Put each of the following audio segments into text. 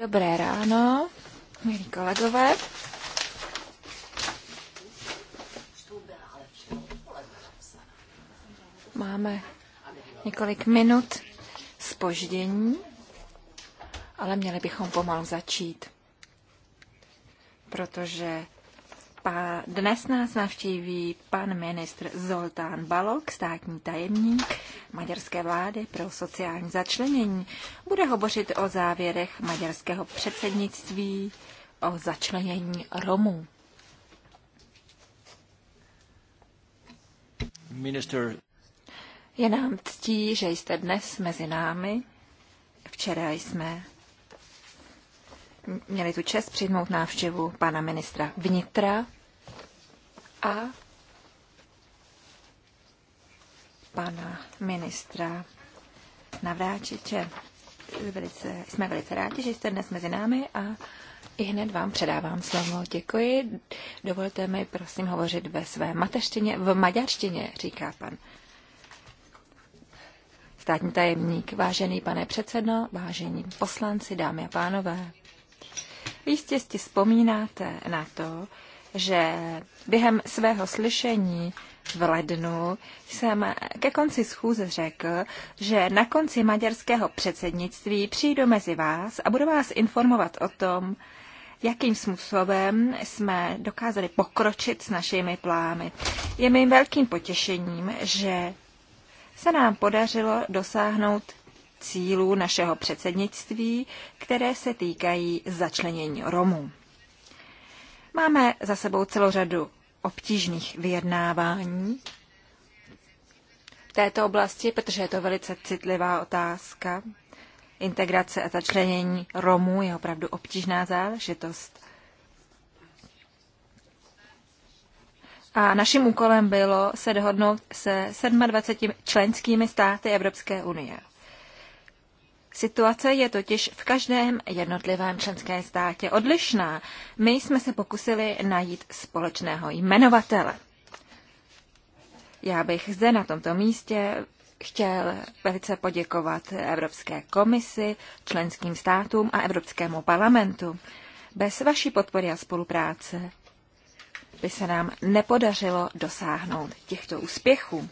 Dobré ráno, milí kolegové. Máme několik minut spoždění, ale měli bychom pomalu začít, protože dnes nás navštíví pan ministr Zoltán Balok, státní tajemník maďarské vlády pro sociální začlenění. Bude hovořit o závěrech maďarského předsednictví o začlenění Romů. Minister. Je nám ctí, že jste dnes mezi námi. Včera jsme měli tu čest přijmout návštěvu pana ministra vnitra a pana ministra Navráčiče. Velice, jsme velice rádi, že jste dnes mezi námi a i hned vám předávám slovo. Děkuji. Dovolte mi, prosím, hovořit ve své mateřštině, v maďarštině, říká pan státní tajemník. Vážený pane předsedo, vážení poslanci, dámy a pánové. Jistě si vzpomínáte na to, že během svého slyšení v lednu jsem ke konci schůze řekl, že na konci maďarského předsednictví přijdu mezi vás a budu vás informovat o tom, jakým způsobem jsme dokázali pokročit s našimi plány. Je mi velkým potěšením, že se nám podařilo dosáhnout cílů našeho předsednictví, které se týkají začlenění Romů. Máme za sebou celou řadu obtížných vyjednávání v této oblasti, protože je to velice citlivá otázka. Integrace a začlenění Romů je opravdu obtížná záležitost. A naším úkolem bylo se dohodnout se 27 členskými státy Evropské unie. Situace je totiž v každém jednotlivém členském státě odlišná. My jsme se pokusili najít společného jmenovatele. Já bych zde na tomto místě chtěl velice poděkovat Evropské komisi, členským státům a Evropskému parlamentu. Bez vaší podpory a spolupráce by se nám nepodařilo dosáhnout těchto úspěchů.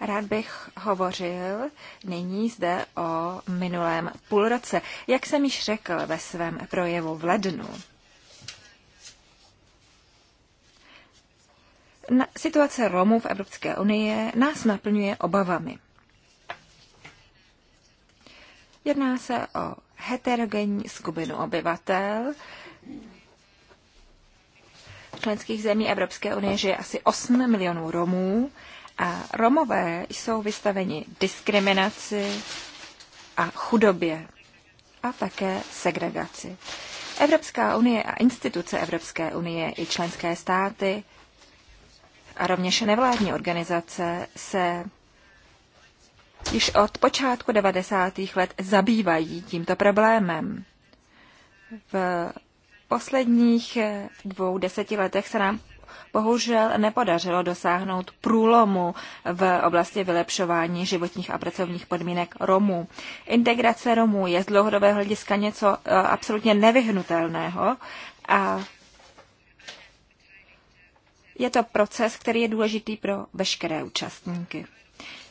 Rád bych hovořil nyní zde o minulém půlroce. Jak jsem již řekl ve svém projevu v lednu, na, situace Romů v Evropské unii nás naplňuje obavami. Jedná se o heterogenní skupinu obyvatel. V členských zemí Evropské unie žije asi 8 milionů Romů a Romové jsou vystaveni diskriminaci a chudobě a také segregaci. Evropská unie a instituce Evropské unie i členské státy a rovněž nevládní organizace se již od počátku 90. let zabývají tímto problémem. V posledních dvou desetiletech se nám bohužel nepodařilo dosáhnout průlomu v oblasti vylepšování životních a pracovních podmínek Romů. Integrace Romů je z dlouhodobého hlediska něco eh, absolutně nevyhnutelného a je to proces, který je důležitý pro veškeré účastníky.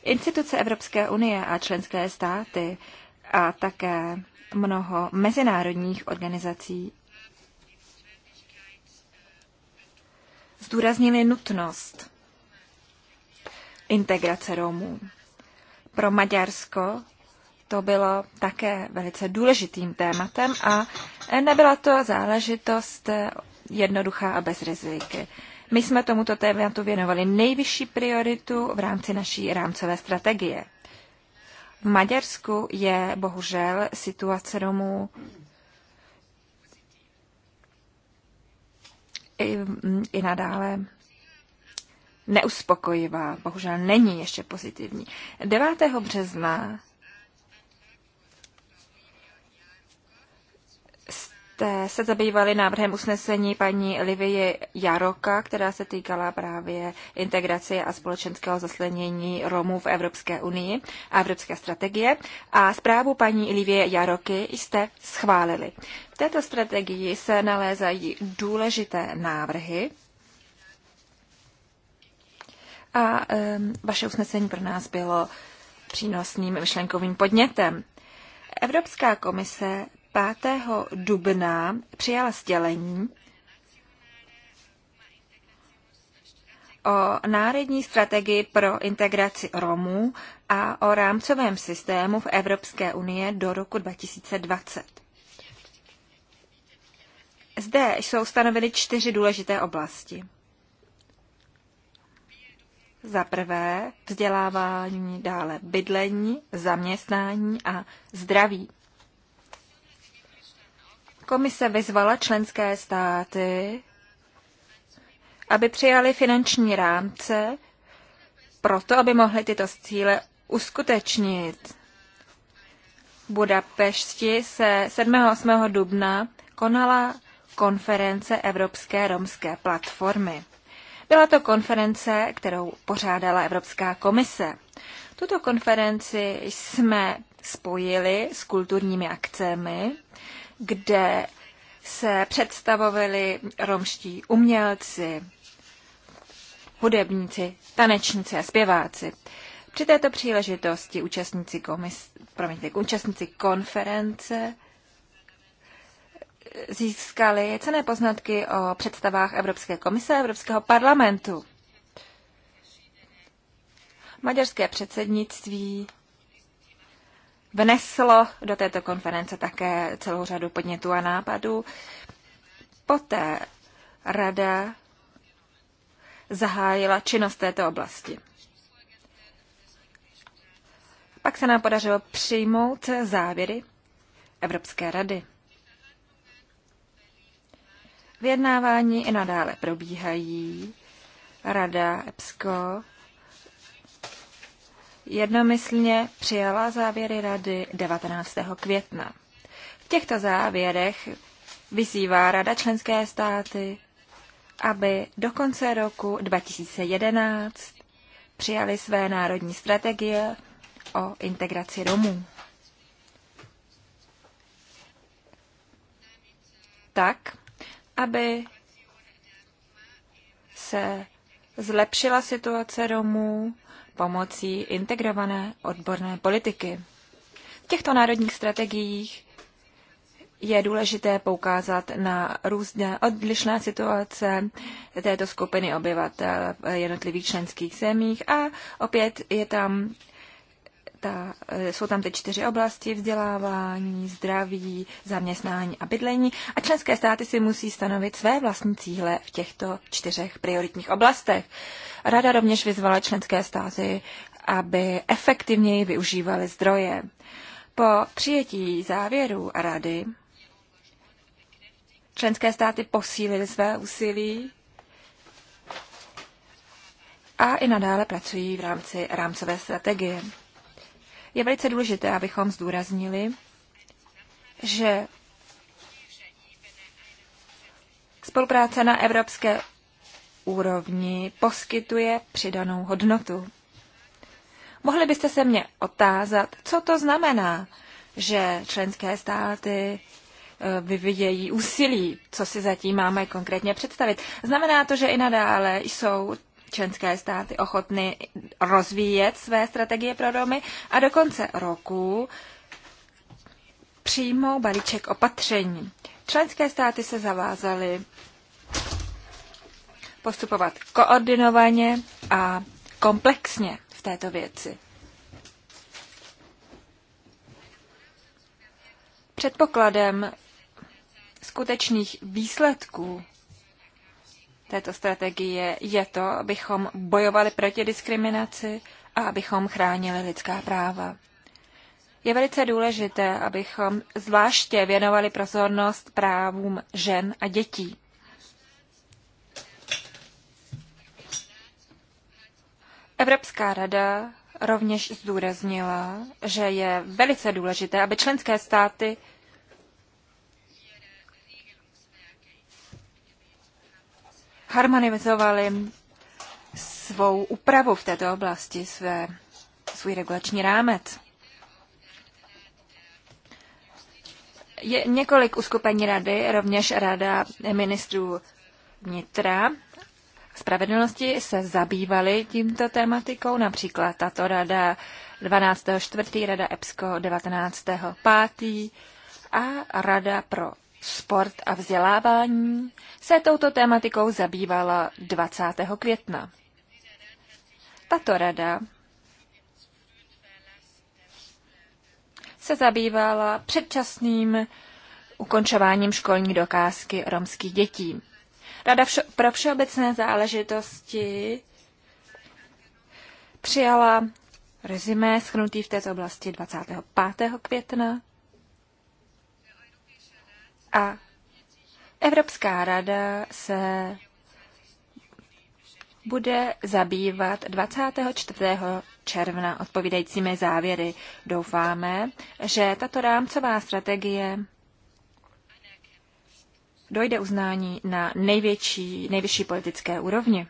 Instituce Evropské unie a členské státy a také mnoho mezinárodních organizací zdůraznili nutnost integrace Romů. Pro Maďarsko to bylo také velice důležitým tématem a nebyla to záležitost jednoduchá a bez riziky. My jsme tomuto tématu věnovali nejvyšší prioritu v rámci naší rámcové strategie. V Maďarsku je bohužel situace Romů i, i nadále neuspokojivá, bohužel není ještě pozitivní. 9. března jste se zabývali návrhem usnesení paní Livie Jaroka, která se týkala právě integrace a společenského zaslenění Romů v Evropské unii a Evropské strategie. A zprávu paní Livie Jaroky jste schválili. V této strategii se nalézají důležité návrhy a um, vaše usnesení pro nás bylo přínosným myšlenkovým podnětem. Evropská komise 5. dubna přijala sdělení o národní strategii pro integraci Romů a o rámcovém systému v Evropské unie do roku 2020. Zde jsou stanoveny čtyři důležité oblasti. Za prvé vzdělávání, dále bydlení, zaměstnání a zdraví. Komise vyzvala členské státy, aby přijali finanční rámce proto, aby mohly tyto cíle uskutečnit. V Budapešti se 7. a 8. dubna konala konference Evropské romské platformy. Byla to konference, kterou pořádala Evropská komise. Tuto konferenci jsme spojili s kulturními akcemi, kde se představovali romští umělci, hudebníci, tanečníci a zpěváci. Při této příležitosti účastníci, komis, promiňte, účastníci konference získali cené poznatky o představách Evropské komise a Evropského parlamentu. Maďarské předsednictví vneslo do této konference také celou řadu podnětů a nápadů. Poté rada zahájila činnost této oblasti. Pak se nám podařilo přijmout závěry Evropské rady. Vyjednávání i nadále probíhají. Rada EPSCO jednomyslně přijala závěry rady 19. května. V těchto závěrech vyzývá Rada členské státy, aby do konce roku 2011 přijali své národní strategie o integraci Romů. Tak, aby se zlepšila situace Romů pomocí integrované odborné politiky. V těchto národních strategiích je důležité poukázat na různé odlišné situace této skupiny obyvatel v jednotlivých členských zemích a opět je tam ta, eh, jsou tam ty čtyři oblasti vzdělávání, zdraví, zaměstnání a bydlení a členské státy si musí stanovit své vlastní cíle v těchto čtyřech prioritních oblastech. Rada rovněž vyzvala členské státy, aby efektivněji využívaly zdroje. Po přijetí závěrů Rady členské státy posílily své úsilí a i nadále pracují v rámci rámcové strategie je velice důležité, abychom zdůraznili, že spolupráce na evropské úrovni poskytuje přidanou hodnotu. Mohli byste se mě otázat, co to znamená, že členské státy eh, vyvidějí úsilí, co si zatím máme konkrétně představit. Znamená to, že i nadále jsou členské státy ochotny rozvíjet své strategie pro Romy a do konce roku přijmou balíček opatření. Členské státy se zavázaly postupovat koordinovaně a komplexně v této věci. Předpokladem skutečných výsledků této strategie je to, abychom bojovali proti diskriminaci a abychom chránili lidská práva. Je velice důležité, abychom zvláště věnovali pozornost právům žen a dětí. Evropská rada rovněž zdůraznila, že je velice důležité, aby členské státy harmonizovali svou úpravu v této oblasti, své, svůj regulační rámec. Je několik uskupení rady, rovněž rada ministrů vnitra spravedlnosti se zabývaly tímto tematikou, například tato rada 12.4., rada EPSCO 19.5. a rada pro sport a vzdělávání se touto tématikou zabývala 20. května. Tato rada se zabývala předčasným ukončováním školní dokázky romských dětí. Rada vš- pro všeobecné záležitosti přijala rezimé schnutý v této oblasti 25. května a Evropská rada se bude zabývat 24. června odpovídajícími závěry. Doufáme, že tato rámcová strategie dojde uznání na největší, nejvyšší politické úrovni.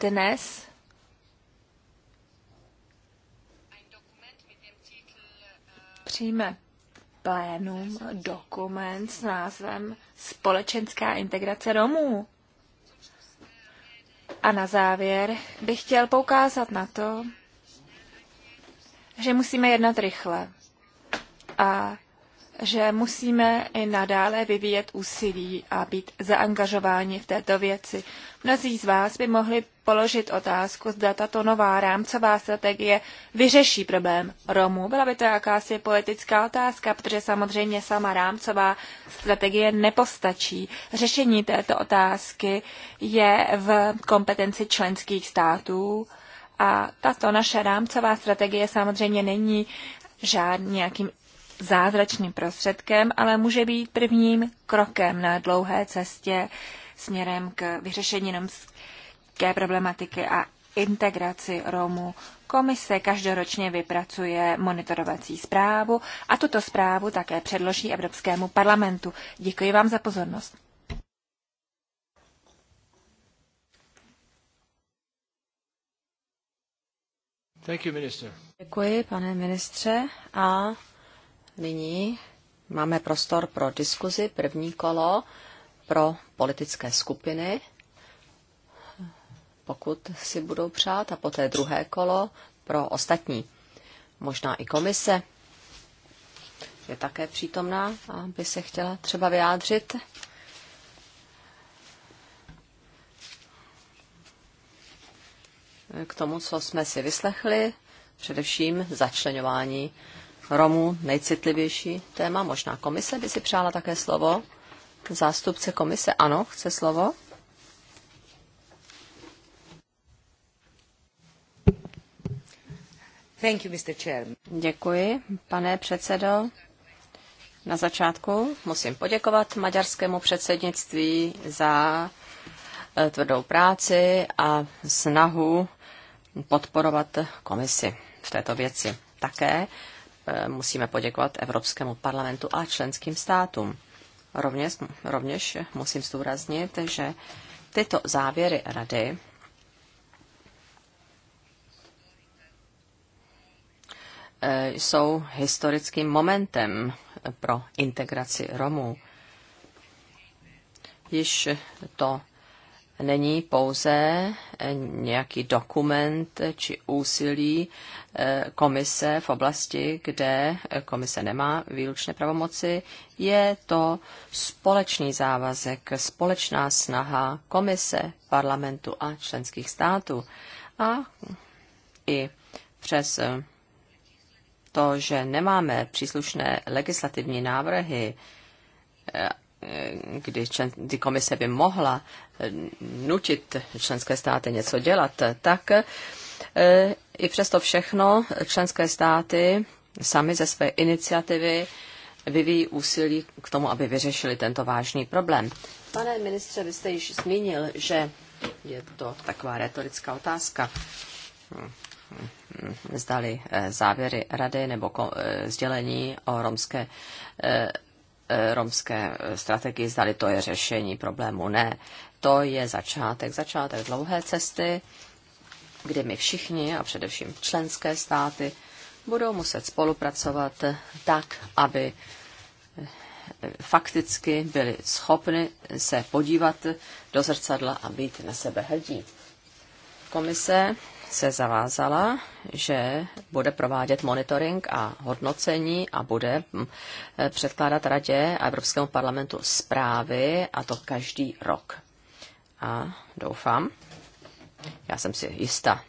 Dnes přijme plénum dokument s názvem Společenská integrace Romů. A na závěr bych chtěl poukázat na to, že musíme jednat rychle. A že musíme i nadále vyvíjet úsilí a být zaangažováni v této věci. Mnozí z vás by mohli položit otázku, zda tato nová rámcová strategie vyřeší problém Romů. Byla by to jakási politická otázka, protože samozřejmě sama rámcová strategie nepostačí. Řešení této otázky je v kompetenci členských států a tato naše rámcová strategie samozřejmě není žádným nějakým zázračným prostředkem, ale může být prvním krokem na dlouhé cestě směrem k vyřešení romské problematiky a integraci Romů. Komise každoročně vypracuje monitorovací zprávu a tuto zprávu také předloží Evropskému parlamentu. Děkuji vám za pozornost. Děkuji, pane ministře. A nyní máme prostor pro diskuzi. První kolo pro politické skupiny, pokud si budou přát, a poté druhé kolo pro ostatní. Možná i komise je také přítomná a by se chtěla třeba vyjádřit. K tomu, co jsme si vyslechli, především začlenování Romů nejcitlivější téma. Možná komise by si přála také slovo. Zástupce komise, ano, chce slovo. Thank you, Mr. Chair. Děkuji, pane předsedo. Na začátku musím poděkovat maďarskému předsednictví za eh, tvrdou práci a snahu podporovat komisi v této věci. Také Eh, musíme poděkovat Evropskému parlamentu a členským státům. Rovněž, rovněž musím zdůraznit, že tyto závěry rady eh, jsou historickým momentem pro integraci Romů. Již to není pouze eh, nějaký dokument či úsilí eh, komise v oblasti, kde eh, komise nemá výlučné pravomoci, je to společný závazek, společná snaha komise, parlamentu a členských států. A i přes to, že nemáme příslušné legislativní návrhy kdy, člen, kdy komise by mohla eh, nutit členské státy něco dělat, tak eh, i přesto všechno členské státy sami ze své iniciativy vyvíjí úsilí k tomu, aby vyřešili tento vážný problém. Pane ministře, vy jste již zmínil, že je to taková retorická otázka. Zdali eh, závěry rady nebo sdělení o romské Eh, romské eh, strategii, zdali to je řešení problému. Ne, to je začátek, začátek dlouhé cesty, kdy my všichni a především členské státy budou muset spolupracovat tak, aby eh, fakticky byli schopni se podívat do zrcadla a být na sebe hrdí. Komise se zavázala, že bude provádět monitoring a hodnocení a bude mm, eh, předkládat Radě a Evropskému parlamentu zprávy, a to každý rok. A doufám, já jsem si jista,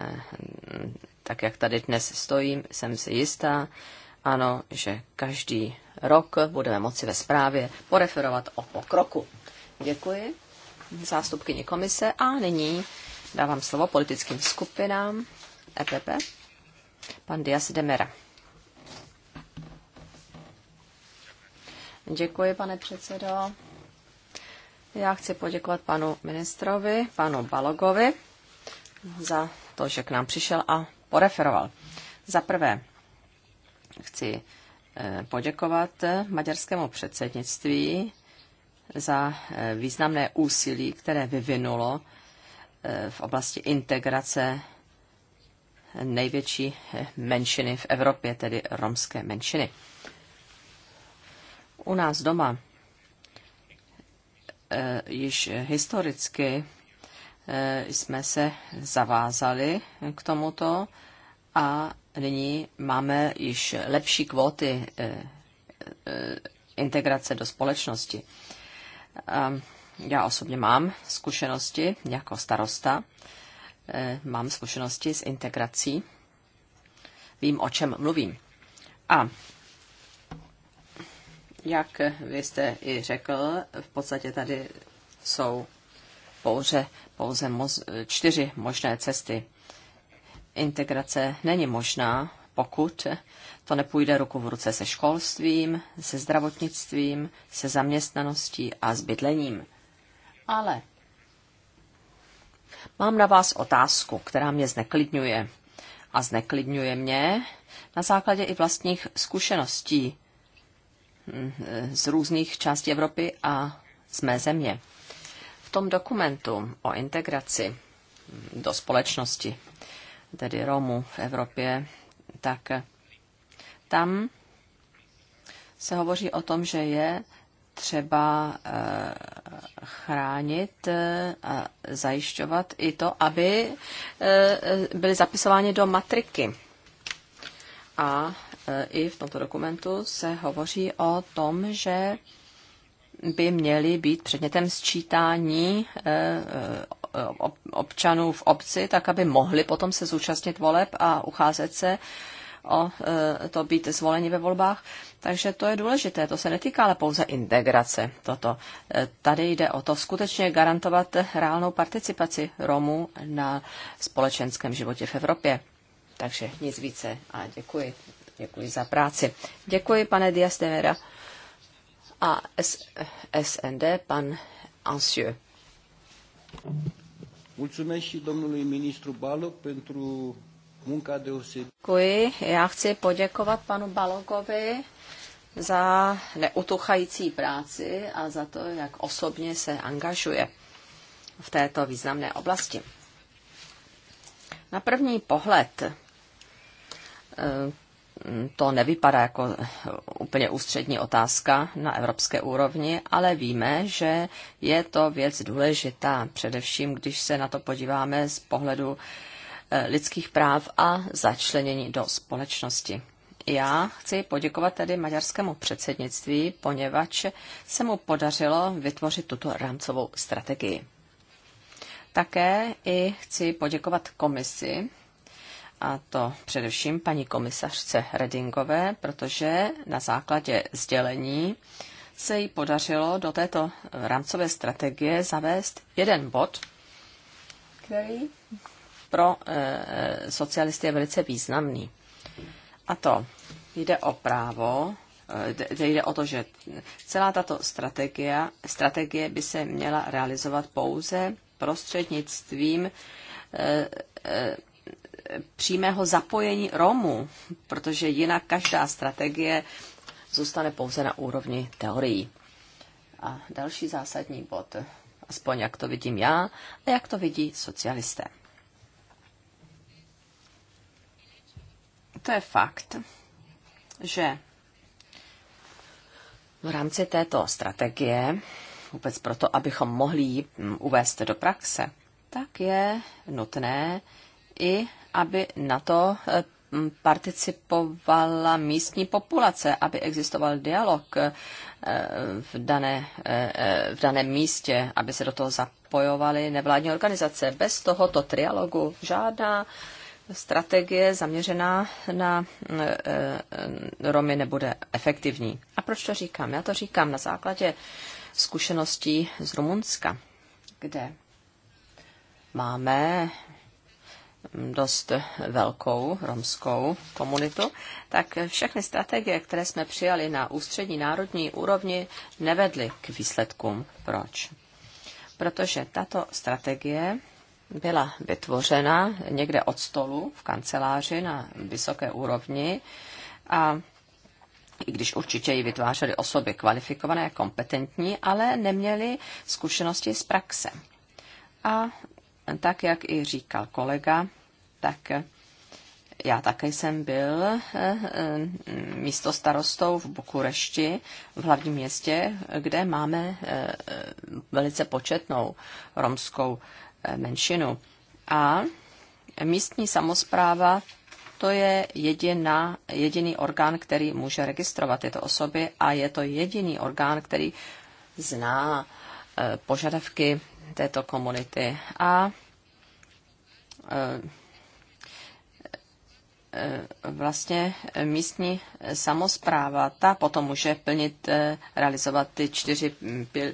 eh, tak jak tady dnes stojím, jsem si jistá, ano, že každý rok budeme moci ve zprávě poreferovat o pokroku. Děkuji zástupkyni komise a nyní dávám slovo politickým skupinám. EPP, pan Dias Demera. Děkuji, pane předsedo. Já chci poděkovat panu ministrovi, panu Balogovi, za to, že k nám přišel a poreferoval. Za prvé chci e, poděkovat maďarskému předsednictví za e, významné úsilí, které vyvinulo v oblasti integrace největší menšiny v Evropě, tedy romské menšiny. U nás doma eh, již historicky eh, jsme se zavázali k tomuto a nyní máme již lepší kvóty eh, integrace do společnosti. Já osobně mám zkušenosti jako starosta, eh, mám zkušenosti s integrací, vím, o čem mluvím. A jak vy jste i řekl, v podstatě tady jsou pouze, pouze moz- čtyři možné cesty. Integrace není možná, pokud to nepůjde ruku v ruce se školstvím, se zdravotnictvím, se zaměstnaností a s bydlením. Ale mám na vás otázku, která mě zneklidňuje. A zneklidňuje mě na základě i vlastních zkušeností hm, z různých částí Evropy a z mé země. V tom dokumentu o integraci hm, do společnosti, tedy Romů v Evropě, tak tam se hovoří o tom, že je třeba eh, chránit eh, a zajišťovat i to, aby eh, byly zapisováni do matriky. A i v tomto dokumentu se hovoří o tom, že by měly být předmětem sčítání občanů v obci, tak aby mohli potom se zúčastnit voleb a ucházet se o to být zvoleni ve volbách. Takže to je důležité, to se netýká ale pouze integrace. Toto. E, tady jde o to skutečně garantovat reálnou participaci Romů na společenském životě v Evropě. Takže nic více a děkuji. Děkuji za práci. Děkuji, pane Dias de Vera. A S- SND, pan Ansieux. Mulțumesc și domnului ministru Balo pentru Děkuji. Já chci poděkovat panu Balogovi za neutuchající práci a za to, jak osobně se angažuje v této významné oblasti. Na první pohled eh, to nevypadá jako úplně ústřední otázka na evropské úrovni, ale víme, že je to věc důležitá, především když se na to podíváme z pohledu Eh, lidských práv a začlenění do společnosti. Já chci poděkovat tedy maďarskému předsednictví, poněvadž se mu podařilo vytvořit tuto rámcovou strategii. Také i chci poděkovat komisi, a to především paní komisařce Redingové, protože na základě sdělení se jí podařilo do této rámcové strategie zavést jeden bod, který pro eh, eh, socialisty je velice významný. A to jde o právo, eh, jde o to, že celá tato strategie, strategie by se měla realizovat pouze prostřednictvím přímého zapojení Romů, protože jinak každá strategie zůstane pouze na úrovni teorií. A další zásadní bod, aspoň jak to vidím já a jak to vidí socialisté. to je fakt, že v rámci této strategie, vůbec proto, abychom mohli ji mm, uvést do praxe, tak je nutné i, aby na to eh, mm, participovala místní populace, aby existoval dialog eh, v, dané, eh, v daném místě, aby se do toho zapojovaly nevládní organizace. Bez tohoto trialogu žádná strategie zaměřená na eh, eh, Romy nebude efektivní. A proč to říkám? Já to říkám na základě zkušeností z Rumunska, kde máme dost velkou romskou komunitu, tak všechny strategie, které jsme přijali na ústřední národní úrovni, nevedly k výsledkům. Proč? Protože tato strategie byla vytvořena někde od stolu v kanceláři na vysoké úrovni a i když určitě ji vytvářely osoby kvalifikované, kompetentní, ale neměly zkušenosti z praxe. A tak, jak i říkal kolega, tak já také jsem byl eh, místo starostou v Bukurešti, v hlavním městě, kde máme eh, velice početnou romskou menšinu. A místní samozpráva to je jediná, jediný orgán, který může registrovat tyto osoby a je to jediný orgán, který zná eh, požadavky této komunity. A eh, E, vlastně místní samozpráva, ta potom může plnit, e, realizovat ty čtyři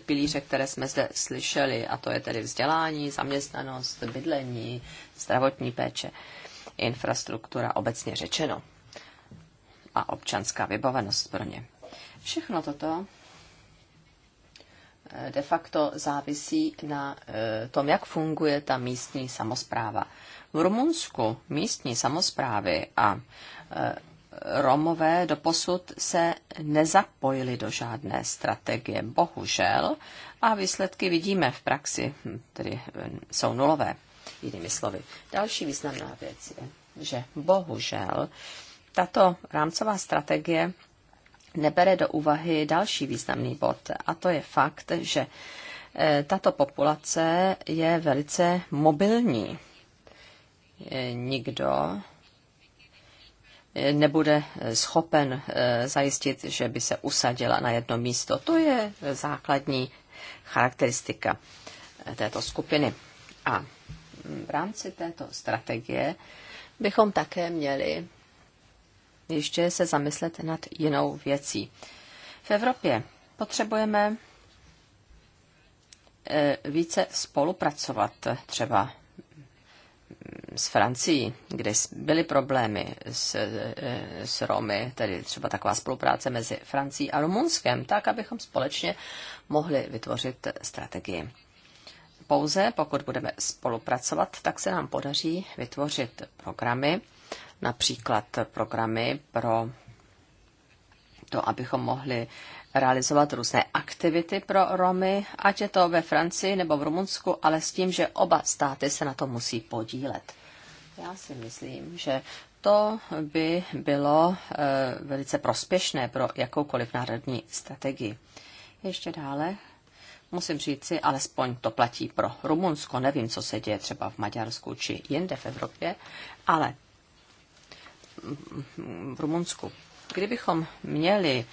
pilíře, které jsme zde slyšeli, a to je tedy vzdělání, zaměstnanost, bydlení, zdravotní péče, infrastruktura obecně řečeno a občanská vybavenost pro ně. Všechno toto e, de facto závisí na tom, jak funguje ta místní samozpráva. V Rumunsku místní samozprávy a e, Romové doposud se nezapojili do žádné strategie, bohužel, a výsledky vidíme v praxi, hm, tedy e, jsou nulové, jinými slovy. Další významná věc je, že bohužel tato rámcová strategie nebere do úvahy další významný bod, a to je fakt, že e, tato populace je velice mobilní nikdo eh, nebude eh, schopen eh, zajistit, že by se usadila na jedno místo. To je základní charakteristika této skupiny. A mm, v rámci této strategie bychom také měli ještě se zamyslet nad jinou věcí. V Evropě potřebujeme více spolupracovat třeba s Francií, kde byly problémy s, e, s Romy, tedy třeba taková spolupráce mezi Francií a Rumunskem, tak abychom společně mohli vytvořit strategii. Pouze pokud budeme spolupracovat, tak se nám podaří vytvořit programy, například programy pro to, abychom mohli realizovat různé aktivity pro Romy, ať je to ve Francii nebo v Rumunsku, ale s tím, že oba státy se na to musí podílet. Já si myslím, že to by bylo eh, velice prospěšné pro jakoukoliv národní strategii. Ještě dále musím říci, alespoň to platí pro Rumunsko, nevím, co se děje třeba v Maďarsku či jinde v Evropě, ale v Rumunsku. Kdybychom měli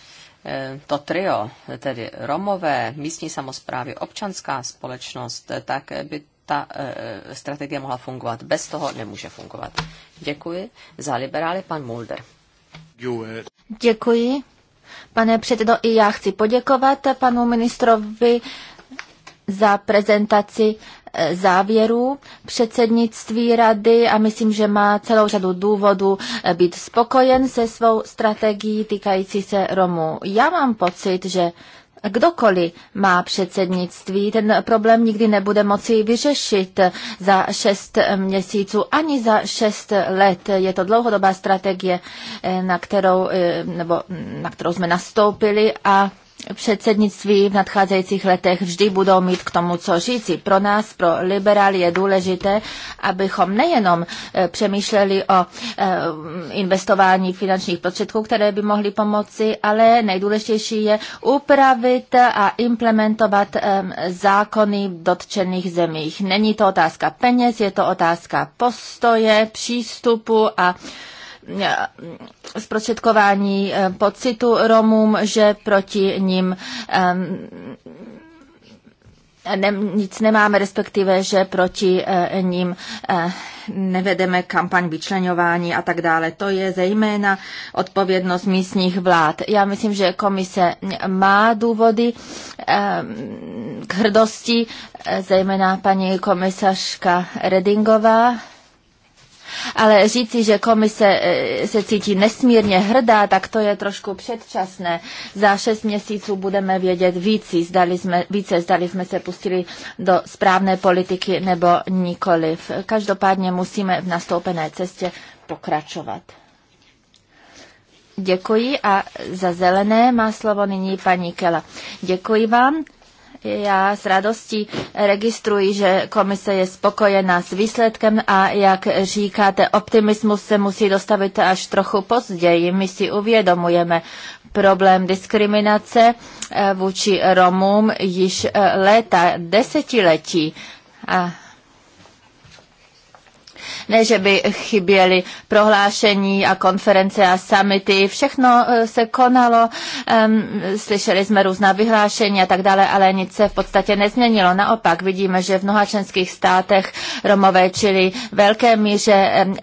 Eh, to trio, tedy Romové, místní samozprávy, občanská společnost, eh, tak by ta eh, strategie mohla fungovat. Bez toho nemůže fungovat. Děkuji. Za liberály pan Mulder. Děkuji. Pane předsedo, i já chci poděkovat panu ministrovi za prezentaci e, závěrů předsednictví rady a myslím, že má celou řadu důvodů e, být spokojen se svou strategií týkající se Romů. Já mám pocit, že Kdokoliv má předsednictví, ten problém nikdy nebude moci vyřešit za šest měsíců ani za šest let. Je to dlouhodobá strategie, e, na kterou, nebo na kterou jsme nastoupili a předsednictví v nadcházejících letech vždy budou mít k tomu co říci. Pro nás, pro liberál, je důležité, abychom nejenom eh, přemýšleli o eh, investování finančních prostředků, které by mohly pomoci, ale nejdůležitější je upravit a implementovat zákony v dotčených zemích. Není to otázka peněz, je to otázka postoje, přístupu a Eh, zprostředkování eh, pocitu Romům, že proti ním ehm, ne, nic nemáme, respektive, že proti eh, ním nevedeme kampaň vyčlenování a tak dále. To je zejména odpovědnost místních vlád. Já myslím, že komise má důvody ehm, k hrdosti, zejména paní komisařka Redingová ale říci, že komise eh, se cítí nesmírně hrdá, tak to je trošku předčasné. Za šest měsíců budeme vědět více, zdali jsme, více, zdali jsme se pustili do správné politiky nebo nikoliv. Každopádně musíme v nastoupené cestě pokračovat. Děkuji a za zelené má slovo nyní paní Kela. Děkuji vám. Já s radostí registruji, že komise je spokojená s výsledkem a jak říkáte, optimismus se musí dostavit až trochu později. My si uvědomujeme problém diskriminace eh, vůči Romům již eh, léta, desetiletí. A ne, že by chyběly prohlášení a konference a summity. Všechno eh, se konalo, slyšeli jsme různá vyhlášení a tak dále, ale nic se v podstatě nezměnilo. Naopak vidíme, že v mnoha členských státech Romové čili velké míře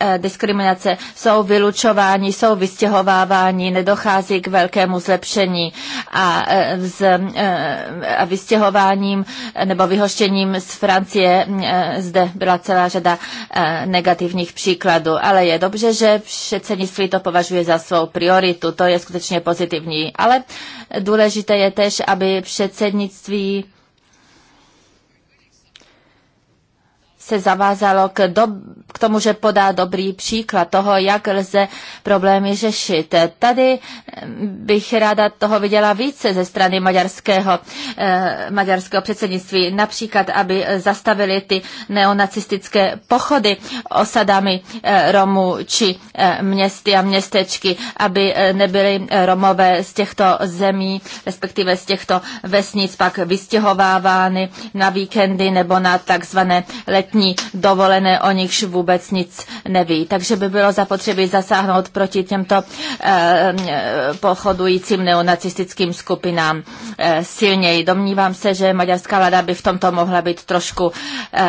eh, diskriminace jsou vylučováni, jsou vystěhováváni, nedochází k velkému zlepšení a, eh, z, a vystěhováním nebo vyhoštěním z Francie mm, zde byla celá řada negativních negatívnych příkladů, ale je dobře, že předsednictví to považuje za svou prioritu, to je skutečně pozitivní. Ale důležité je tež, aby předsednictví se zavázalo k, do, k tomu, že podá dobrý příklad toho, jak lze problémy řešit. Tady eh, bych ráda toho viděla více ze strany maďarského, eh, maďarského předsednictví, například, aby eh, zastavili ty neonacistické pochody osadami eh, Romů či eh, městy a městečky, aby eh, nebyly eh, Romové z těchto zemí, respektive z těchto vesnic pak vystěhovávány na víkendy nebo na takzvané letní letní dovolené, o nichž vůbec nic neví. Takže by bylo zapotřebí zasáhnout proti těmto eh, eh, pochodujícím neonacistickým skupinám eh, silněji. Domnívám se, že maďarská vláda by v tomto mohla být trošku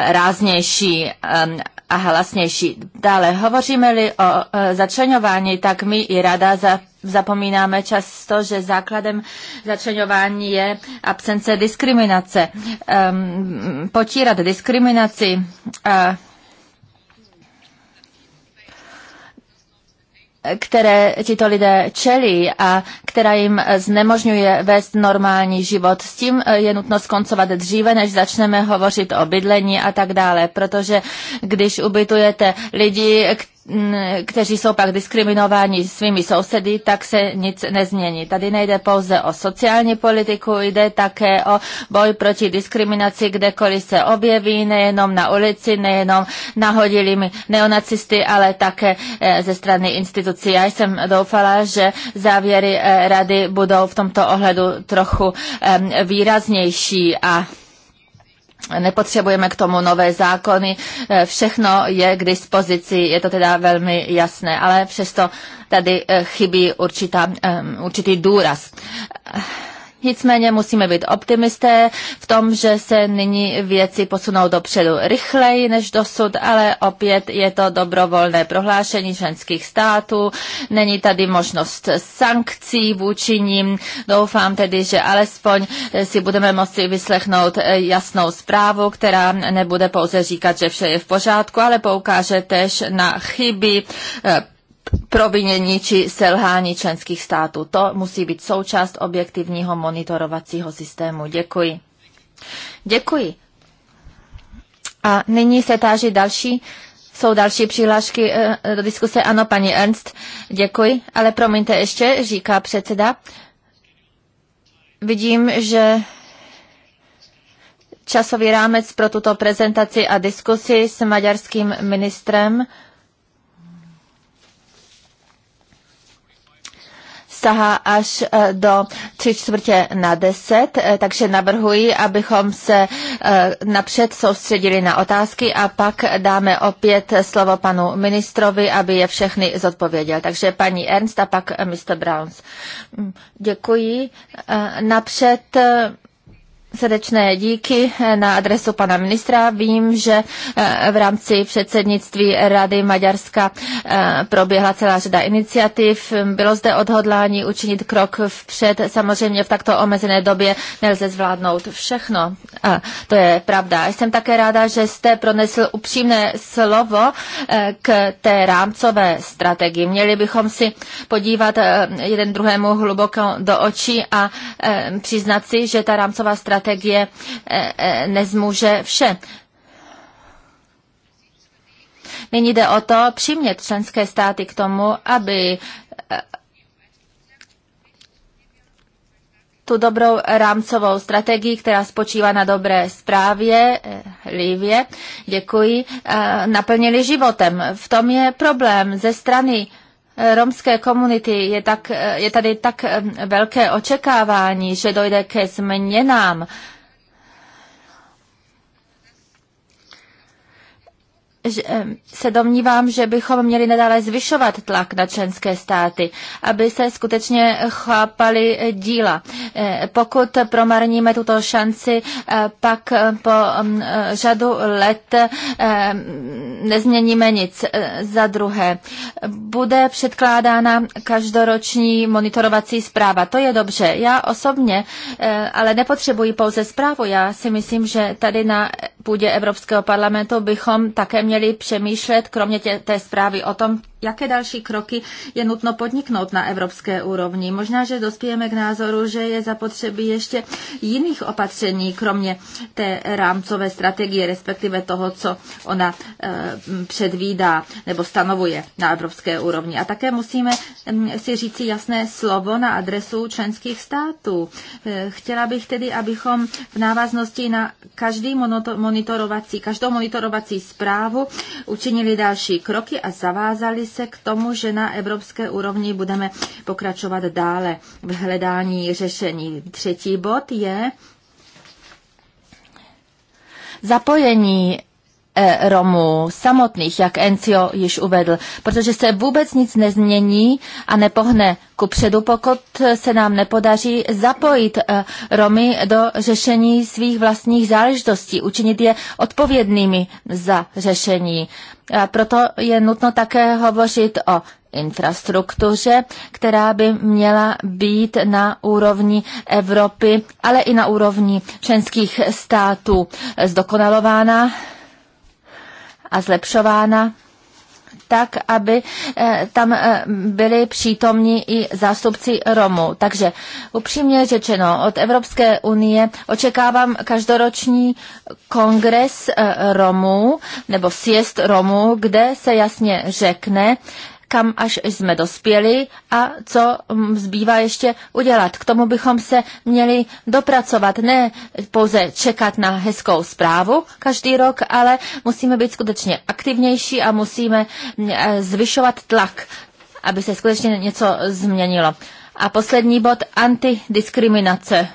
ráznější. a hlasnější. Dále, hovoříme-li o začlenování, tak my i rada za zapomínáme často, že základem začleňování je absence diskriminace. Um, potírat diskriminaci uh, které tito lidé čelí a která jim znemožňuje vést normální život. S tím eh, je nutno skoncovat dříve, než začneme hovořit o bydlení a tak dále, protože když ubytujete lidi, Mm, kteří jsou pak diskriminováni svými sousedy, tak se nic nezmění. Tady nejde pouze o sociální politiku, jde také o boj proti diskriminaci, kdekoliv se objeví, nejenom na ulici, nejenom nahodili mi neonacisty, ale také eh, ze strany institucí. Já jsem doufala, že závěry eh, rady budou v tomto ohledu trochu eh, výraznější a Nepotřebujeme k tomu nové zákony, eh, všechno je k dispozici, je to teda velmi jasné, ale přesto tady eh, chybí určitá, eh, určitý důraz. Nicméně musíme být optimisté v tom, že se nyní věci posunou dopředu rychleji než dosud, ale opět je to dobrovolné prohlášení členských států. Není tady možnost sankcí vůči ním. Doufám tedy, že alespoň si budeme moci vyslechnout jasnou zprávu, která nebude pouze říkat, že vše je v pořádku, ale poukáže tež na chyby eh, provinění či selhání členských států. To musí být součást objektivního monitorovacího systému. Děkuji. Děkuji. A nyní se táží další jsou další přihlášky eh, do diskuse. Ano, paní Ernst, děkuji, ale promiňte ještě, říká předseda. Vidím, že časový rámec pro tuto prezentaci a diskusi s maďarským ministrem sahá až eh, do tři čtvrtě na deset, eh, takže navrhuji, abychom se eh, napřed soustředili na otázky a pak dáme opět slovo panu ministrovi, aby je všechny zodpověděl. Takže paní Ernst a pak Mr. Browns. Hm, děkuji. Napřed Srdečné díky eh, na adresu pana ministra. Vím, že eh, v rámci předsednictví Rady Maďarska eh, proběhla celá řada iniciativ. Bylo zde odhodlání učinit krok vpřed. Samozřejmě v takto omezené době nelze zvládnout všechno. A to je pravda. Jsem také ráda, že jste pronesl upřímné slovo k té rámcové strategii. Měli bychom si podívat jeden druhému hluboko do očí a přiznat si, že ta rámcová strategie strategie eh, eh, nezmůže vše. Nyní jde o to přimět členské státy k tomu, aby eh, tu dobrou rámcovou strategii, která spočívá na dobré zprávě, lívě, děkuji, naplnili životem. V tom je problém ze strany romské komunity je, tak, je tady tak velké očekávání, že dojde ke změnám, že se domnívám, že bychom měli nadále zvyšovat tlak na členské státy, aby se skutečně chápali eh, díla. Eh, pokud promarníme tuto šanci, eh, pak po řadu let nezměníme nic. Eh, za druhé, bude předkládána každoroční monitorovací zpráva. To je dobře. Já osobně, eh, ale nepotřebuji pouze zprávu. Já si myslím, že tady na půdě Evropského parlamentu bychom také měli přemýšlet, kromě té zprávy o tom, jaké další kroky je nutno podniknout na evropské úrovni. Možná, že dospějeme k názoru, že je zapotřebí ještě jiných opatření, kromě té rámcové strategie, respektive toho, co ona eh, předvídá nebo stanovuje na evropské úrovni. A také musíme mm, si říci jasné slovo na adresu členských států. Eh, chtěla bych tedy, abychom v návaznosti na každý monitorovací, každou monitorovací zprávu učinili další kroky a zavázali se k tomu, že na evropské úrovni budeme pokračovat dále v hledání řešení. Třetí bod je zapojení Eh, Romů samotných, jak Encio již uvedl, protože se vůbec nic nezmění a nepohne ku předu, pokud se nám nepodaří zapojit eh, Romy do řešení svých vlastních záležitostí, učinit je odpovědnými za řešení. A proto je nutno také hovořit o infrastruktuře, která by měla být na úrovni Evropy, ale i na úrovni členských států zdokonalována a zlepšována tak, aby eh, tam eh, byli přítomní i zástupci Romů. Takže upřímně řečeno, od Evropské unie očekávám každoroční kongres eh, Romů nebo sjezd Romů, kde se jasně řekne, kam až jsme dospěli a co mm, zbývá ještě udělat. K tomu bychom se měli dopracovat, ne pouze čekat na hezkou zprávu každý rok, ale musíme být skutečně aktivnější a musíme mm, e, zvyšovat tlak, aby se skutečně něco změnilo. A poslední bod, antidiskriminace.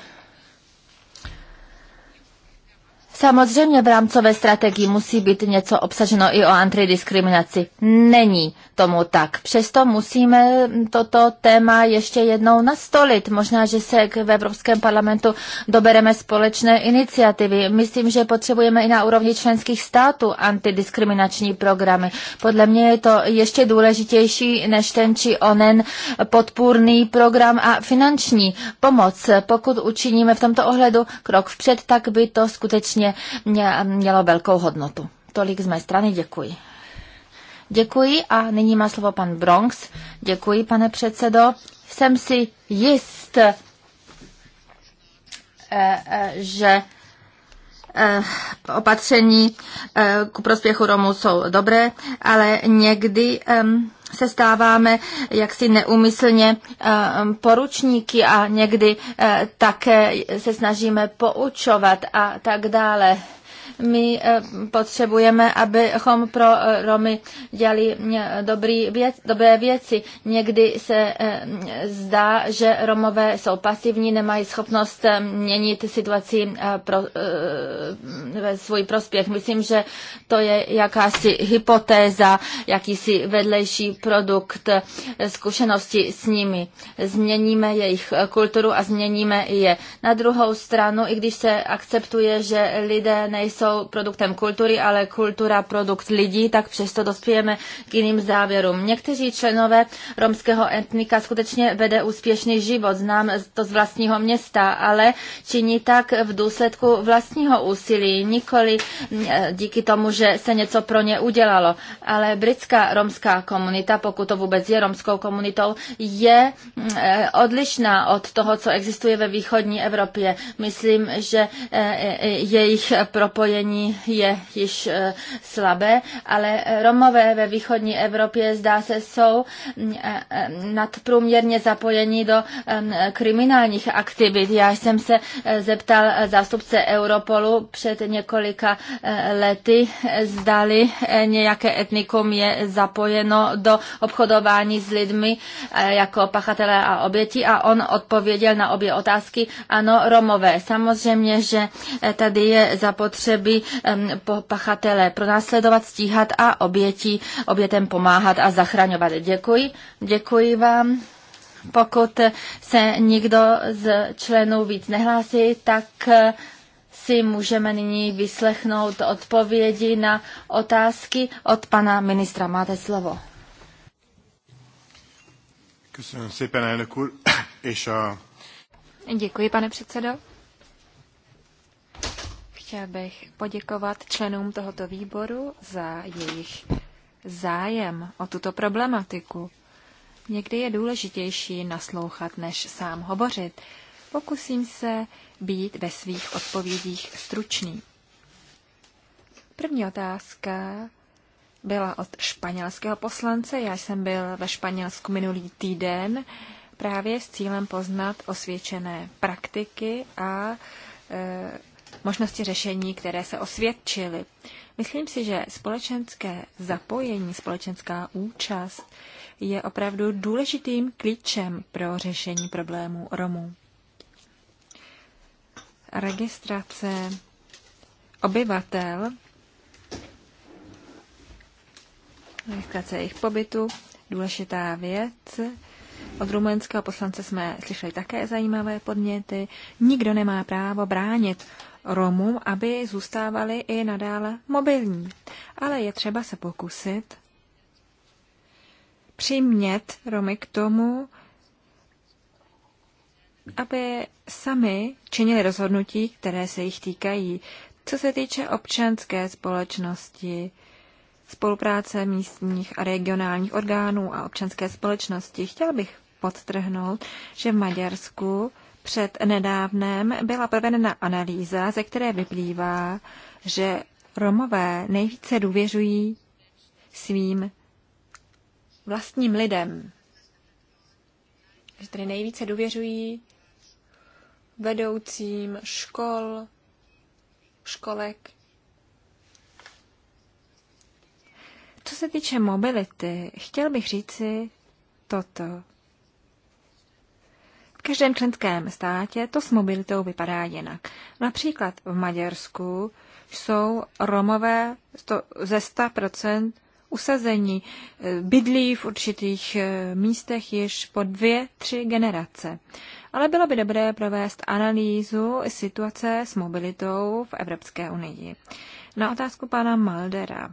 Samozřejmě v rámcové strategii musí být něco obsaženo i o antidiskriminaci. Není tomu tak. Přesto musíme toto téma ještě jednou nastolit. Možná, že se v Evropském parlamentu dobereme společné iniciativy. Myslím, že potřebujeme i na úrovni členských států antidiskriminační programy. Podle mě je to ještě důležitější než ten či onen podpůrný program a finanční pomoc. Pokud učiníme v tomto ohledu krok vpřed, tak by to skutečně skutečně mělo velkou hodnotu. Tolik z mé strany, děkuji. Děkuji a nyní má slovo pan Bronx. Děkuji, pane předsedo. Jsem si jist, eh, eh, že Eh, opatření eh, ku prospěchu Romů jsou dobré, ale někdy se stáváme jaksi neumyslně poručníky a někdy eh, také se snažíme poučovat a tak dále. My eh, potřebujeme, abychom pro eh, Romy dělali eh, dobrý věc, dobré věci. Někdy se zdá, že Romové jsou pasivní, nemají schopnost měnit situaci pro, ve svůj prospěch. Myslím, že to je jakási hypotéza, jakýsi vedlejší produkt zkušenosti s nimi. Změníme jejich kulturu a změníme je. Na druhou stranu, i když se akceptuje, že lidé nejsou jsou produktem kultury, ale kultura produkt lidí, tak přesto dospějeme k jiným závěrům. Někteří členové romského etnika skutečně vede úspěšný život, znám to z vlastního města, ale činí tak v důsledku vlastního úsilí, nikoli mm, eh, díky tomu, že se něco pro ně udělalo. Ale britská romská komunita, pokud to vůbec je romskou komunitou, je mm, eh, odlišná od toho, co existuje ve východní Evropě. Myslím, že eh, jejich propojení propojení je již eh, slabé, ale Romové ve východní Evropě zdá se jsou mm, eh, eh, nadprůměrně zapojeni do kriminálních aktivit. Já jsem se zeptal zástupce Europolu před několika lety, zdali nějaké etnikum je zapojeno do obchodování s lidmi jako pachatelé a oběti a on odpověděl na obě otázky, ano, Romové. Samozřejmě, že tady je zapotřebí by pachatele pronásledovat, stíhat a oběti, obětem pomáhat a zachraňovat. Děkuji. Děkuji vám. Pokud se nikdo z členů víc nehlásí, tak eh, si můžeme nyní vyslechnout odpovědi na otázky od pana ministra. Máte slovo. Děkuji, pane předsedo. Chtěl bych poděkovat členům tohoto výboru za jejich zájem o tuto problematiku. Někdy je důležitější naslouchat, než sám hovořit. Pokusím se být ve svých odpovědích stručný. První otázka byla od španělského poslance. Já jsem byl ve Španělsku minulý týden právě s cílem poznat osvědčené praktiky a e, možnosti řešení, které se osvědčily. Myslím si, že společenské zapojení, společenská účast je opravdu důležitým klíčem pro řešení problémů Romů. Registrace obyvatel, registrace jejich pobytu, důležitá věc. Od rumunského poslance jsme slyšeli také zajímavé podněty. Nikdo nemá právo bránit Romům, aby zůstávali i nadále mobilní. Ale je třeba se pokusit přimět Romy k tomu, aby sami činili rozhodnutí, které se jich týkají. Co se týče občanské společnosti, spolupráce místních a regionálních orgánů a občanské společnosti, chtěl bych podtrhnout, že v Maďarsku před nedávnem byla provedena analýza, ze které vyplývá, že Romové nejvíce důvěřují svým vlastním lidem. Že tedy nejvíce důvěřují vedoucím škol, školek. Co se týče mobility, chtěl bych říci toto každém členském státě to s mobilitou vypadá jinak. Například v Maďarsku jsou Romové ze 100% usazení, e, bydlí v určitých e, místech již po dvě, tři generace. Ale bylo by dobré provést analýzu situace s mobilitou v Evropské unii. Na otázku pana Maldera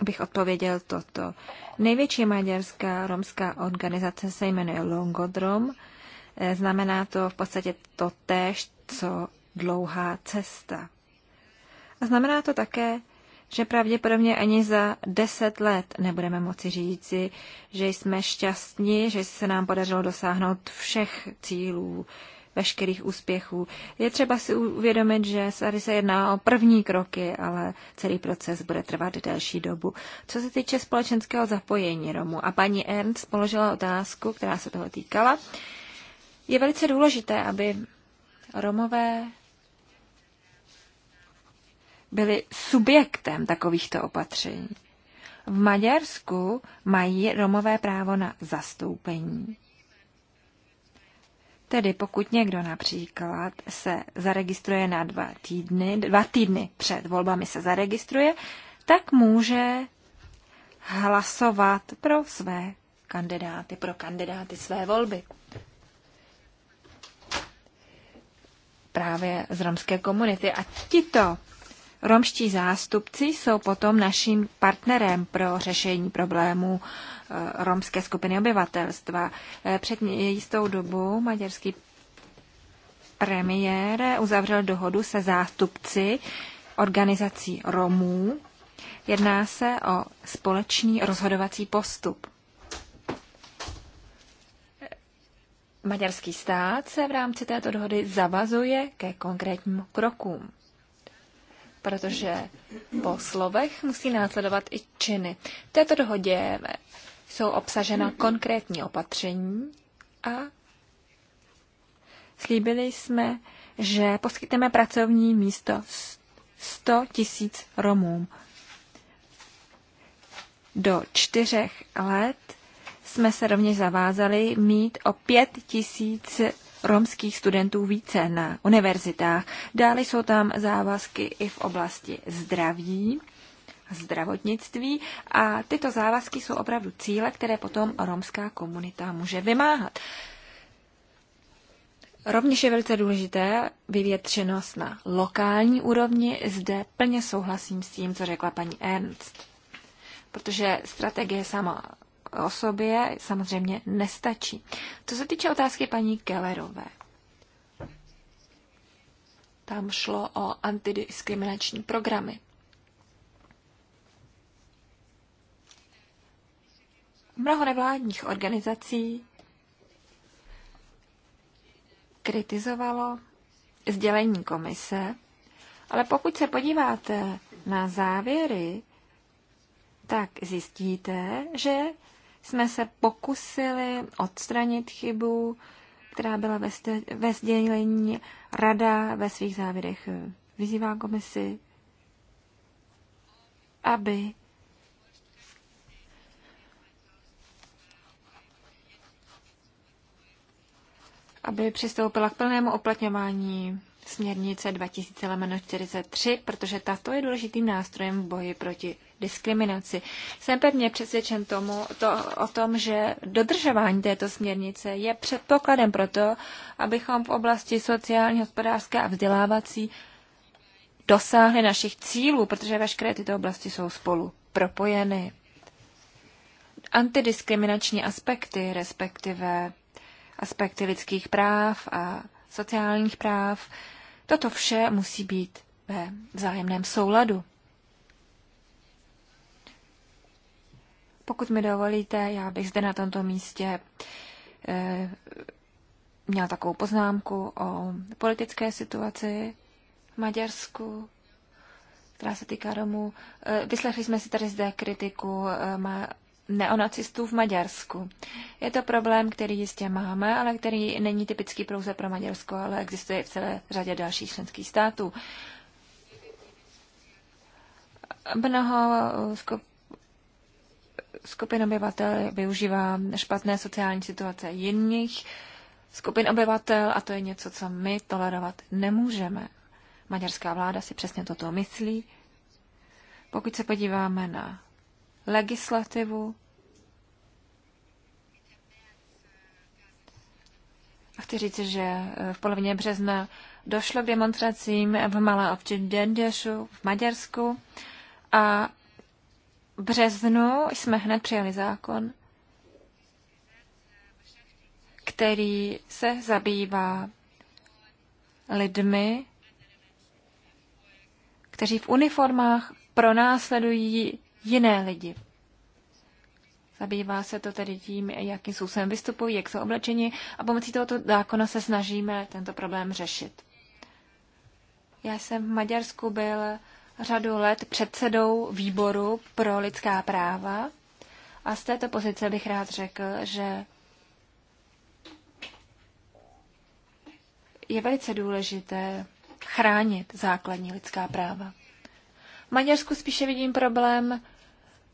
abych odpověděl toto. Největší maďarská romská organizace se jmenuje Longodrom. Eh, znamená to v podstatě to též, co dlouhá cesta. A znamená to také, že pravděpodobně ani za deset let nebudeme moci říci, že jsme šťastní, že se nám podařilo dosáhnout všech cílů, veškerých úspěchů. Je třeba si uvědomit, že tady se jedná o první kroky, ale celý proces bude trvat delší dobu. Co se týče společenského zapojení Romů, a paní Ernst položila otázku, která se toho týkala, je velice důležité, aby Romové byli subjektem takovýchto opatření. V Maďarsku mají Romové právo na zastoupení. Tedy pokud někdo například se zaregistruje na dva týdny, dva týdny před volbami se zaregistruje, tak může hlasovat pro své kandidáty, pro kandidáty své volby. Právě z romské komunity. A tito Romští zástupci jsou potom naším partnerem pro řešení problémů eh, romské skupiny obyvatelstva. Eh, před jistou dobu maďarský premiér uzavřel dohodu se zástupci organizací Romů. Jedná se o společný rozhodovací postup. Maďarský stát se v rámci této dohody zavazuje ke konkrétním krokům protože po slovech musí následovat i činy. V této dohodě jsou obsažena konkrétní opatření a slíbili jsme, že poskytneme pracovní místo 100 tisíc Romům. Do čtyřech let jsme se rovněž zavázali mít o 5 tisíc romských studentů více na univerzitách. Dále jsou tam závazky i v oblasti zdraví zdravotnictví a tyto závazky jsou opravdu cíle, které potom romská komunita může vymáhat. Rovněž je velice důležité vyvíjet činnost na lokální úrovni. Zde plně souhlasím s tím, co řekla paní Ernst. Protože strategie sama osobě samozřejmě nestačí. Co se týče otázky paní Kellerové, tam šlo o antidiskriminační programy. Mnoho nevládních organizací kritizovalo sdělení komise, ale pokud se podíváte na závěry, tak zjistíte, že jsme se pokusili odstranit chybu, která byla ve, ve sdělení rada ve svých závěrech. Vyzývá komisi, aby aby přistoupila k plnému oplatňování směrnice 2000-43, protože tato je důležitým nástrojem v boji proti diskriminaci. Jsem pevně přesvědčen tomu, to, o tom, že dodržování této směrnice je předpokladem pro to, abychom v oblasti sociální, hospodářské a vzdělávací dosáhli našich cílů, protože veškeré tyto oblasti jsou spolu propojeny. Antidiskriminační aspekty, respektive aspekty lidských práv a sociálních práv, toto vše musí být ve vzájemném souladu. Pokud mi dovolíte, já bych zde na tomto místě e, eh, měla takovou poznámku o politické situaci v Maďarsku, která se týká Romů. E, eh, vyslechli jsme si tady zde kritiku e, ma, neonacistů v Maďarsku. Je to problém, který jistě máme, ale který není typický pouze pro Maďarsko, ale existuje v celé řadě dalších členských států. Mnoho skup skupin obyvatel využívá špatné sociální situace jiných skupin obyvatel a to je něco, co my tolerovat nemůžeme. Maďarská vláda si přesně toto myslí. Pokud se podíváme na legislativu, a chci říct, že eh, v polovině března došlo k demonstracím v malé obci Dendešu v Maďarsku a březnu jsme hned přijali zákon, který se zabývá lidmi, kteří v uniformách pronásledují jiné lidi. Zabývá se to tedy tím, jakým způsobem vystupují, jak jsou oblečeni a pomocí tohoto zákona se snažíme tento problém řešit. Já jsem v Maďarsku byl řadu let předsedou výboru pro lidská práva a z této pozice bych rád řekl, že je velice důležité chránit základní lidská práva. V Maďarsku spíše vidím problém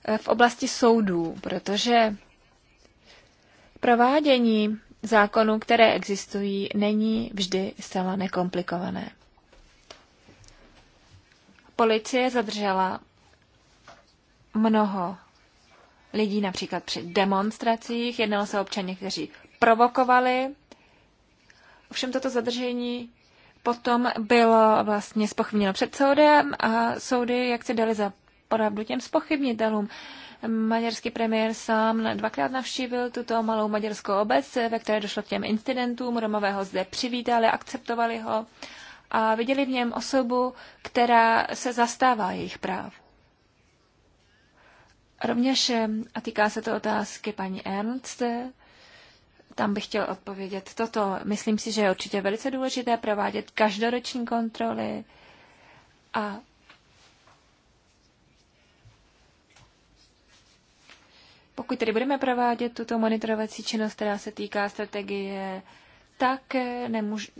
eh, v oblasti soudů, protože provádění zákonů, které existují, není vždy zcela nekomplikované. Policie zadržela mnoho lidí například při demonstracích, jednalo se o občany, kteří provokovali. Ovšem toto zadržení potom bylo vlastně spochybněno před soudem a soudy jak se dali za pravdu těm spochybnitelům. Maďarský premiér sám dvakrát navštívil tuto malou maďarskou obec, ve které došlo k těm incidentům. Romového zde přivítali, akceptovali ho a viděli v něm osobu, která se zastává jejich práv. Rovněž, eh, a týká se to otázky paní Ernst, eh, tam bych chtěl odpovědět toto. Myslím si, že je určitě velice důležité provádět každoroční kontroly a Pokud tedy budeme provádět tuto monitorovací činnost, která se týká strategie, tak eh, nemůž,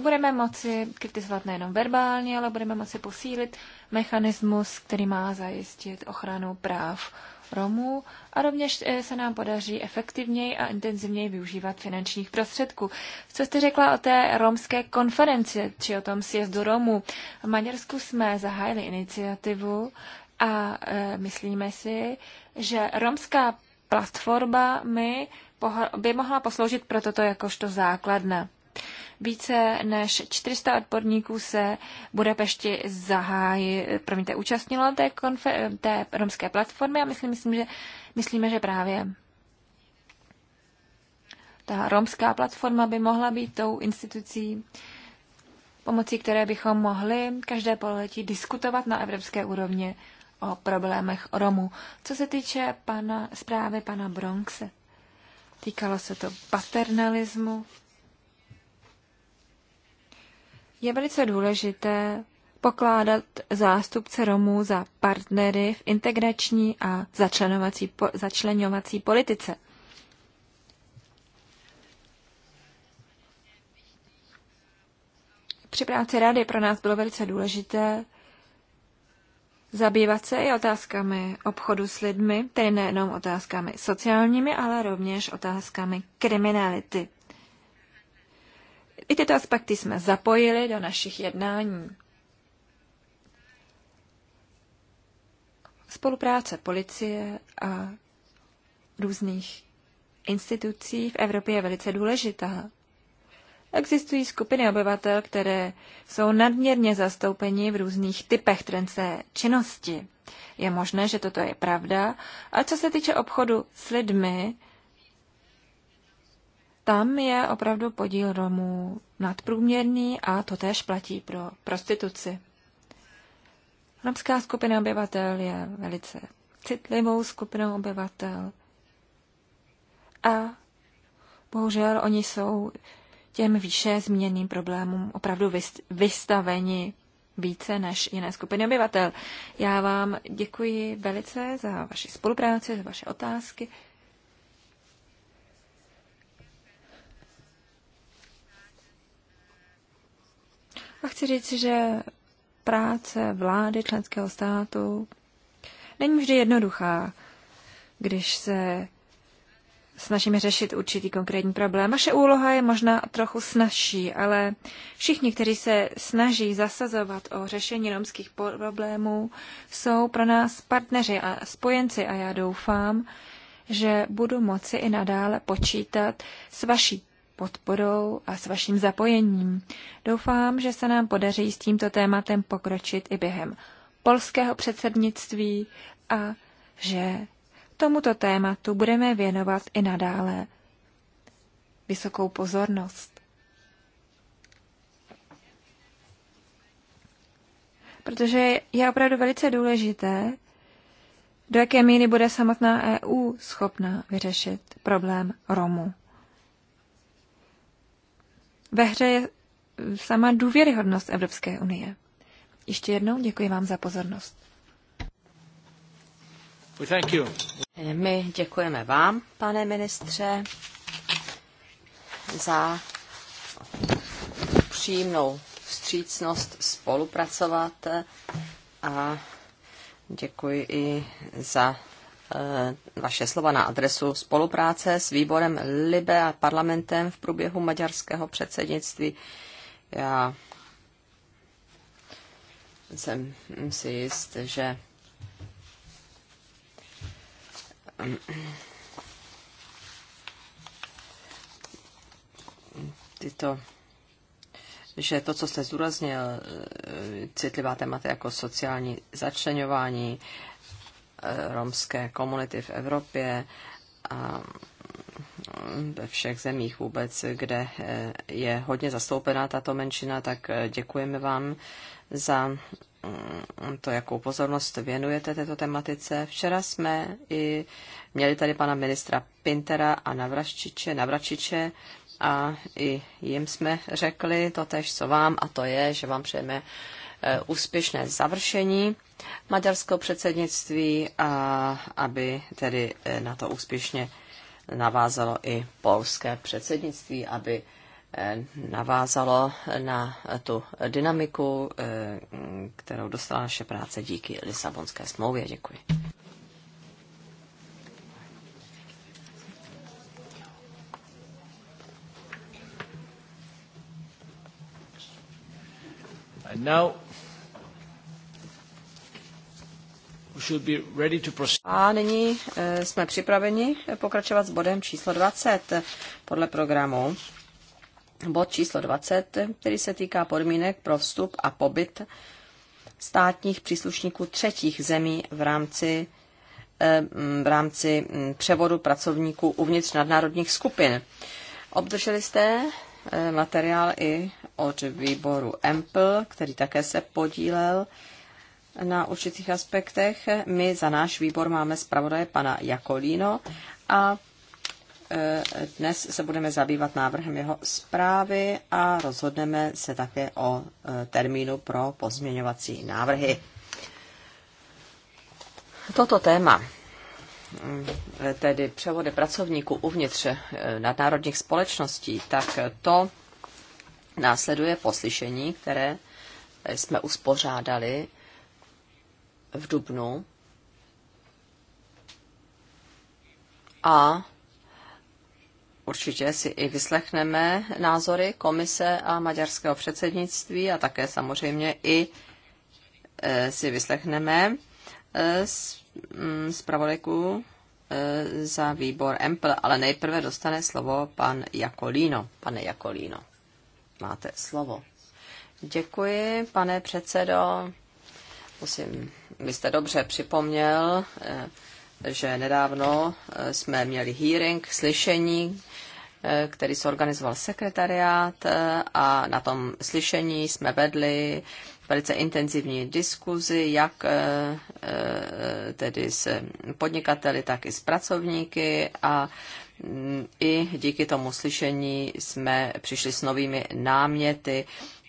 budeme moci kritizovat nejenom verbálně, ale budeme moci posílit mechanismus, který má zajistit ochranu práv Romů a rovněž eh, se nám podaří efektivněji a intenzivněji využívat finančních prostředků. Co jste řekla o té romské konferenci či o tom sjezdu Romů? V Maďarsku jsme zahájili iniciativu a e, myslíme si, že romská platforma my by mohla posloužit pro toto jakožto základna. Více než 400 odborníků se Budapešti zahájí, promiňte, účastnilo té, konfe, té romské platformy a myslím, myslím, že, myslíme, že právě ta romská platforma by mohla být tou institucí, pomocí které bychom mohli každé pololetí diskutovat na evropské úrovni o problémech Romů. Co se týče pana, zprávy pana Bronxe, týkalo se to paternalismu, je velice důležité pokládat zástupce Romů za partnery v integrační a začlenovací, po, začlenovací politice. Při práci rady pro nás bylo velice důležité zabývat se i otázkami obchodu s lidmi, tedy nejenom otázkami sociálními, ale rovněž otázkami kriminality. I tyto aspekty jsme zapojili do našich jednání. Spolupráce policie a různých institucí v Evropě je velice důležitá. Existují skupiny obyvatel, které jsou nadměrně zastoupeni v různých typech trence činnosti. Je možné, že toto je pravda, a co se týče obchodu s lidmi, tam je opravdu podíl Romů nadprůměrný a to též platí pro prostituci. Romská skupina obyvatel je velice citlivou skupinou obyvatel a bohužel oni jsou těm výše zmíněným problémům opravdu vystaveni více než jiné skupiny obyvatel. Já vám děkuji velice za vaši spolupráci, za vaše otázky. A chci říct, že práce vlády členského státu není vždy jednoduchá, když se snažíme řešit určitý konkrétní problém. Naše úloha je možná trochu snažší, ale všichni, kteří se snaží zasazovat o řešení romských problémů, jsou pro nás partneři a spojenci a já doufám, že budu moci i nadále počítat s vaší podporou a s vaším zapojením. Doufám, že se nám podaří s tímto tématem pokročit i během polského předsednictví a že tomuto tématu budeme věnovat i nadále vysokou pozornost. Protože je opravdu velice důležité, do jaké míry bude samotná EU schopna vyřešit problém Romů ve hře je sama důvěryhodnost Evropské unie. Ještě jednou děkuji vám za pozornost. My děkujeme vám, pane ministře, za přímnou vstřícnost spolupracovat a děkuji i za vaše eh, slova na adresu spolupráce s výborem Libe a parlamentem v průběhu maďarského předsednictví. Já jsem si jist, že eh, tyto že to, co jste zúraznil, eh, citlivá témata jako sociální začlenování, romské komunity v Evropě a ve všech zemích vůbec, kde je hodně zastoupená tato menšina, tak děkujeme vám za to, jakou pozornost věnujete této tematice. Včera jsme i měli tady pana ministra Pintera a Navračiče, Navračiče a i jim jsme řekli to tež, co vám, a to je, že vám přejeme Eh, úspěšné završení maďarského předsednictví a aby tedy eh, na to úspěšně navázalo i polské předsednictví, aby eh, navázalo na tu dynamiku, kterou dostala naše práce díky Lisabonské smlouvě. Děkuji. And now A nyní e, jsme připraveni pokračovat s bodem číslo 20 podle programu. Bod číslo 20, který se týká podmínek pro vstup a pobyt státních příslušníků třetích zemí v rámci, e, v rámci převodu pracovníků uvnitř nadnárodních skupin. Obdrželi jste e, materiál i od výboru EMPL, který také se podílel na určitých aspektech. My za náš výbor máme zpravodaje pana Jakolíno a e, dnes se budeme zabývat návrhem jeho zprávy a rozhodneme se také o e, termínu pro pozměňovací návrhy. Toto téma, e, tedy převody pracovníků uvnitř nadnárodních společností, tak to následuje poslyšení, které jsme uspořádali v Dubnu a určitě si i vyslechneme názory komise a maďarského předsednictví a také samozřejmě i e, si vyslechneme e, mm, zpravodajku e, za výbor Empl, ale nejprve dostane slovo pan Jakolíno. Pane Jakolíno, máte slovo. Děkuji, pane předsedo. Musím vy jste dobře připomněl, eh, že nedávno eh, jsme měli hearing, slyšení, eh, který se organizoval sekretariát a na tom slyšení jsme vedli velice intenzivní diskuzi, jak tedy s podnikateli, tak i s pracovníky a mm, i díky tomu slyšení jsme přišli s novými náměty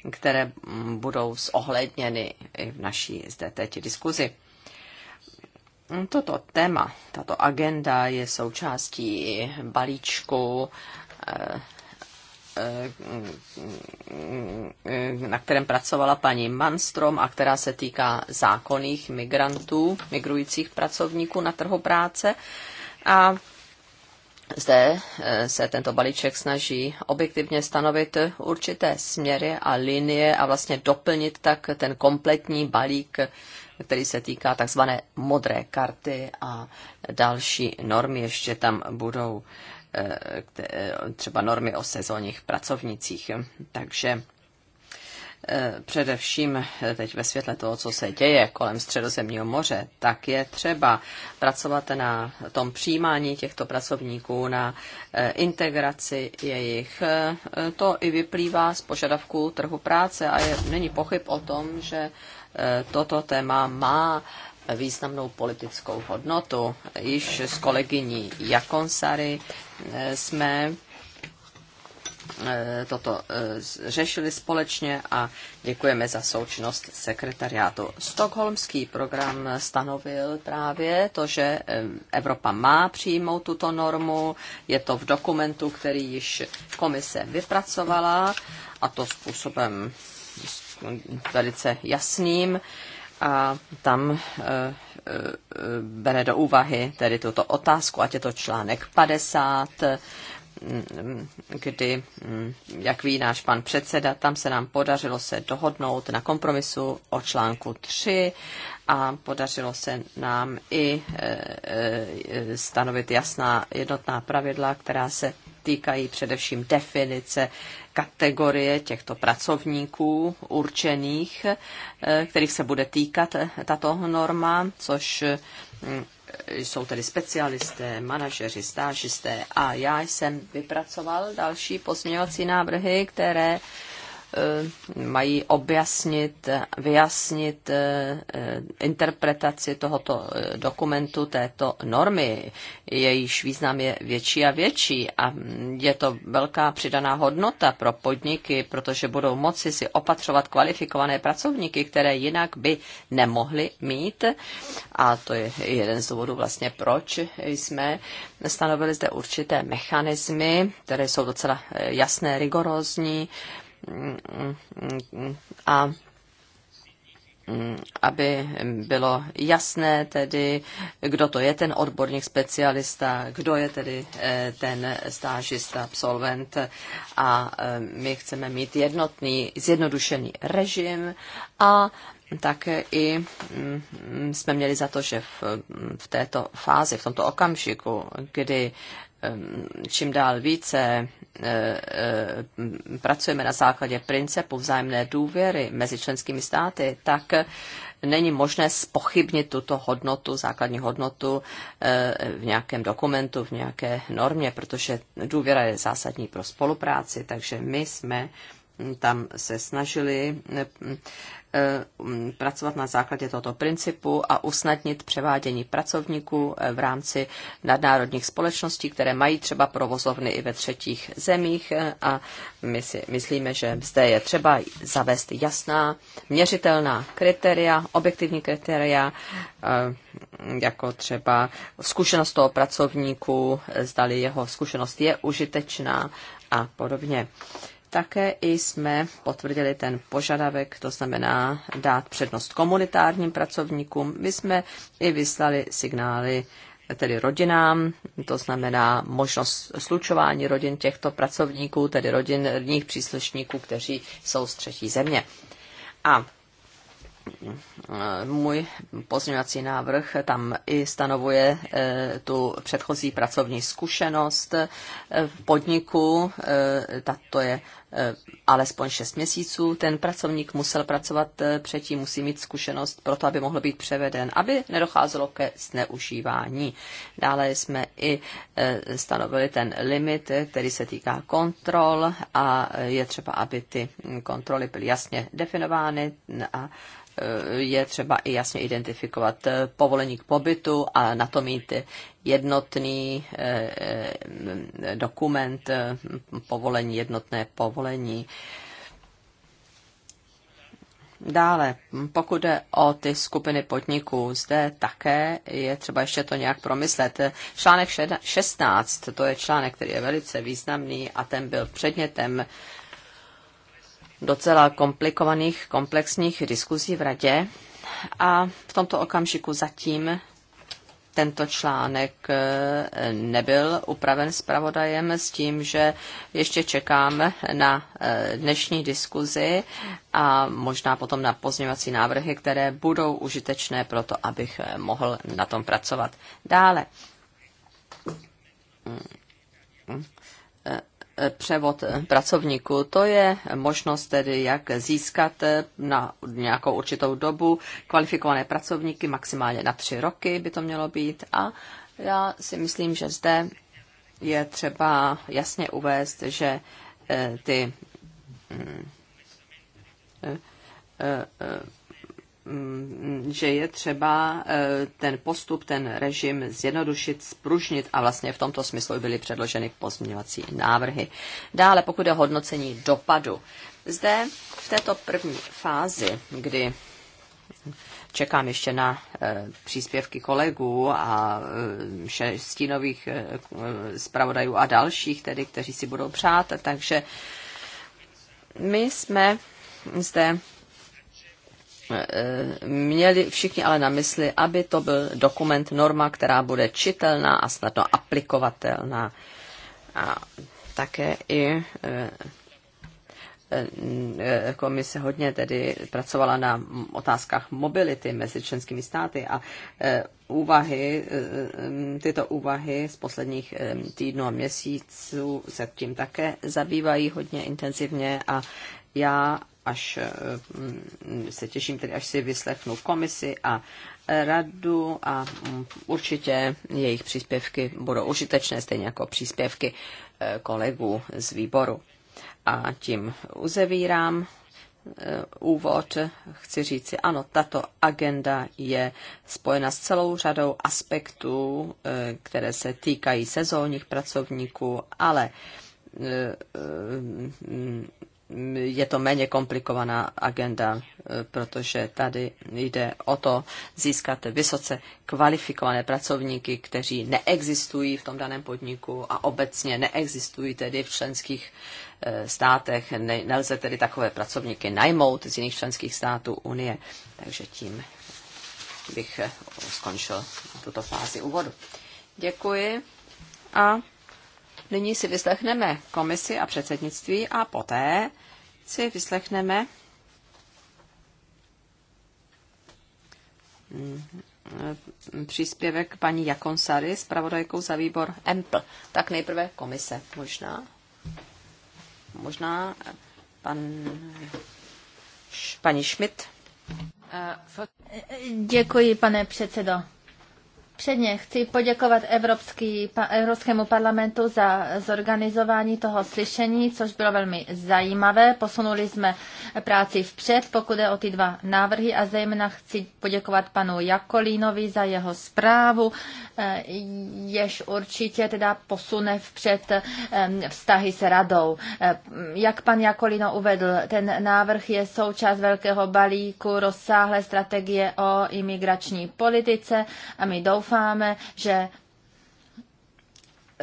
které budou zohledněny i v naší zde teď diskuzi. Toto téma, tato agenda je součástí balíčku eh, eh, na kterém pracovala paní Manstrom a která se týká zákonných migrantů, migrujících pracovníků na trhu práce. A zde eh, se tento balíček snaží objektivně stanovit určité směry a linie a vlastně doplnit tak ten kompletní balík, který se týká takzvané modré karty a další normy ještě tam budou eh, eh, třeba normy o sezónních pracovnicích. Takže Eh, především eh, teď ve světle toho, co se děje kolem Středozemního moře, tak je třeba pracovat na tom přijímání těchto pracovníků, na eh, integraci jejich. To i vyplývá z požadavků trhu práce a je, není pochyb o tom, že toto téma má významnou politickou hodnotu. Již s kolegyní Jakonsary jsme E, toto e, řešili společně a děkujeme za součinnost sekretariátu. Stockholmský program stanovil právě to, že e, Evropa má přijmout tuto normu. Je to v dokumentu, který již komise vypracovala a to způsobem velice jasným a tam bere do úvahy tedy tuto otázku, ať je to článek 50 kdy, mm, jak ví náš pan předseda, tam se nám podařilo se dohodnout na kompromisu o článku 3 a podařilo se nám i e, e, stanovit jasná jednotná pravidla, která se týkají především definice kategorie těchto pracovníků určených, e, kterých se bude týkat tato norma, což mm, jsou tedy specialisté, manažeři, stážisté a já jsem vypracoval další pozměňovací návrhy, které Eh, mají objasnit, vyjasnit eh, eh, interpretaci tohoto dokumentu, této normy. Jejíž význam je větší a větší a je to velká přidaná hodnota pro podniky, protože budou moci si opatřovat kvalifikované pracovníky, které jinak by nemohli mít. A to je jeden z důvodů vlastně, proč jsme stanovili zde určité mechanismy, které jsou docela jasné, rigorózní, a aby bylo jasné tedy, kdo to je ten odborník specialista, kdo je tedy eh, ten stážista, absolvent a eh, my chceme mít jednotný, zjednodušený režim a také i mm, jsme měli za to, že v, v této fázi, v tomto okamžiku, kdy Ehm, čím dál více eh, eh, pracujeme na základě principu vzájemné důvěry mezi členskými státy, tak eh, není možné spochybnit tuto hodnotu, základní hodnotu v nějakém dokumentu, v nějaké normě, protože důvěra je zásadní pro spolupráci, takže my jsme tam se snažili eh, eh, pracovat na základě tohoto principu a usnadnit převádění pracovníků eh, v rámci nadnárodních společností, které mají třeba provozovny i ve třetích zemích a my si myslíme, že zde je třeba zavést jasná, měřitelná kritéria, objektivní kritéria, jako třeba zkušenost toho pracovníku, zdali jeho zkušenost je užitečná a podobně. Také i jsme potvrdili ten požadavek, to znamená dát přednost komunitárním pracovníkům. My jsme i vyslali signály tedy rodinám, to znamená možnost slučování rodin těchto pracovníků, tedy rodinných příslušníků, kteří jsou z třetí země. A e, můj pozměňovací návrh tam i stanovuje e, tu předchozí pracovní zkušenost v podniku. E, Tato je Eh, alespoň 6 měsíců. Ten pracovník musel pracovat eh, předtím, musí mít zkušenost pro to, aby mohl být převeden, aby nedocházelo ke zneužívání. Dále jsme i eh, stanovili ten limit, který se týká kontrol a je třeba, aby ty kontroly byly jasně definovány a je třeba i jasně identifikovat povolení k pobytu a na to mít jednotný eh, eh, dokument, eh, povolení, jednotné povolení. Dále, pokud jde o ty skupiny podniků, zde také je třeba ještě to nějak promyslet. Článek 16, to je článek, který je velice významný a ten byl předmětem docela komplikovaných, komplexních diskuzí v radě. A v tomto okamžiku zatím tento článek eh, nebyl upraven zpravodajem s tím, že ještě čekám na eh, dnešní diskuzi a možná potom na pozměňovací návrhy, které budou užitečné pro to, abych eh, mohl na tom pracovat dále mm. Mm převod pracovníků. To je možnost tedy, jak získat na nějakou určitou dobu kvalifikované pracovníky, maximálně na tři roky by to mělo být. A já si myslím, že zde je třeba jasně uvést, že eh, ty mm, eh, eh, Mm, že je třeba eh, ten postup, ten režim zjednodušit, spružnit a vlastně v tomto smyslu byly předloženy pozměňovací návrhy. Dále, pokud je hodnocení dopadu. Zde v této první fázi, kdy čekám ještě na eh, příspěvky kolegů a eh, šestinových zpravodajů a dalších, tedy, kteří si budou přát, takže my jsme zde Eh, měli všichni ale na mysli, aby to byl dokument norma, která bude čitelná a snadno aplikovatelná. A také i eh, eh, komise hodně tedy pracovala na otázkách mobility mezi členskými státy a úvahy, tyto úvahy z posledních týdnů a měsíců se tím také zabývají hodně intenzivně a já až eh, hm, se těším tedy, až si vyslechnu komisi a radu a hm, určitě jejich příspěvky budou užitečné, stejně jako příspěvky eh, kolegů z výboru. A tím uzevírám eh, úvod. Chci říci, ano, tato agenda je spojena s celou řadou aspektů, které se týkají sezónních pracovníků, ale hm, je to méně komplikovaná agenda, e, protože tady jde o to získat vysoce kvalifikované pracovníky, kteří neexistují v tom daném podniku a obecně neexistují tedy v členských e, státech. Nelze tedy takové pracovníky najmout z jiných členských států Unie. Takže tím bych e, skončil tuto fázi úvodu. Děkuji a Nyní si vyslechneme komisi a předsednictví a poté si vyslechneme mm, příspěvek paní Jakonsary, s pravodajkou za výbor EMPL. Tak nejprve komise možná. Možná pan, paní Schmidt. Děkuji, pane předsedo. Předně chci poděkovat Evropský, Evropskému parlamentu za zorganizování toho slyšení, což bylo velmi zajímavé. Posunuli jsme práci vpřed, pokud je o ty dva návrhy a zejména chci poděkovat panu Jakolínovi za jeho zprávu, eh, jež určitě teda posune vpřed eh, vztahy s radou. Eh, jak pan Jakolino uvedl, ten návrh je součást velkého balíku rozsáhlé strategie o imigrační politice a my doufáme, doufáme, že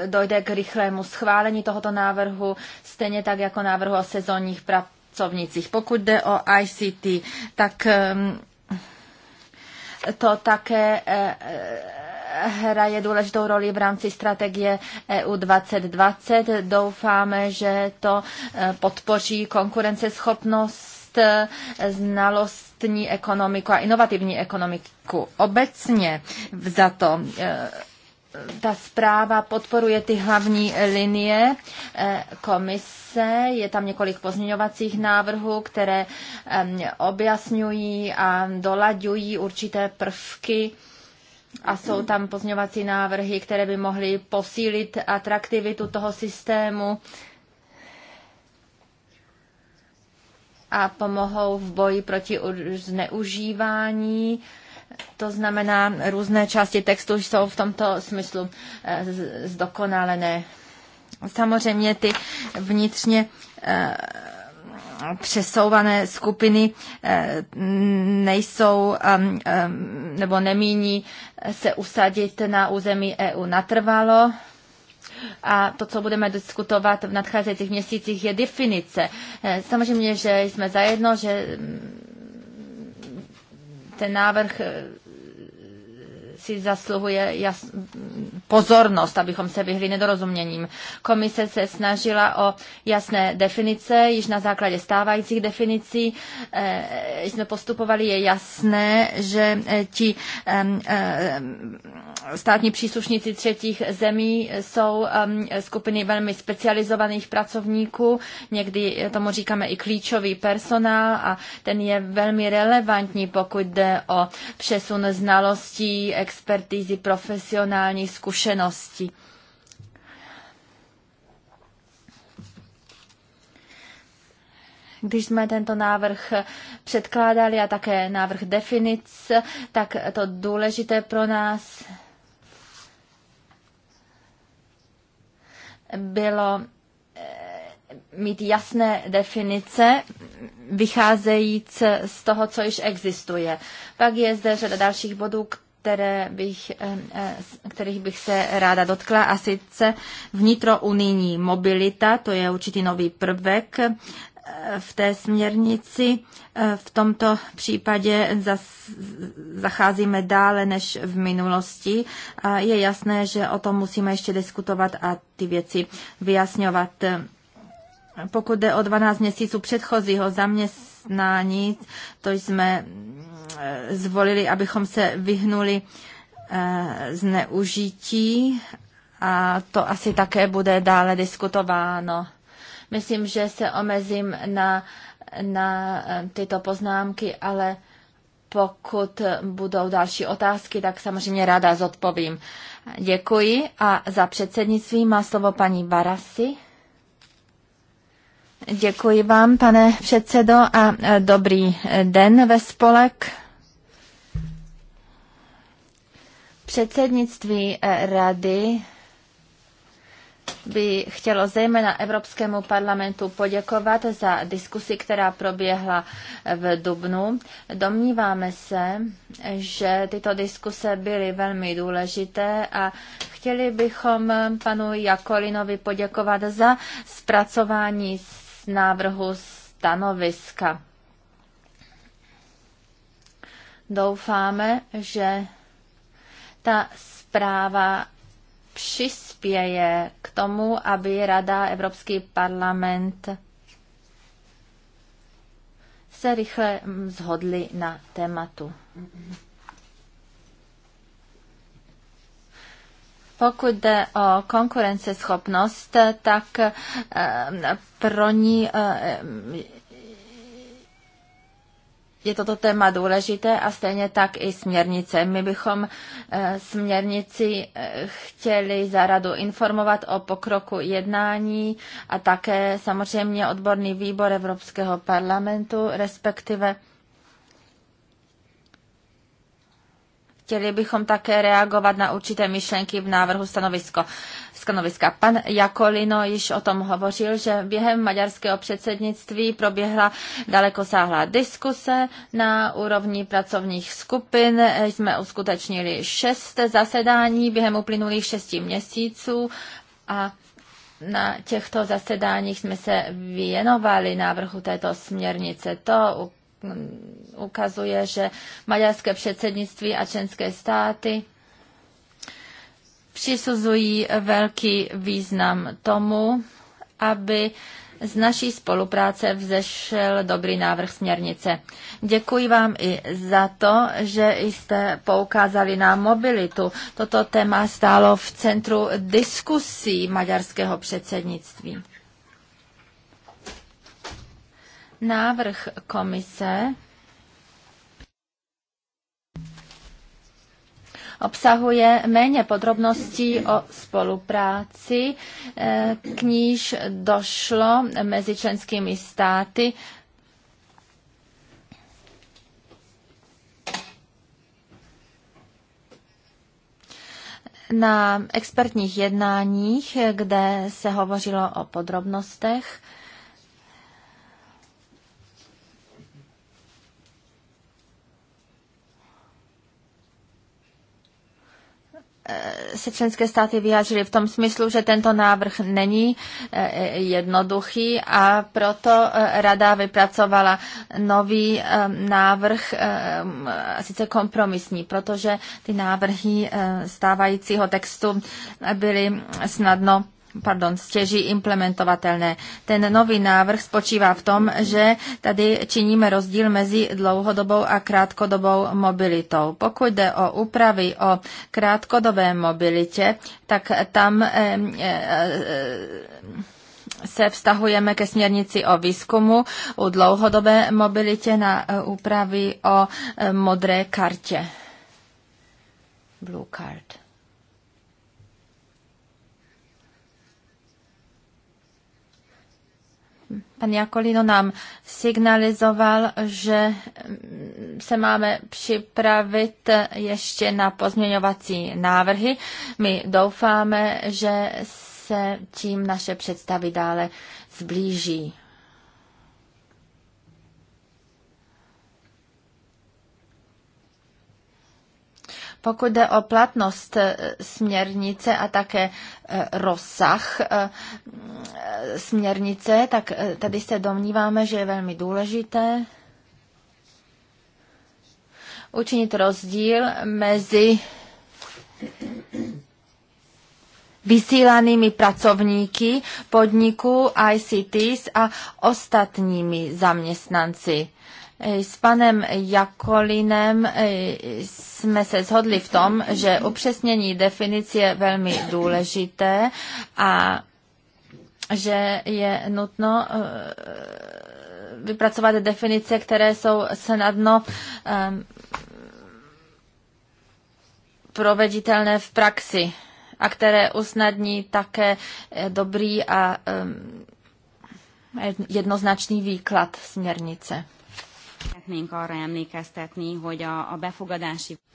dojde k rychlému schválení tohoto návrhu, stejně tak jako návrhu o sezónních pracovnicích. Pokud jde o ICT, tak ehm, to také eh, hraje důležitou roli v rámci strategie EU 2020. Doufáme, že to eh, podpoří konkurenceschopnost eh, znalost znalostní ekonomiku a inovativní ekonomiku. Obecně za to eh, ta zpráva podporuje ty hlavní linie eh, komise. Je tam několik pozměňovacích návrhů, které objasňují a dolaďují určité prvky a jsou tam pozměňovací návrhy, které by mohly posílit atraktivitu toho systému a pomohou v boji proti zneužívání. To znamená, různé části textu jsou v tomto smyslu eh, zdokonalené. Samozřejmě ty vnitřně eh, přesouvané skupiny eh, nejsou nebo nemíní se usadit na území EU natrvalo. A to, co budeme diskutovat v nadcházejících měsících, je definice. Eh, samozřejmě, že jsme zajedno, že mm, ten návrh eh, si zasluhuje jas, pozornost, abychom se vyhli nedorozuměním. Komise se snažila o jasné definice, již na základě stávajících definicí e, jsme postupovali, je jasné, že eh, ti eh, státní příslušníci třetích zemí jsou skupiny velmi specializovaných pracovníků, někdy tomu říkáme i klíčový personál a ten je velmi relevantní, pokud jde o přesun znalostí, ex expertízy, profesionální zkušenosti. Když jsme tento návrh předkládali a také návrh definic, tak to důležité pro nás bylo eh, mít jasné definice, vycházejíc z toho, co již existuje. Pak je zde řada dalších bodů, které bych, eh, eh, kterých bych se ráda dotkla, a sice vnitrounijní mobilita, to je určitý nový prvek eh, v té směrnici. V tomto případě zacházíme dále než v minulosti. A je jasné, že o tom musíme ještě diskutovat a ty věci vyjasňovat. Pokud jde o 12 měsíců předchozího zaměstnání, to jsme Eh, zvolili, abychom se vyhnuli eh, zneužití a to asi také bude dále diskutováno. Myslím, že se omezím na, na eh, tyto poznámky, ale pokud budou další otázky, tak samozřejmě ráda zodpovím. Děkuji a za předsednictví má slovo paní Barasi. Děkuji vám, pane předsedo, a e, dobrý e, den ve spolek. Předsednictví e, rady by chtělo zejména Evropskému parlamentu poděkovat za diskusi, která proběhla v Dubnu. Domníváme se, že tyto diskuse byly velmi důležité a chtěli bychom panu Jakolinovi poděkovat za zpracování z návrhu stanoviska. Doufáme, že ta zpráva přispěje k tomu, aby Rada Evropský parlament se rychle zhodli na tématu. Pokud jde o konkurenceschopnost, tak eh, pro ní eh, je toto téma důležité a stejně tak i směrnice. My bychom eh, směrnici chtěli za radu informovat o pokroku jednání a také samozřejmě odborný výbor Evropského parlamentu, respektive Chtěli bychom také reagovat na určité myšlenky v návrhu stanovisko. stanoviska. Pan Jakolino již o tom hovořil, že během maďarského předsednictví proběhla dalekosáhlá diskuse na úrovni pracovních skupin. Jsme uskutečnili šest zasedání během uplynulých šesti měsíců a na těchto zasedáních jsme se věnovali návrhu této směrnice. To ukazuje, že maďarské předsednictví a členské státy přisuzují velký význam tomu, aby z naší spolupráce vzešel dobrý návrh směrnice. Děkuji vám i za to, že jste poukázali na mobilitu. Toto téma stálo v centru diskusí maďarského předsednictví návrh komise obsahuje méně podrobností o spolupráci, eh, k níž došlo mezi členskými státy na expertních jednáních, kde se hovořilo o podrobnostech Eh, se členské státy vyjádřily v tom smyslu, že tento návrh není eh, jednoduchý a proto eh, rada vypracovala nový návrh, sice kompromisní, protože ty návrhy stávajícího textu byly snadno pardon, stěží implementovatelné. Ten nový návrh spočívá v tom, že tady činíme rozdíl mezi dlouhodobou a krátkodobou mobilitou. Pokud jde o úpravy o krátkodobé mobilitě, tak tam eh, eh, se vztahujeme ke směrnici o výzkumu u dlouhodobé mobilitě na eh, úpravy o eh, modré kartě. Blue card. Pan Jakolino nám signalizoval, že mm, se máme připravit ještě na pozměňovací návrhy. My doufáme, že se tím naše představy dále zblíží. Pokud jde o platnost eh, směrnice a také eh, rozsah eh, směrnice, tak tady se domníváme, že je velmi důležité učinit rozdíl mezi vysílanými pracovníky podniku ICTs a ostatními zaměstnanci. Eh, s panem Jakolinem eh, jsme se shodli v tom, že upřesnění definice je velmi důležité a že je nutno eh, vypracovat definice, které jsou snadno proveditelné v praxi a které usnadní také dobrý a jednoznačný výklad směrnice.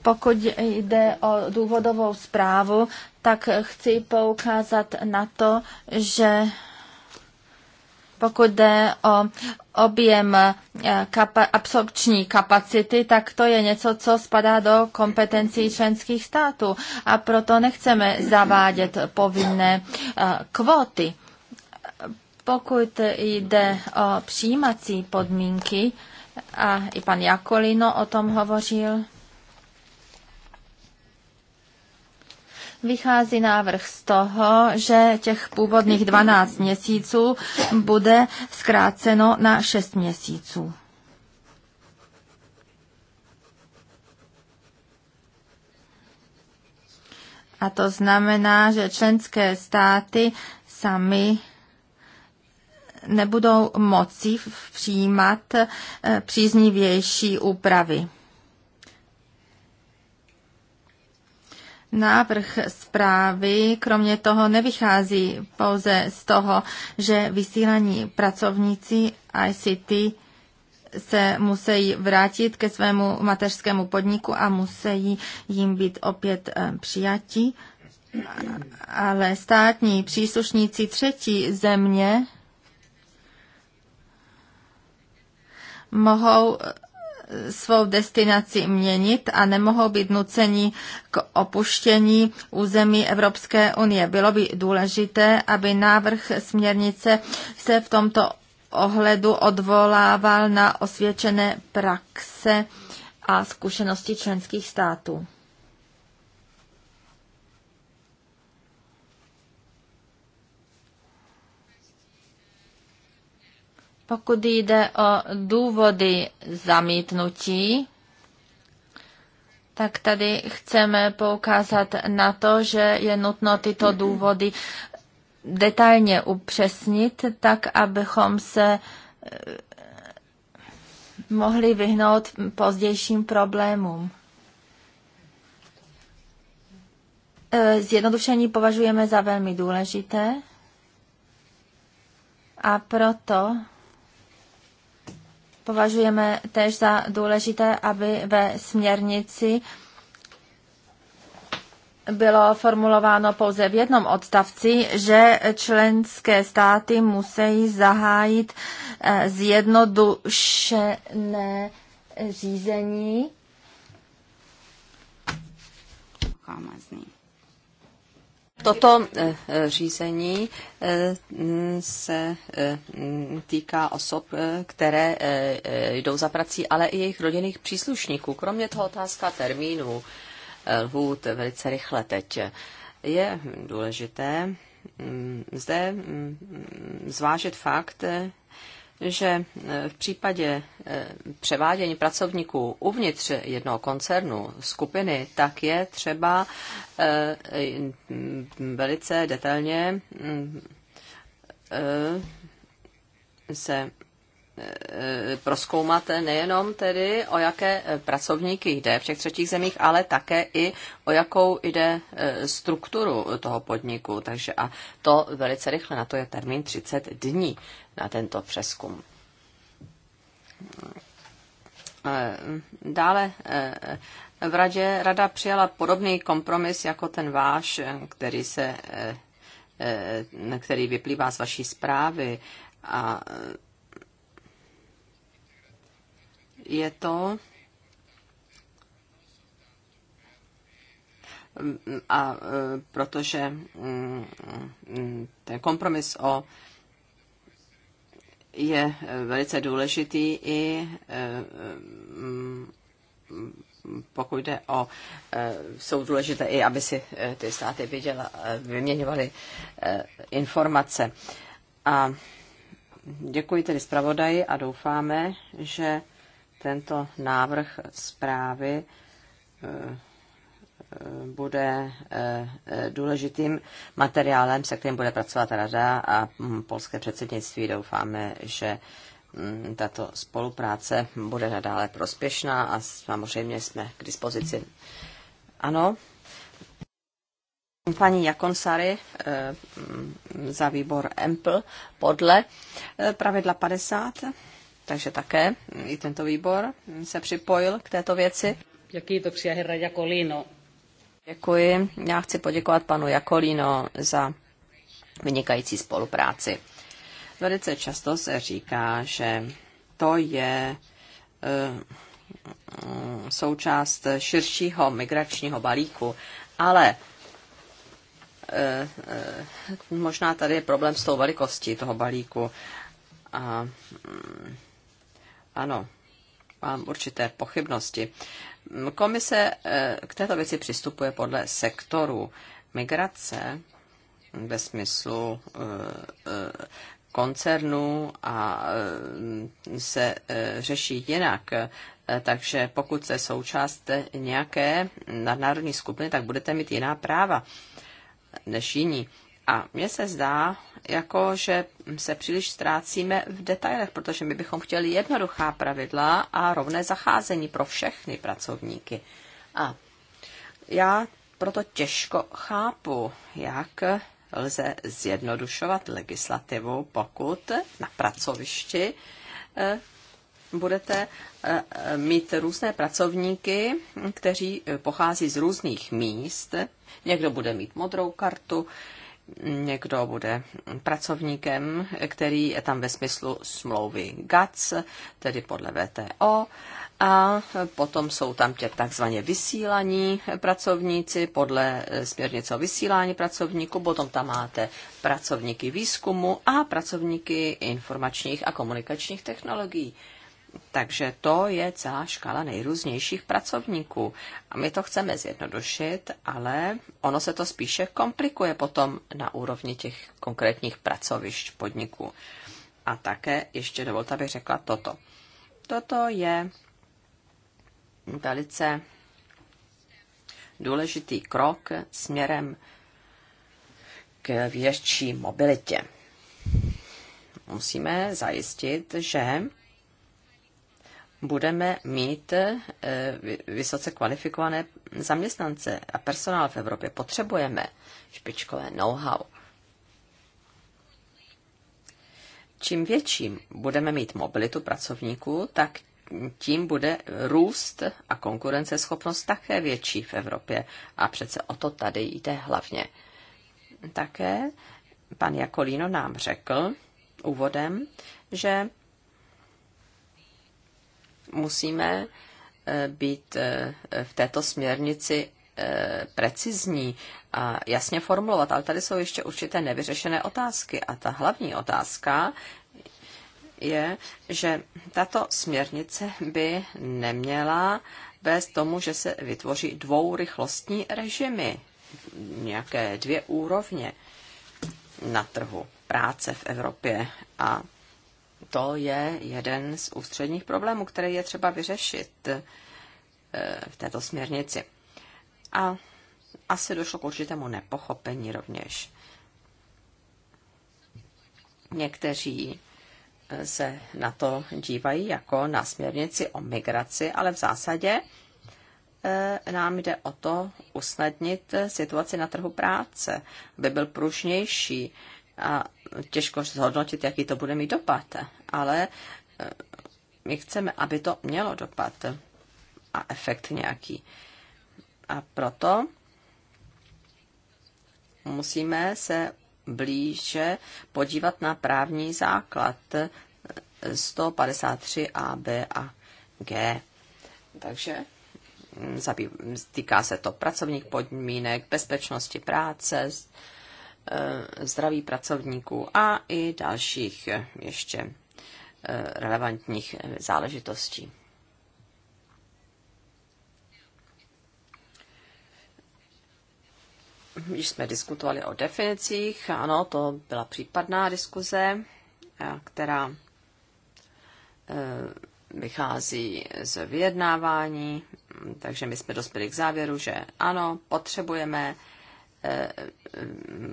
Pokud jde o důvodovou zprávu, tak chci poukázat na to, že pokud jde o objem eh, kapa- absorpční kapacity, tak to je něco, co spadá do kompetencí členských států a proto nechceme zavádět povinné eh, kvóty. Pokud jde o přijímací podmínky, a i pan Jakolino o tom hovořil. Vychází návrh z toho, že těch původných 12 měsíců bude zkráceno na 6 měsíců. A to znamená, že členské státy sami nebudou moci přijímat eh, příznivější úpravy. Návrh zprávy kromě toho nevychází pouze z toho, že vysílaní pracovníci ICT se musí vrátit ke svému mateřskému podniku a musí jim být opět eh, přijati, ale státní příslušníci třetí země mohou eh, svou destinaci měnit a nemohou být nuceni k opuštění území Evropské unie. Bylo by důležité, aby návrh směrnice se v tomto ohledu odvolával na osvědčené praxe a zkušenosti členských států. Pokud jde o důvody zamítnutí, tak tady chceme poukázat na to, že je nutno tyto důvody detailně upřesnit, tak abychom se eh, mohli vyhnout pozdějším problémům. Eh, zjednodušení považujeme za velmi důležité a proto Považujeme též za důležité, aby ve směrnici bylo formulováno pouze v jednom odstavci, že členské státy musí zahájit eh, zjednodušené řízení. Toto eh, eh, řízení eh, mm, se mm, týká osob, které jdou za prací, ale i jejich rodinných příslušníků. Kromě toho otázka termínu lhůt velice rychle teď je důležité mm, zde zvážit fakt, že e, v případě e, převádění pracovníků uvnitř jednoho koncernu, skupiny, tak je třeba e, velice detailně se Eh, proskoumat nejenom tedy, o jaké pracovníky jde v těch třetích zemích, ale také i o jakou jde eh, strukturu toho podniku. Takže a to velice rychle, na to je termín 30 dní na tento přeskum. Eh, dále v radě rada přijala podobný kompromis jako ten váš, který se který vyplývá z vaší zprávy a je to a e, protože mm, mm, ten kompromis o je e, velice důležitý i e, mm, pokud jde o, jsou důležité i, aby si ty státy viděla, vyměňovaly informace. A děkuji tedy zpravodaji a doufáme, že tento návrh zprávy eh, eh, bude eh, důležitým materiálem, se kterým bude pracovat Rada a mm, polské předsednictví. Doufáme, že mm, tato spolupráce bude nadále prospěšná a samozřejmě jsme k dispozici. Ano. Paní Jakonsary mm, za výbor EMPL podle pravidla 50 takže také i tento výbor se připojil k této věci. Kiitoksia, herra Jakolino. Děkuji. Já chci poděkovat panu Jakolino za vynikající spolupráci. Velice často se říká, že to je eh, součást širšího migračního balíku, ale eh, eh, možná tady je problém s tou velikostí toho balíku. A mm, ano, mám určité pochybnosti. Komise eh, k této věci přistupuje podle sektoru migrace ve smyslu eh, eh, koncernů a se řeší jinak. Takže pokud se součást nějaké nadnárodní skupiny, tak budete mít jiná práva než jiní. A mně se zdá, jako že se příliš ztrácíme v detailech, protože my bychom chtěli jednoduchá pravidla a rovné zacházení pro všechny pracovníky. A já proto těžko chápu, jak lze zjednodušovat legislativu, pokud na pracovišti eh, budete eh, mít různé pracovníky, kteří pochází z různých míst. Někdo bude mít modrou kartu, někdo bude pracovníkem, který je tam ve smyslu smlouvy GATS, tedy podle VTO. A potom jsou tam tě takzvaně vysílaní pracovníci podle směrnice o vysílání pracovníků. Potom tam máte pracovníky výzkumu a pracovníky informačních a komunikačních technologií. Takže to je celá škala nejrůznějších pracovníků. A my to chceme zjednodušit, ale ono se to spíše komplikuje potom na úrovni těch konkrétních pracovišť podniků. A také ještě dovolte, abych řekla toto. Toto je velice důležitý krok směrem k větší mobilitě. Musíme zajistit, že budeme mít e, vysoce kvalifikované zaměstnance a personál v Evropě. Potřebujeme špičkové know-how. Čím větším budeme mít mobilitu pracovníků, tak tím bude růst a konkurenceschopnost také větší v Evropě. A přece o to tady jde hlavně. Také pan Jakolíno nám řekl úvodem, že musíme eh, být eh, v této směrnici eh, precizní a jasně formulovat, ale tady jsou ještě určité nevyřešené otázky. A ta hlavní otázka je, že tato směrnice by neměla vést tomu, že se vytvoří dvourychlostní režimy, nějaké dvě úrovně na trhu práce v Evropě a to je jeden z ústředních problémů, který je třeba vyřešit eh, v této směrnici. A asi došlo k určitému nepochopení rovněž. Někteří eh, se na to dívají jako na směrnici o migraci, ale v zásadě eh, nám jde o to usnadnit situaci na trhu práce, aby byl pružnější a těžko zhodnotit, jaký to bude mít dopad, ale eh, my chceme, aby to mělo dopad a efekt nějaký. A proto musíme se blíže podívat na právní základ 153 eh, A, B a G. Takže hm, týká se to pracovních podmínek, bezpečnosti práce, Eh, zdraví pracovníků a i dalších ještě eh, relevantních záležitostí. Když jsme diskutovali o definicích, ano, to byla případná diskuze, eh, která vychází z vyjednávání, takže my jsme dospěli k závěru, že ano, potřebujeme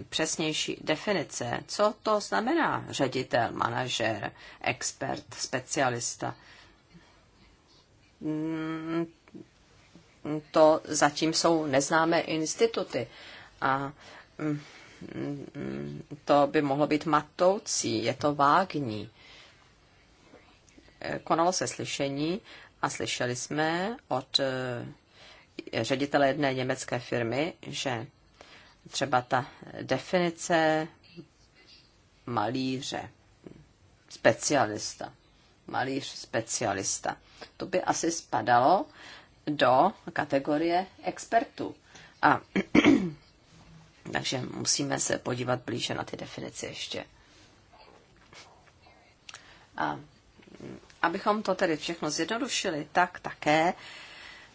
přesnější definice. Co to znamená ředitel, manažer, expert, specialista? Mm, to zatím jsou neznámé instituty a mm, to by mohlo být matoucí, je to vágní. Konalo se slyšení a slyšeli jsme od eh, ředitele jedné německé firmy, že třeba ta definice malíře, specialista, malíř specialista. To by asi spadalo do kategorie expertů. A takže musíme se podívat blíže na ty definice ještě. A mm, abychom to tedy všechno zjednodušili, tak také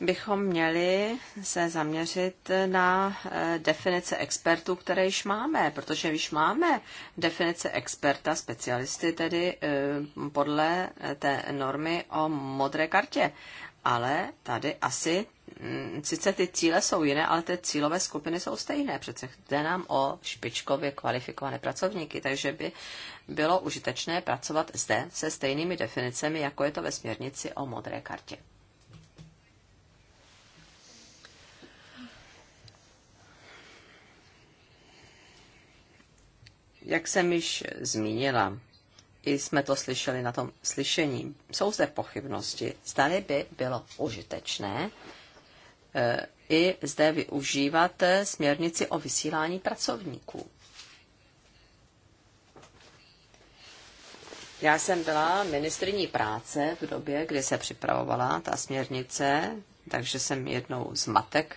bychom měli se zaměřit na eh, definice expertů, které již máme, protože již máme definice experta, specialisty tedy eh, podle eh, té normy o modré kartě. Ale tady asi, mm, sice ty cíle jsou jiné, ale ty cílové skupiny jsou stejné. Přece jde nám o špičkově kvalifikované pracovníky, takže by bylo užitečné pracovat zde se stejnými definicemi, jako je to ve směrnici o modré kartě. Jak jsem již zmínila, i jsme to slyšeli na tom slyšení, jsou zde pochybnosti, zdali by bylo užitečné eh, i zde využívat eh, směrnici o vysílání pracovníků. Já jsem byla ministriní práce v době, kdy se připravovala ta směrnice, takže jsem jednou z matek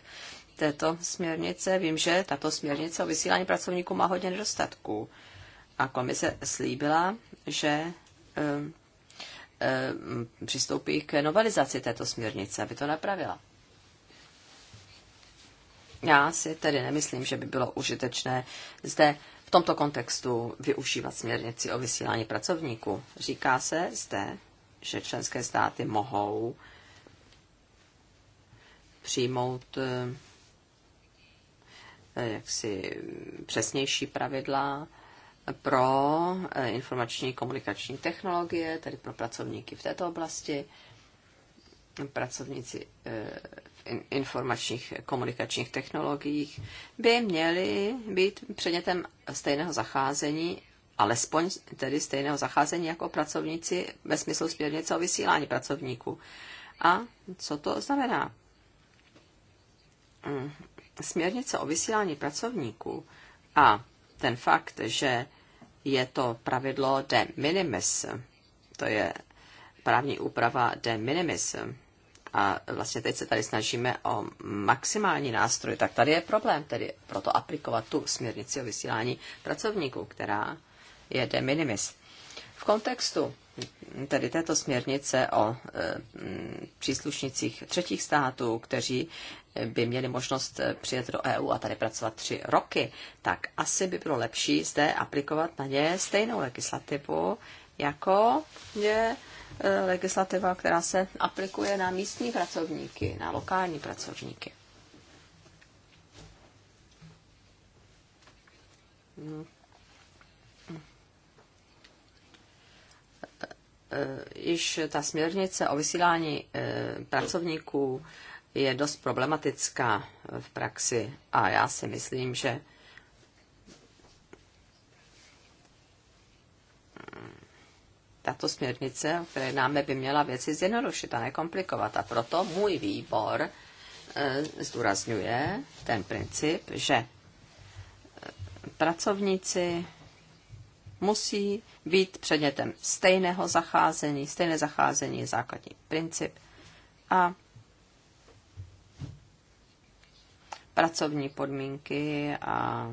této směrnice. Vím, že tato směrnice o vysílání pracovníků má hodně nedostatků. A komise slíbila, že eh, eh, přistoupí k novelizaci této směrnice, aby to napravila. Já si tedy nemyslím, že by bylo užitečné zde v tomto kontextu využívat směrnici o vysílání pracovníků. Říká se zde, že členské státy mohou přijmout eh, Eh, jaksi přesnější pravidla pro eh, informační komunikační technologie, tedy pro pracovníky v této oblasti. Pracovníci eh, v informačních komunikačních technologiích by měli být předmětem stejného zacházení, alespoň tedy stejného zacházení jako pracovníci ve smyslu směrnice o vysílání pracovníků. A co to znamená? Mm, směrnice o vysílání pracovníků a ten fakt, že je to pravidlo de minimis, to je právní úprava de minimis, a vlastně teď se tady snažíme o maximální nástroj, tak tady je problém tedy proto aplikovat tu směrnici o vysílání pracovníků, která je de minimis. V kontextu tedy této směrnice o e, příslušnicích třetích států, kteří by měli možnost eh, přijet do EU a tady pracovat tři roky, tak asi by bylo lepší zde aplikovat na ně stejnou legislativu, jako je eh, legislativa, která se aplikuje na místní pracovníky, na lokální pracovníky. Hmm. Eh, již ta směrnice o vysílání pracovníků je dost problematická v praxi a já si myslím, že tato směrnice, o které náme by měla věci zjednodušit a nekomplikovat. A proto můj výbor eh, zdůrazňuje ten princip, že eh, pracovníci musí být předmětem stejného zacházení, stejné zacházení je základní princip. A pracovní podmínky a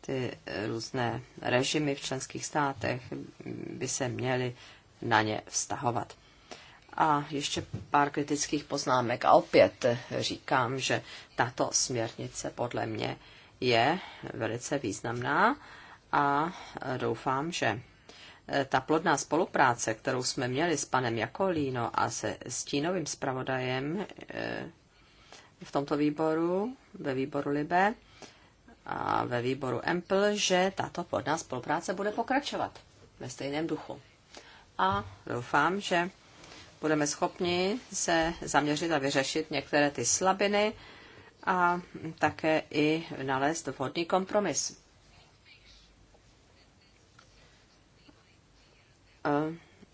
ty různé režimy v členských státech by se měly na ně vztahovat. A ještě pár kritických poznámek. A opět říkám, že tato směrnice podle mě je velice významná a doufám, že ta plodná spolupráce, kterou jsme měli s panem Jakolíno a se stínovým zpravodajem, eh, v tomto výboru, ve výboru LIBE a ve výboru EMPL, že tato plodná spolupráce bude pokračovat ve stejném duchu. A doufám, že budeme schopni se zaměřit a vyřešit některé ty slabiny a také i nalézt vhodný kompromis.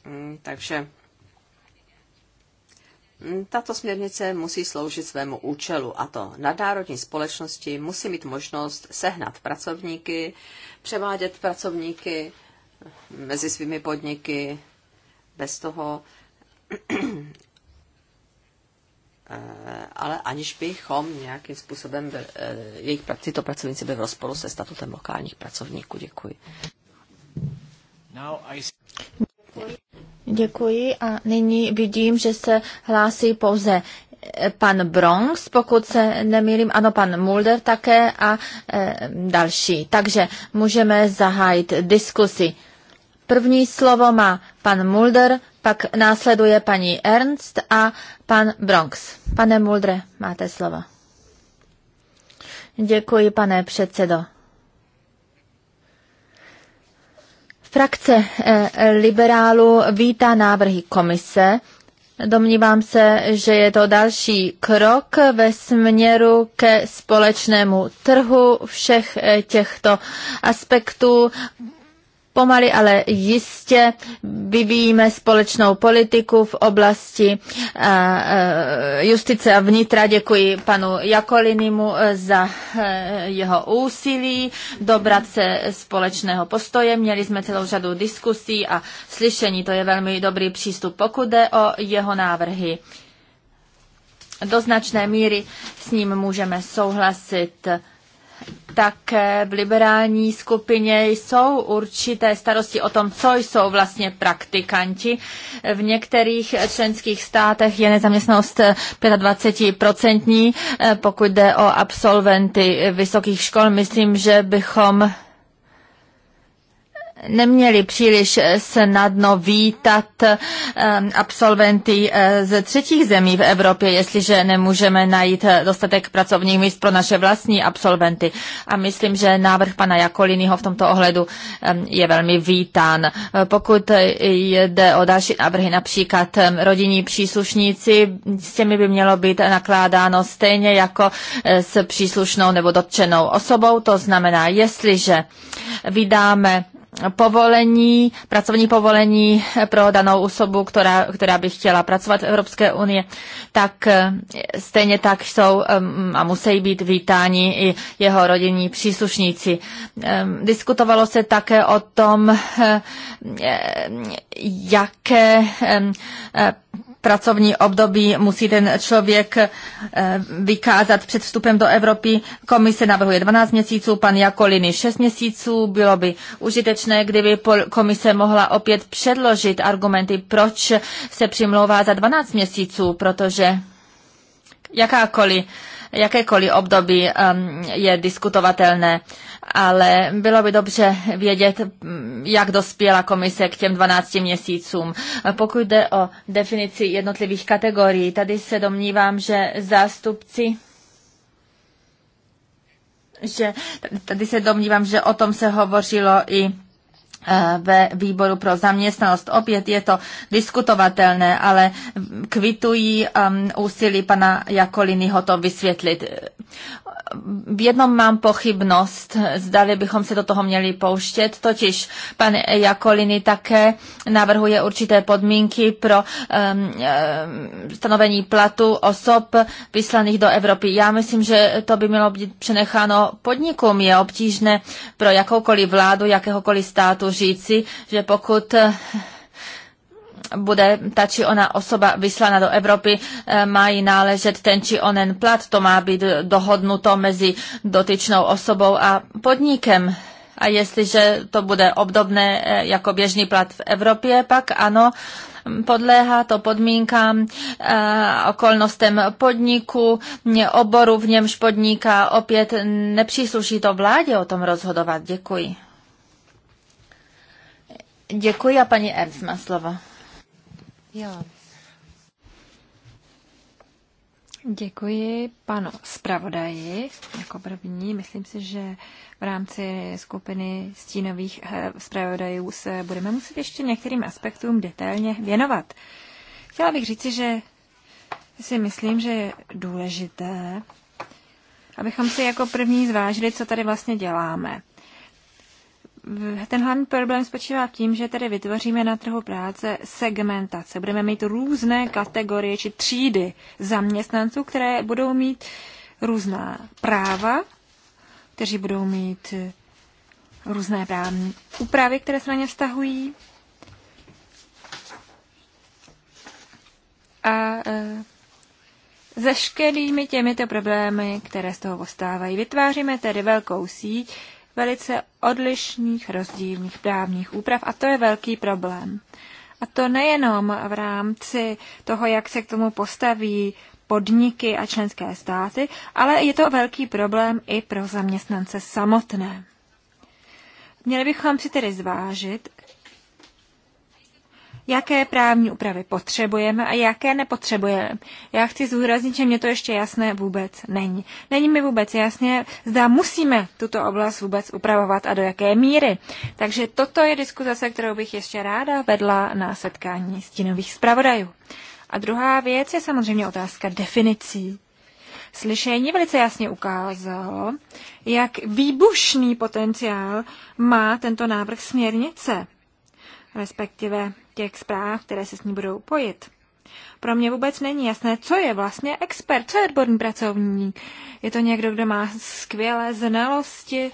Mm, takže tato směrnice musí sloužit svému účelu a to nadnárodní společnosti musí mít možnost sehnat pracovníky, převádět pracovníky mezi svými podniky bez toho, eh, ale aniž bychom nějakým způsobem byl, eh, jejich, tyto pracovníci byli v rozporu se statutem lokálních pracovníků. Děkuji. Děkuji. Děkuji a nyní vidím, že se hlásí pouze eh, pan Bronx, pokud se nemýlím, ano, pan Mulder také a e, další. Takže můžeme zahájit diskusi. První slovo má pan Mulder, pak následuje paní Ernst a pan Bronx. Pane Muldre, máte slovo. Děkuji, pane předsedo. Frakce eh, liberálů vítá návrhy komise. Domnívám se, že je to další krok ve směru ke společnému trhu všech eh, těchto aspektů Pomaly, ale jistě vyvíjíme společnou politiku v oblasti eh, eh, justice a vnitra. Děkuji panu Jakolinimu eh, za jeho úsilí dobrat se společného postoje. Měli jsme celou řadu diskusí a slyšení. To je velmi dobrý přístup, pokud jde o jeho návrhy. Do značné míry s ním můžeme souhlasit. Tak v liberální skupině jsou určité starosti o tom, co jsou vlastně praktikanti. V některých členských státech je nezaměstnanost 25%, eh, pokud jde o absolventy vysokých škol. Myslím, že bychom neměli příliš eh, snadno vítat ehm, absolventy eh, ze třetích zemí v Evropě, jestliže nemůžeme najít eh, dostatek pracovních míst pro naše vlastní absolventy. A myslím, že návrh pana Jakolinyho v tomto ohledu ehm, je velmi vítán. Pokud jde o další návrhy, například ehm, rodinní příslušníci, s těmi by mělo být nakládáno stejně jako s příslušnou nebo dotčenou osobou. To znamená, jestliže vydáme povolení, pracovní povolení pro danou osobu, která, která by chtěla pracovat v Evropské unii, tak eh, stejně tak jsou a musí být vítáni i jeho rodinní příslušníci. Diskutovalo se také o tom, eh, jaké eh, pracovní období musí ten člověk eh, vykázat před vstupem do Evropy. Komise navrhuje 12 měsíců, pan Jakoliny 6 měsíců. Bylo by užitečné, kdyby komise mohla opět předložit argumenty, proč se přimlouvá za 12 měsíců, protože jakákoliv jakékoliv období um, je diskutovatelné, ale bylo by dobře vědět, mm, jak dospěla komise k těm 12 měsícům. Pokud jde o definici jednotlivých kategorií, tady se domnívám, že zástupci že tady se domnívám, že o tom se hovořilo i Eh, ve výboru pro zaměstnanost. Opět je to diskutovatelné, ale kvitují úsilí pana Jakoliniho to vysvětlit. V jednom mám pochybnost, zdali bychom se do toho měli pouštět, totiž pan Jakoliny také navrhuje určité podmínky pro um, stanovení platu osob vyslaných do Evropy. Já myslím, že to by mělo být přenecháno podnikům. Je obtížné pro jakoukoliv vládu, jakéhokoliv státu říci, že pokud eh, bude ta či ona osoba vyslána do Evropy, eh, má jí náležet ten či onen plat. To má být dohodnuto mezi dotyčnou osobou a podnikem. A jestliže to bude obdobné eh, jako běžný plat v Evropě, pak ano, podléhá to podmínkám, okolnostem podniku, oboru, v němž podniká. Opět nepřísluší to vládě o tom rozhodovat. Děkuji. Děkuji a paní Ernst má slovo. Děkuji panu zpravodaji jako první. Myslím si, že v rámci skupiny stínových eh, zpravodajů se budeme muset ještě některým aspektům detailně věnovat. Chtěla bych říci, že si myslím, že je důležité, abychom si jako první zvážili, co tady vlastně děláme ten hlavní problém spočívá v tím, že tedy vytvoříme na trhu práce segmentace. Budeme mít různé kategorie či třídy zaměstnanců, které budou mít různá práva, kteří budou mít eh, různé právní úpravy, které se na ně vztahují. A se eh, škedými těmito problémy, které z toho ostávají, Vytváříme tedy velkou síť, velice odlišných rozdílných právních úprav a to je velký problém. A to nejenom v rámci toho, jak se k tomu postaví podniky a členské státy, ale je to velký problém i pro zaměstnance samotné. Měli bychom si tedy zvážit, jaké právní úpravy potřebujeme a jaké nepotřebujeme. Já chci zúraznit, že mě to ještě jasné vůbec není. Není mi vůbec jasné, zda musíme tuto oblast vůbec upravovat a do jaké míry. Takže toto je diskuze, se kterou bych ještě ráda vedla na setkání stínových zpravodajů. A druhá věc je samozřejmě otázka definicí slyšení velice jasně ukázalo, jak výbušný potenciál má tento návrh směrnice, respektive těch zpráv, které se s ní budou pojit. Pro mě vůbec není jasné, co je vlastně expert, co je odborný pracovník. Je to někdo, kdo má skvělé znalosti.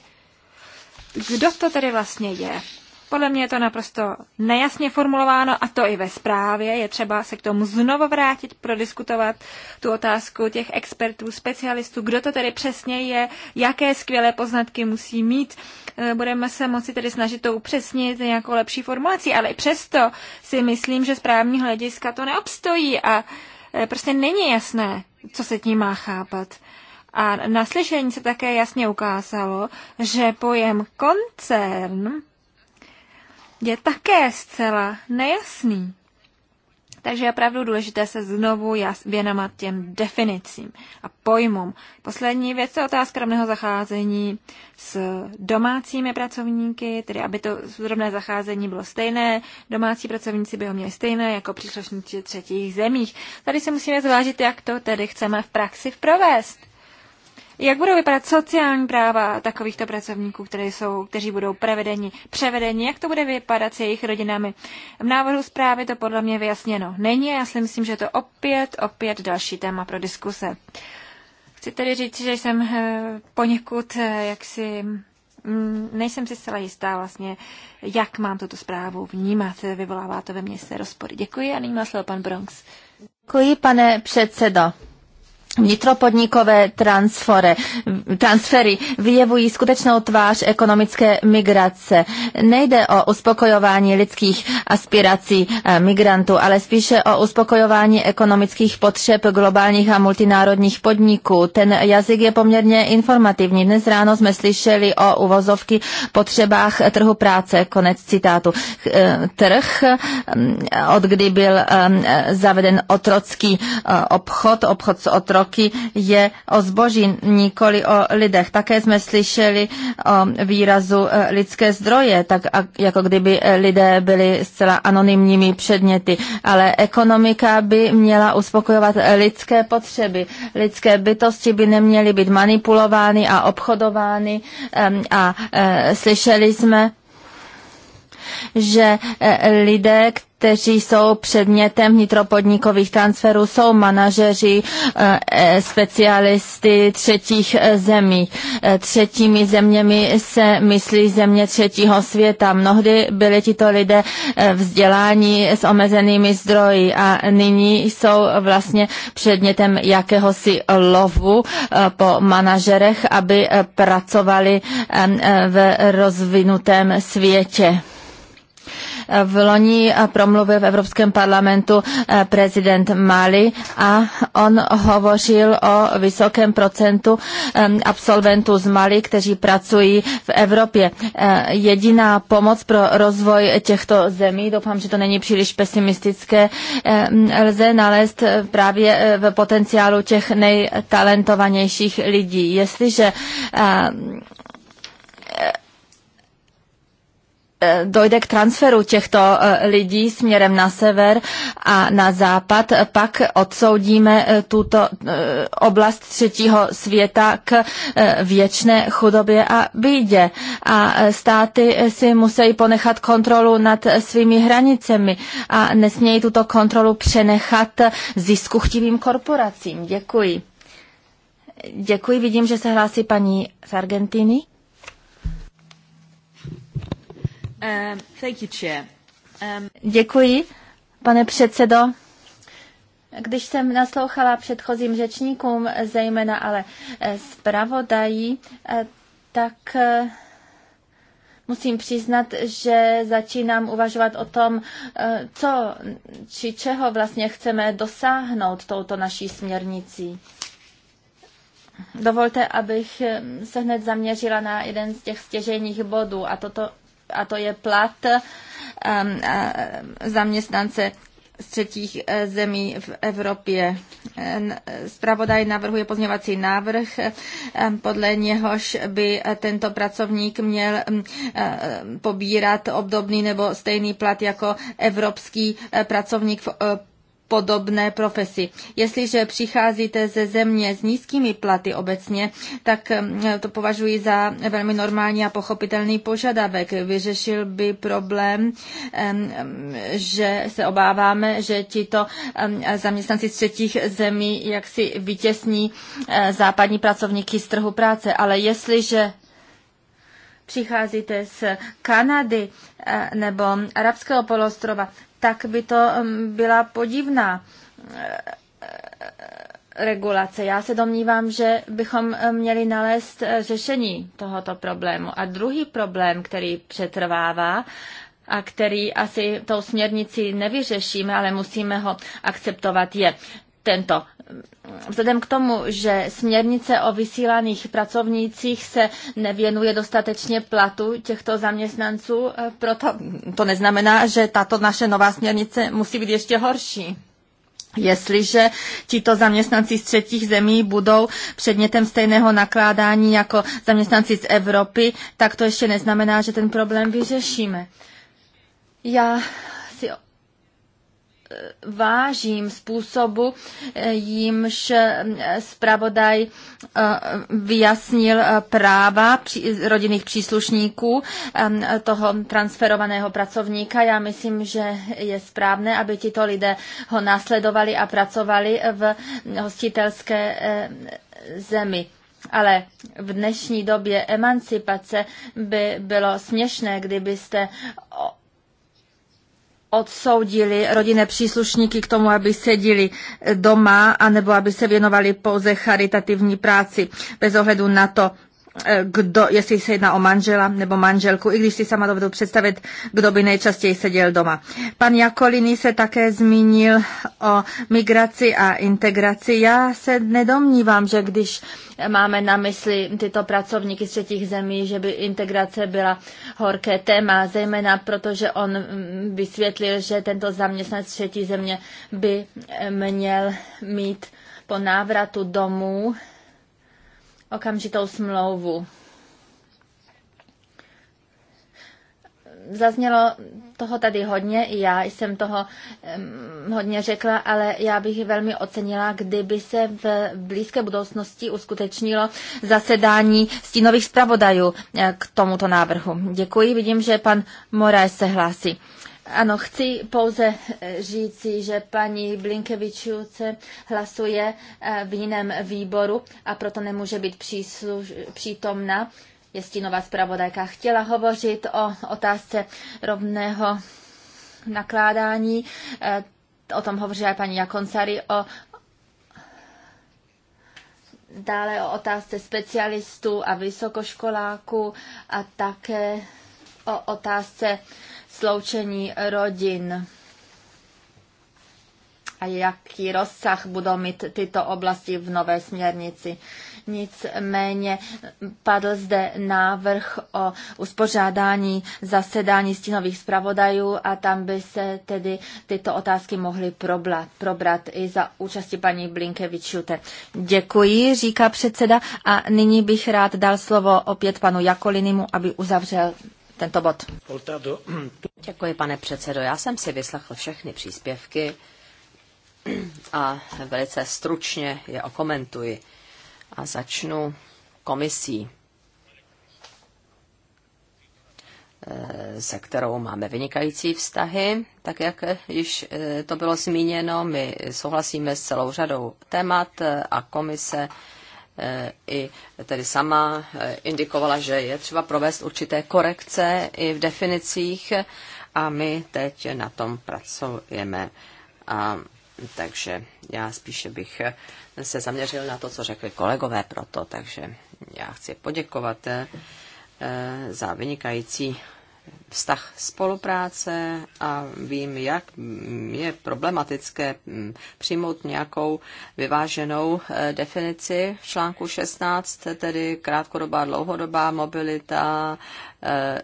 Kdo to tedy vlastně je? Podle mě je to naprosto nejasně formulováno a to i ve zprávě. Je třeba se k tomu znovu vrátit, prodiskutovat tu otázku těch expertů, specialistů, kdo to tedy přesně je, jaké skvělé poznatky musí mít. Eh, budeme se moci tedy snažit to upřesnit nějakou lepší formulací, ale i přesto si myslím, že z právního hlediska to neobstojí a eh, prostě není jasné, co se tím má chápat. A na slyšení se také jasně ukázalo, že pojem koncern je také zcela nejasný. Takže je opravdu důležité se znovu věnovat těm definicím a pojmům. Poslední věc je otázka rovného zacházení s domácími pracovníky, tedy aby to rovné zacházení bylo stejné, domácí pracovníci by ho měli stejné jako příslušníci třetích zemích. Tady se musíme zvážit, jak to tedy chceme v praxi provést. Jak budou vypadat sociální práva takovýchto pracovníků, které jsou, kteří budou prevedeni, převedeni? Jak to bude vypadat s jejich rodinami? V návrhu zprávy to podle mě vyjasněno není. Já si myslím, že to opět, opět další téma pro diskuse. Chci tedy říct, že jsem eh, poněkud eh, jaksi mm, nejsem si zcela jistá vlastně, jak mám tuto zprávu vnímat. Vyvolává to ve mně se rozpory. Děkuji a nyní má slovo pan Bronx. Děkuji, pane předsedo. Vnitropodnikové transfere, transfery vyjevují skutečnou tvář ekonomické migrace. Nejde o uspokojování lidských aspirací eh, migrantů, ale spíše o uspokojování ekonomických potřeb globálních a multinárodních podniků. Ten jazyk je poměrně informativní. Dnes ráno jsme slyšeli o uvozovky potřebách trhu práce, konec citátu. Eh, trh, eh, od kdy byl zaveden otrocký obchod, obchod s otroky, roky, je o zboží, nikoli o lidech. Také jsme slyšeli o výrazu eh, lidské zdroje, tak jako kdyby eh, lidé byli zcela anonymními předměty. Ale ekonomika by měla uspokojovat eh, lidské potřeby. Lidské bytosti by neměly být manipulovány a obchodovány a slyšeli jsme, že eh, lidé, kteří jsou předmětem vnitropodnikových transferů, jsou manažeři, eh, eh, specialisty třetích zemí. Třetími zeměmi se myslí země třetího světa. Mnohdy byli tito lidé vzdělání s omezenými zdroji a nyní jsou vlastně předmětem jakéhosi lovu po manažerech, aby pracovali v rozvinutém světě. V loni promluvil v Evropském parlamentu eh, prezident Mali a on hovořil o vysokém procentu eh, absolventů z Mali, kteří pracují v Evropě. Eh, jediná pomoc pro rozvoj těchto zemí, doufám, že to není příliš pesimistické, lze nalézt právě v potenciálu těch nejtalentovanějších lidí. Jestliže Eh, dojde k transferu těchto eh, lidí směrem na sever a na západ, pak odsoudíme eh, tuto oblast třetího světa k věčné chudobě a bídě. A státy si musí ponechat kontrolu nad svými hranicemi a nesmějí tuto kontrolu přenechat ziskuchtivým korporacím. Děkuji. Děkuji, vidím, že se hlásí paní z Argentiny. Um, um, Děkuji, pane předsedo. Když jsem naslouchala předchozím řečníkům, zejména ale eh, zpravodají, eh, tak eh, musím přiznat, že začínám uvažovat o tom, co či čeho vlastně chceme dosáhnout touto naší směrnicí. Dovolte, abych se hned zaměřila na jeden z těch stěžejních bodů a toto a to je plat um, uh, zaměstnance z třetích uh, zemí v Evropě. Spravodaj navrhuje pozměňovací návrh, um, podle něhož by uh, tento pracovník měl um, pobírat obdobný nebo stejný plat jako evropský pracovník v podobné profesi. Jestliže přicházíte ze země s nízkými platy obecně, tak mm, to považuji za velmi normální a pochopitelný požadavek. Vyřešil by problém, že se obáváme, že tito zaměstnanci z třetích zemí jaksi vytěsní e, západní pracovníky z trhu práce. Ale jestliže přicházíte z Kanady e, nebo Arabského poloostrova, tak by to byla podivná eh, eh, regulace. Já se domnívám, že bychom eh, měli nalézt řešení tohoto problému. A druhý problém, který přetrvává a který asi tou směrnici nevyřešíme, ale musíme ho akceptovat, je tento. Vzhledem k tomu, že směrnice o vysílaných pracovnících se nevěnuje dostatečně platu těchto zaměstnanců, eh, proto to neznamená, že tato naše nová směrnice musí být ještě horší. Jestliže tito zaměstnanci z třetích zemí budou předmětem stejného nakládání jako zaměstnanci z Evropy, tak to ještě neznamená, že ten problém vyřešíme. Já vážím způsobu, jímž zpravodaj eh, vyjasnil eh, práva rodinných příslušníků eh, toho transferovaného pracovníka. Já myslím, že je správné, aby tito lidé ho následovali a pracovali v hostitelské zemi. Ale v dnešní době emancipace by bylo směšné, kdybyste odsoudili rodinné příslušníky k tomu, aby seděli doma, anebo aby se věnovali pouze charitativní práci, bez ohledu na to, Eh, kdo, jestli se jedná o manžela nebo manželku, i když si sama dovedu představit, kdo by nejčastěji seděl doma. Pan Jakolini se také zmínil o migraci a integraci. Já se nedomnívám, že když máme na mysli tyto pracovníky z třetích zemí, že by integrace byla horké téma, zejména protože on mm, vysvětlil, že tento zaměstnanec třetí země by eh, měl mít po návratu domů okamžitou smlouvu. zaznělo toho tady hodně, i já jsem toho um, hodně řekla, ale já bych velmi ocenila, kdyby se v blízké budoucnosti uskutečnilo zasedání stínových zpravodajů eh, k tomuto návrhu. Děkuji, vidím, že pan Moraes se hlásí. Ano, chci pouze eh, říci, že paní Blinkevičůce hlasuje eh, v jiném výboru a proto nemůže být přísluž, přítomna. nová zpravodajka chtěla hovořit o otázce rovného nakládání. Eh, o tom hovořila paní Jakoncary, o dále o otázce specialistů a vysokoškoláků a také o otázce uh, sloučení rodin a jaký rozsah budou mít tyto oblasti v nové směrnici. Nicméně padl zde návrh o uspořádání zasedání stínových zpravodajů a tam by se tedy tyto otázky mohly probrat, probrat i za účasti paní Blinkevičute. Děkuji, říká předseda. A nyní bych rád dal slovo opět panu Jakolinimu, aby uzavřel tento bod. Děkuji, pane předsedo. Já jsem si vyslechl všechny příspěvky a velice stručně je okomentuji. A začnu komisí, se kterou máme vynikající vztahy. Tak jak již eh, to bylo zmíněno, my souhlasíme s celou řadou témat eh, a komise Eh, i tedy sama eh, indikovala, že je třeba provést určité korekce i v definicích a my teď na tom pracujeme. A, takže já spíše bych se zaměřil na to, co řekli kolegové proto, takže já chci poděkovat eh, za vynikající vztah spolupráce a vím, jak je problematické mm, přijmout nějakou vyváženou eh, definici v článku 16, tedy krátkodobá, dlouhodobá mobilita eh,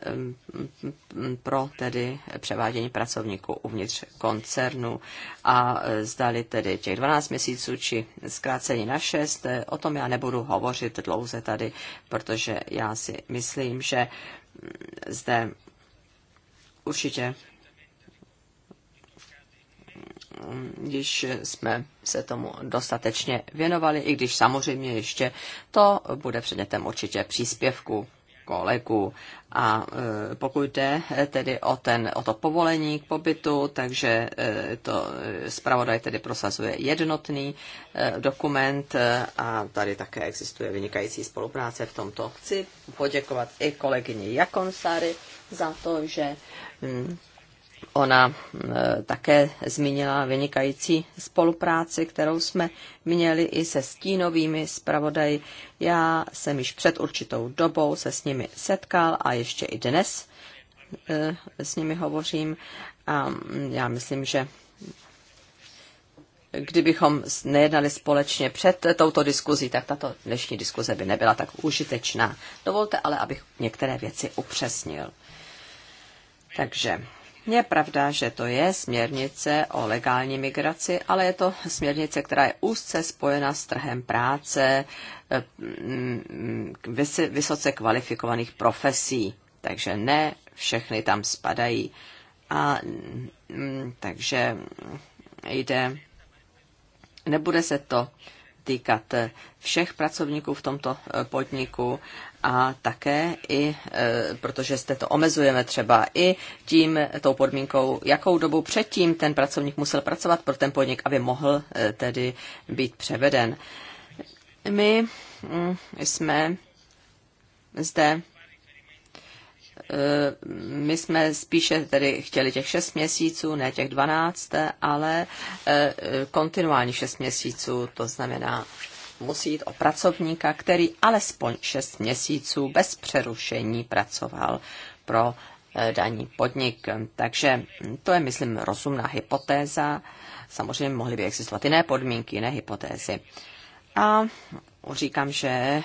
mm, pro tedy převádění pracovníků uvnitř koncernu a eh, zdali tedy těch 12 měsíců či zkrácení na 6, o tom já nebudu hovořit dlouze tady, protože já si myslím, že mm, zde určitě když jsme se tomu dostatečně věnovali, i když samozřejmě ještě to bude předmětem určitě příspěvku kolegů. A e, pokud jde tedy o, ten, o to povolení k pobytu, takže e, to e, zpravodaj tedy prosazuje jednotný dokument a tady také existuje vynikající spolupráce v tomto. Chci poděkovat i kolegyni Jakonsary za to, že Ona e, také zmínila vynikající spolupráci, kterou jsme měli i se stínovými zpravodaji. Já jsem již před určitou dobou se s nimi setkal a ještě i dnes e, s nimi hovořím a já myslím, že kdybychom nejednali společně před touto diskuzí, tak tato dnešní diskuze by nebyla tak užitečná. Dovolte ale, abych některé věci upřesnil. Takže je pravda, že to je směrnice o legální migraci, ale je to směrnice, která je úzce spojena s trhem práce eh, mm, mm, vysoce kvalifikovaných profesí. Takže ne všechny tam spadají. A mm, takže jde, nebude se to týkat eh, všech pracovníků v tomto eh, podniku, a také i, e, protože jste to omezujeme třeba i tím, tou podmínkou, jakou dobu předtím ten pracovník musel pracovat pro ten podnik, aby mohl e, tedy být převeden. My mm, jsme zde e, my jsme spíše tedy chtěli těch 6 měsíců, ne těch 12, ale kontinuální 6 měsíců, to znamená musí jít o pracovníka, který alespoň 6 měsíců bez přerušení pracoval pro eh, daní podnik. Takže hm, to je, myslím, rozumná hypotéza. Samozřejmě mohly by existovat jiné podmínky, jiné hypotézy. A říkám, že, eh,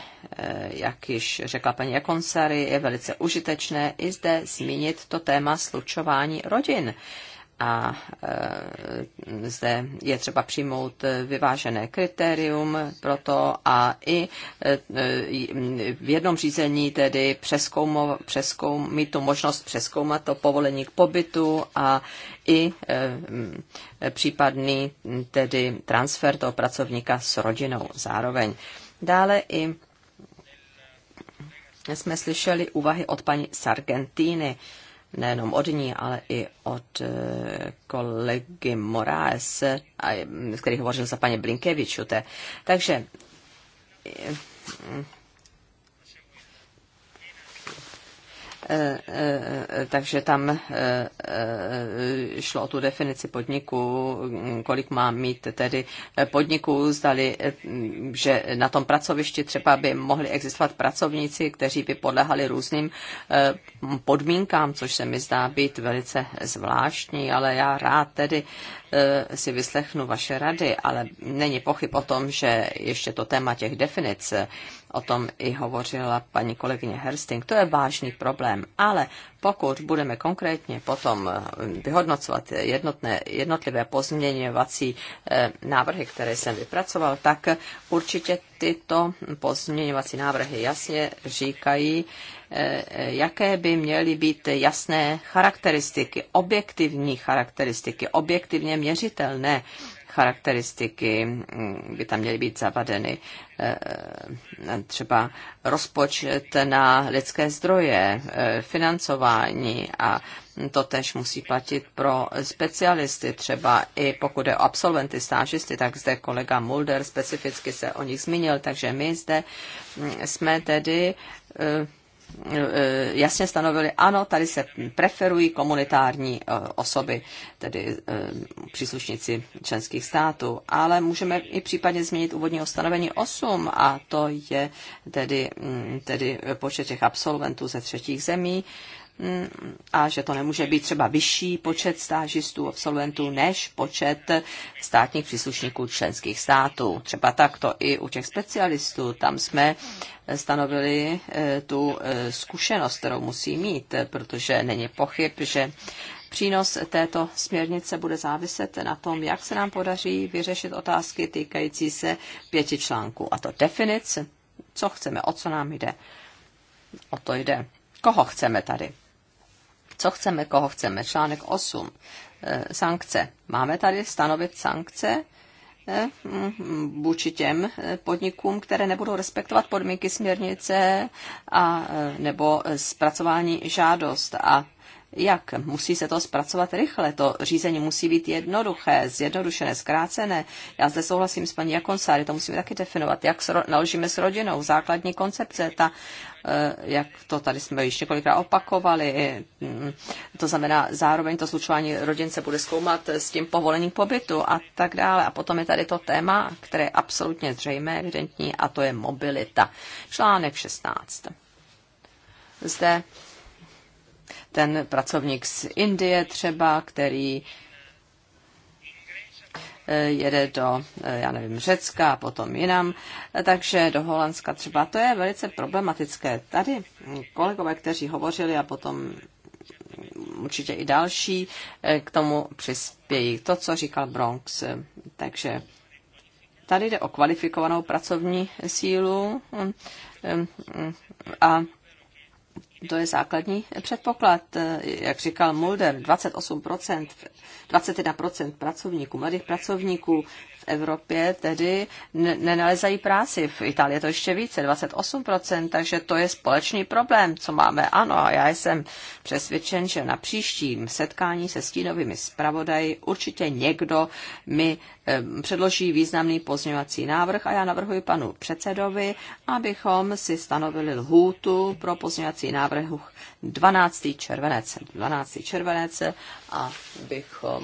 jak již řekla paní Jakonsary, je velice užitečné i zde zmínit to téma slučování rodin a e, zde je třeba přijmout vyvážené kritérium pro to a i e, v jednom řízení tedy přeskoumo, přeskoum, mít tu možnost přeskoumat to povolení k pobytu a i e, případný tedy transfer toho pracovníka s rodinou zároveň. Dále i jsme slyšeli úvahy od paní Sargentiny nejenom od ní, ale i od eh, kolegy Moraes, který hovořil za paní Blinkevičute. Takže eh, Eh, eh, eh, takže tam šlo o tu definici podniku, kolik má mít tedy podniků, zdali, že na tom pracovišti třeba by mohli existovat pracovníci, kteří by podlehali různým podmínkám, což se mi zdá být velice zvláštní, ale já rád tedy si vyslechnu vaše rady, ale není pochyb o tom, že ještě to téma těch definic o tom i hovořila paní kolegyně Hersting, to je vážný problém, ale pokud budeme konkrétně potom eh, vyhodnocovat jednotné, jednotlivé pozměňovací eh, návrhy, které jsem vypracoval, tak určitě tyto pozměňovací návrhy jasně říkají, eh, jaké by měly být jasné charakteristiky, objektivní charakteristiky, objektivně měřitelné charakteristiky mm, by tam měly být zavadeny. Eh, třeba rozpočet na lidské zdroje, eh, financování a to tež musí platit pro specialisty, třeba i pokud je o absolventy, stážisty, tak zde kolega Mulder specificky se o nich zmínil, takže my zde mm, jsme tedy eh, Eh, jasně stanovili, ano, tady se preferují komunitární eh, osoby, tedy eh, příslušníci členských států, ale můžeme i případně změnit úvodní ustanovení 8 a to je tedy, mm, tedy počet těch absolventů ze třetích zemí, a že to nemůže být třeba vyšší počet stážistů, absolventů, než počet státních příslušníků členských států. Třeba takto i u těch specialistů, tam jsme stanovili eh, tu eh, zkušenost, kterou musí mít, protože není pochyb, že Přínos této směrnice bude záviset na tom, jak se nám podaří vyřešit otázky týkající se pěti článků, a to definic, co chceme, o co nám jde. O to jde. Koho chceme tady? co chceme, koho chceme. Článek 8. Eh, sankce. Máme tady stanovit sankce eh, vůči těm eh, podnikům, které nebudou respektovat podmínky směrnice a, nebo zpracování žádost. A jak? Musí se to zpracovat rychle, to řízení musí být jednoduché, zjednodušené, zkrácené. Já zde souhlasím s paní Jakonsáry, to musíme taky definovat, jak naložíme s rodinou, základní koncepce, ta Eh, jak to tady jsme již několikrát opakovali. Eh, hm, to znamená, zároveň to slučování rodin se bude zkoumat s tím povolením pobytu a tak dále. A potom je tady to téma, které je absolutně zřejmé, evidentní, a to je mobilita. Článek 16. Zde ten pracovník z Indie třeba, který Eh, jede do, eh, já nevím, Řecka a potom jinam, eh, takže do Holandska třeba. To je velice problematické. Tady kolegové, kteří hovořili a potom určitě i další k tomu přispějí. To, co říkal Bronx. Takže tady jde o kvalifikovanou pracovní sílu a to je základní předpoklad. Jak říkal Mulder, 28%, 21% pracovníků, mladých pracovníků Evropě tedy nenalezají práci. V Itálii je to ještě více, 28%, takže to je společný problém, co máme. Ano, já jsem přesvědčen, že na příštím setkání se stínovými zpravodaji určitě někdo mi eh, předloží významný pozměňovací návrh a já navrhuji panu předsedovi, abychom si stanovili lhůtu pro pozměňovací návrh 12. červenec. 12. červenec a bychom,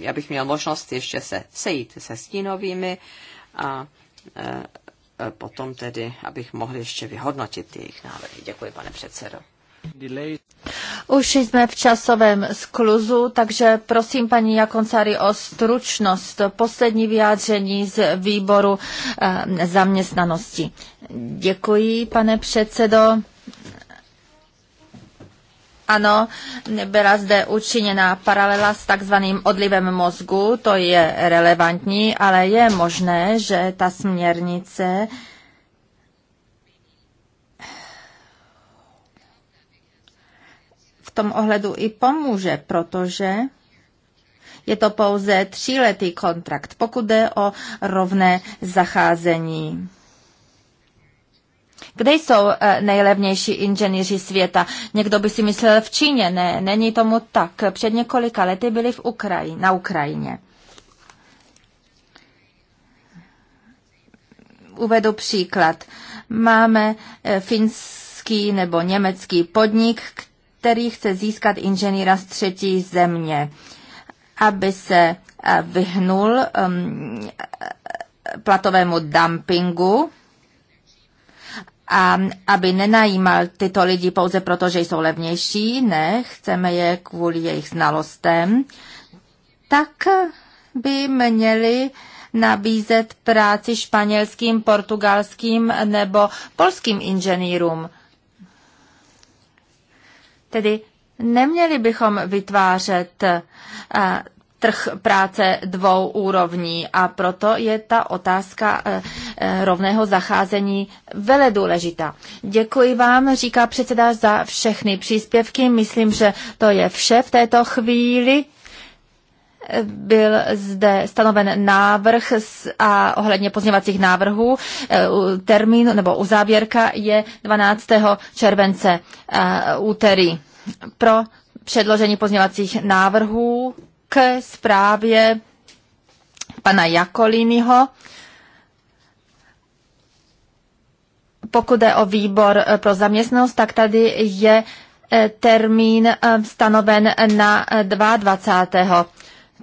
já bych měl možnost ještě se sejít se stínovými a e, e potom tedy, abych mohl ještě vyhodnotit jejich návrhy. Děkuji, pane předsedo. Už jsme v časovém skluzu, takže prosím paní Jakoncari o stručnost. Poslední vyjádření z výboru e, zaměstnanosti. Děkuji, pane předsedo. Ano, byla zde učiněna paralela s takzvaným odlivem mozgu, to je relevantní, ale je možné, že ta směrnice v tom ohledu i pomůže, protože je to pouze tříletý kontrakt, pokud jde o rovné zacházení. Kde jsou eh, nejlevnější inženýři světa? Někdo by si myslel v Číně, ne, není tomu tak. Před několika lety byli v Ukraji, na Ukrajině. Uvedu příklad. Máme eh, finský nebo německý podnik, který chce získat inženýra z třetí země, aby se eh, vyhnul ehm, platovému dumpingu a aby nenajímal tyto lidi pouze proto, že jsou levnější, ne, chceme je kvůli jejich znalostem, tak by měli nabízet práci španělským, portugalským nebo polským inženýrům. Tedy neměli bychom vytvářet trh práce dvou úrovní a proto je ta otázka eh, eh, rovného zacházení vele důležitá. Děkuji vám, říká předseda, za všechny příspěvky. Myslím, že to je vše v této chvíli eh, byl zde stanoven návrh a ohledně pozněvacích návrhů termín nebo uzávěrka je 12. července úterý pro předložení pozněvacích návrhů k zprávě pana Jakolínyho, pokud je o výbor eh, pro zaměstnanost, tak tady je eh, termín eh, stanoven na 22.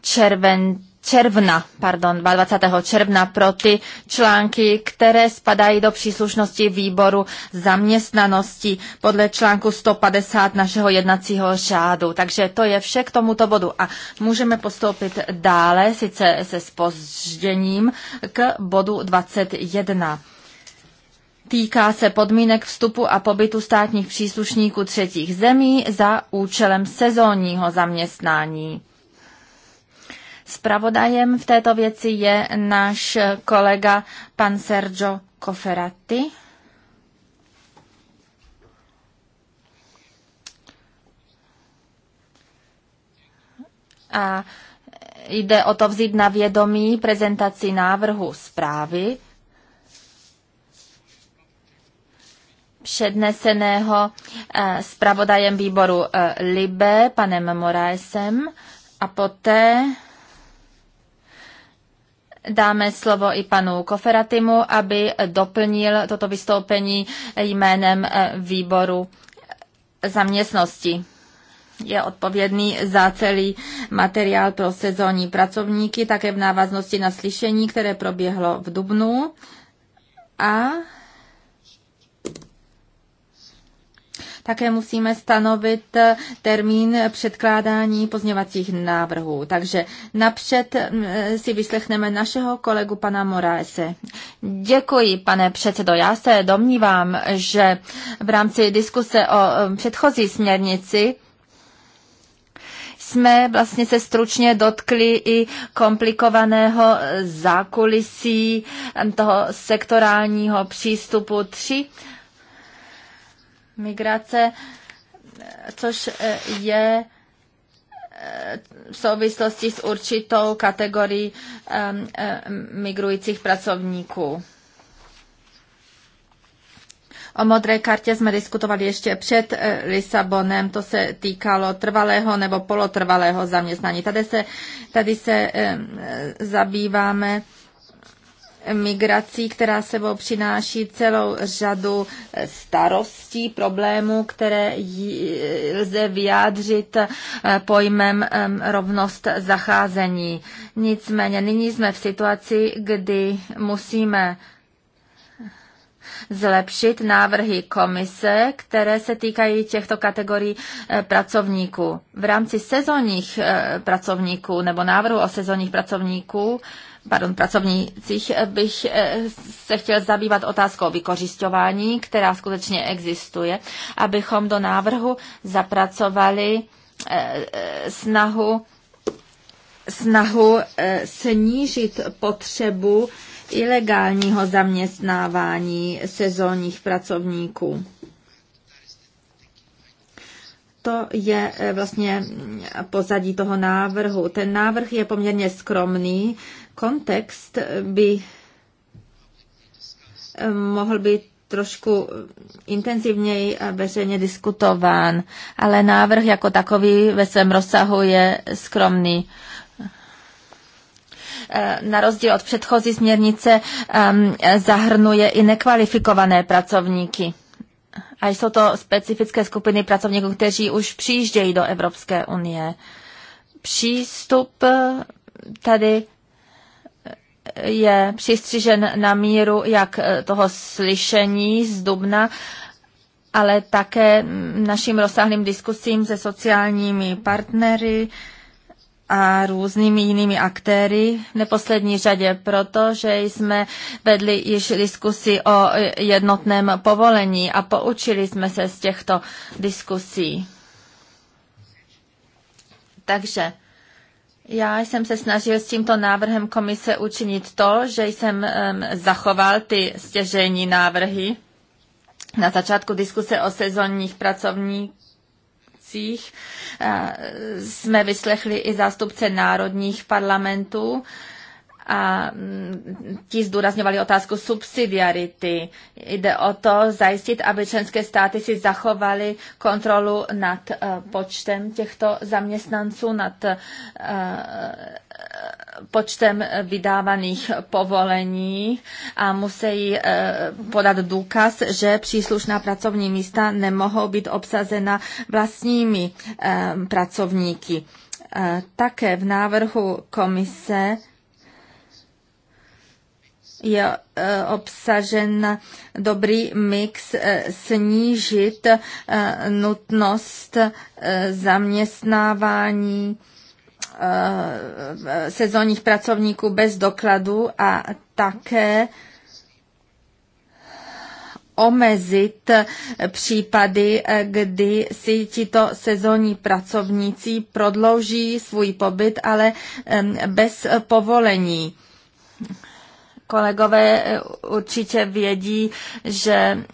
července června, pardon, 22. června pro ty články, které spadají do příslušnosti výboru zaměstnanosti podle článku 150 našeho jednacího řádu. Takže to je vše k tomuto bodu a můžeme postoupit dále, sice se spožděním, k bodu 21 týká se podmínek vstupu a pobytu státních příslušníků třetích zemí za účelem sezónního zaměstnání. Spravodajem v této věci je náš kolega pan Sergio Coferatti. A jde o to vzít na vědomí prezentaci návrhu zprávy předneseného eh, zpravodajem výboru eh, Libe, panem Moraesem, a poté dáme slovo i panu Koferatimu, aby doplnil toto vystoupení jménem eh, výboru zaměstnosti. Je odpovědný za celý materiál pro sezónní pracovníky, také v návaznosti na slyšení, které proběhlo v Dubnu. A Také musíme stanovit eh, termín předkládání pozněvacích návrhů. Takže napřed mm, eh, si vyslechneme našeho kolegu pana Moraese. Děkuji, pane předsedo. Já se domnívám, že v rámci diskuse o eh, předchozí směrnici jsme vlastně se stručně dotkli i komplikovaného zákulisí toho sektorálního přístupu 3 migrace, což eh, je eh, v souvislosti s určitou kategorií migrujících pracovníků. O modré kartě jsme diskutovali ještě před eh, Lisabonem, to se týkalo trvalého nebo polotrvalého zaměstnání. Tady se, tady se zabýváme migrací, která sebou přináší celou řadu starostí, problémů, které eh, lze vyjádřit eh, pojmem rovnost zacházení. Nicméně nyní jsme v situaci, kdy musíme zlepšit návrhy komise, které se týkají těchto kategorií eh, pracovníků. V rámci sezónních pracovníků nebo návrhu o sezónních pracovníků pardon, pracovnících eh, bych eh, se chtěl zabývat otázkou vykořišťování, která skutečně existuje, abychom do návrhu zapracovali eh, snahu snahu snížit potřebu ilegálního zaměstnávání sezónních pracovníků. To je vlastně pozadí toho návrhu. Ten návrh je poměrně skromný, Kontext by mohl být trošku intenzivněji a veřejně diskutován, ale návrh jako takový ve svém rozsahu je skromný na rozdíl od předchozí směrnice um, zahrnuje i nekvalifikované pracovníky. A jsou to specifické skupiny pracovníků, kteří už přijíždějí do Evropské unie. Přístup tady je přistřižen na míru jak eh, toho slyšení z Dubna, ale také mm, našim rozsáhlým diskusím se sociálními partnery a různými jinými aktéry, v neposlední řadě proto, že jsme vedli již diskusi o eh, jednotném povolení a poučili jsme se z těchto diskusí. Takže já jsem se snažil s tímto návrhem komise učinit to, že jsem zachoval ty stěžení návrhy na začátku diskuse o sezónních pracovnících. Jsme vyslechli i zástupce národních parlamentů a mm, ti zdůrazňovali otázku subsidiarity. Jde o to zajistit, aby členské státy si zachovaly kontrolu nad e, počtem těchto zaměstnanců, nad e, počtem vydávaných povolení a musí e, podat důkaz, že příslušná pracovní místa nemohou být obsazena vlastními pracovníky. Také v návrhu komise je e, obsažen dobrý mix e, snížit e, nutnost zaměstnávání sezónních pracovníků bez dokladu a také omezit případy, kdy si tito sezónní pracovníci prodlouží svůj pobyt, ale bez povolení. Kolegové eh, určitě vědí, že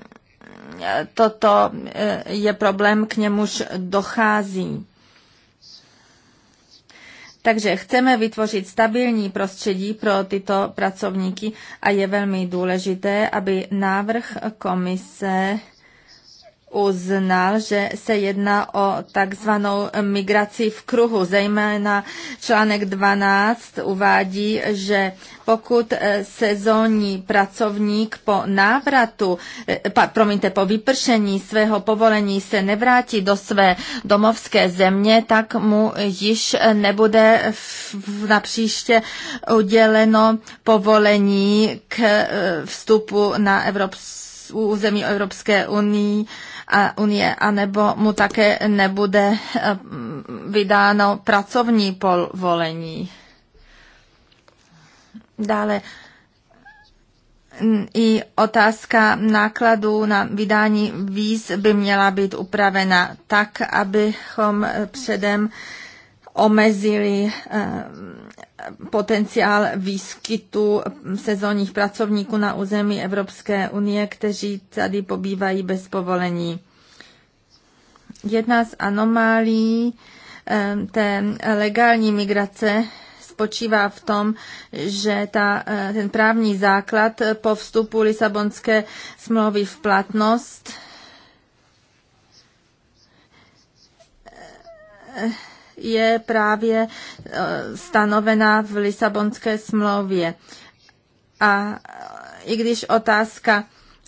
eh, toto eh, je problém, k němuž dochází. Takže chceme vytvořit stabilní prostředí pro tyto pracovníky a je velmi důležité, aby návrh komise uznal, že se jedná o takzvanou migraci v kruhu. Zejména článek 12 uvádí, že pokud eh, sezónní pracovník po návratu, eh, pa, promiňte, po vypršení svého povolení se nevrátí do své domovské země, tak mu již eh, nebude na příště uděleno povolení k vstupu na Evropskou území Evropské unii unie, anebo mu také nebude eh, vydáno pracovní povolení. Dále i otázka nákladů na vydání víz by měla být upravena tak, abychom předem omezili eh, potenciál výskytu sezónních pracovníků na území Evropské unie, kteří tady pobývají bez povolení. Jedna z anomálí té legální migrace spočívá v tom, že ta, eh, ten právní základ po vstupu Lisabonské smlouvy v platnost je právě eh, stanovena v Lisabonské smlouvě. A eh, i když otázka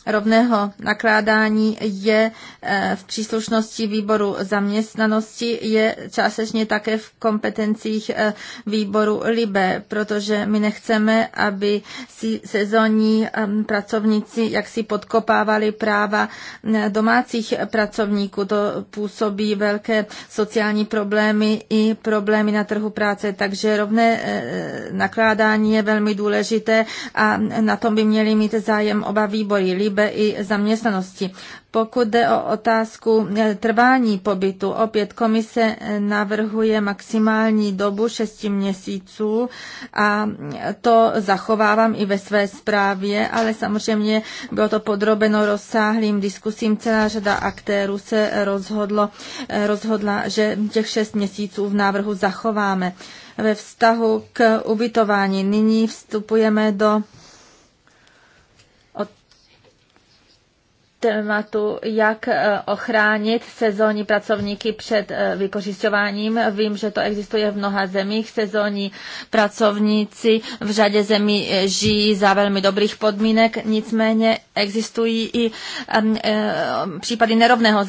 rovného nakládání je eh, v příslušnosti výboru zaměstnanosti, je částečně také v kompetencích eh, výboru LIBE, protože my nechceme, aby si sezónní ehm, pracovníci jaksi podkopávali práva eh, domácích pracovníků. To působí velké sociální problémy i problémy na trhu práce, takže rovné nakládání je velmi důležité a na tom by měli mít zájem oba výbory líbe i zaměstnanosti. Pokud jde o otázku eh, trvání pobytu, opět komise eh, navrhuje maximální dobu 6 měsíců a eh, to zachovávám i ve své zprávě, ale samozřejmě bylo to podrobeno rozsáhlým diskusím. Celá řada aktérů se rozhodlo, rozhodla, že těch 6 měsíců v návrhu zachováme. Ve vztahu k ubytování nyní vstupujeme do tématu, jak eh, ochránit sezónní pracovníky před eh, vykořišťováním. Vím, že to existuje v mnoha zemích. Sezónní pracovníci v řadě zemí eh, žijí za velmi dobrých podmínek, nicméně existují i případy nerovného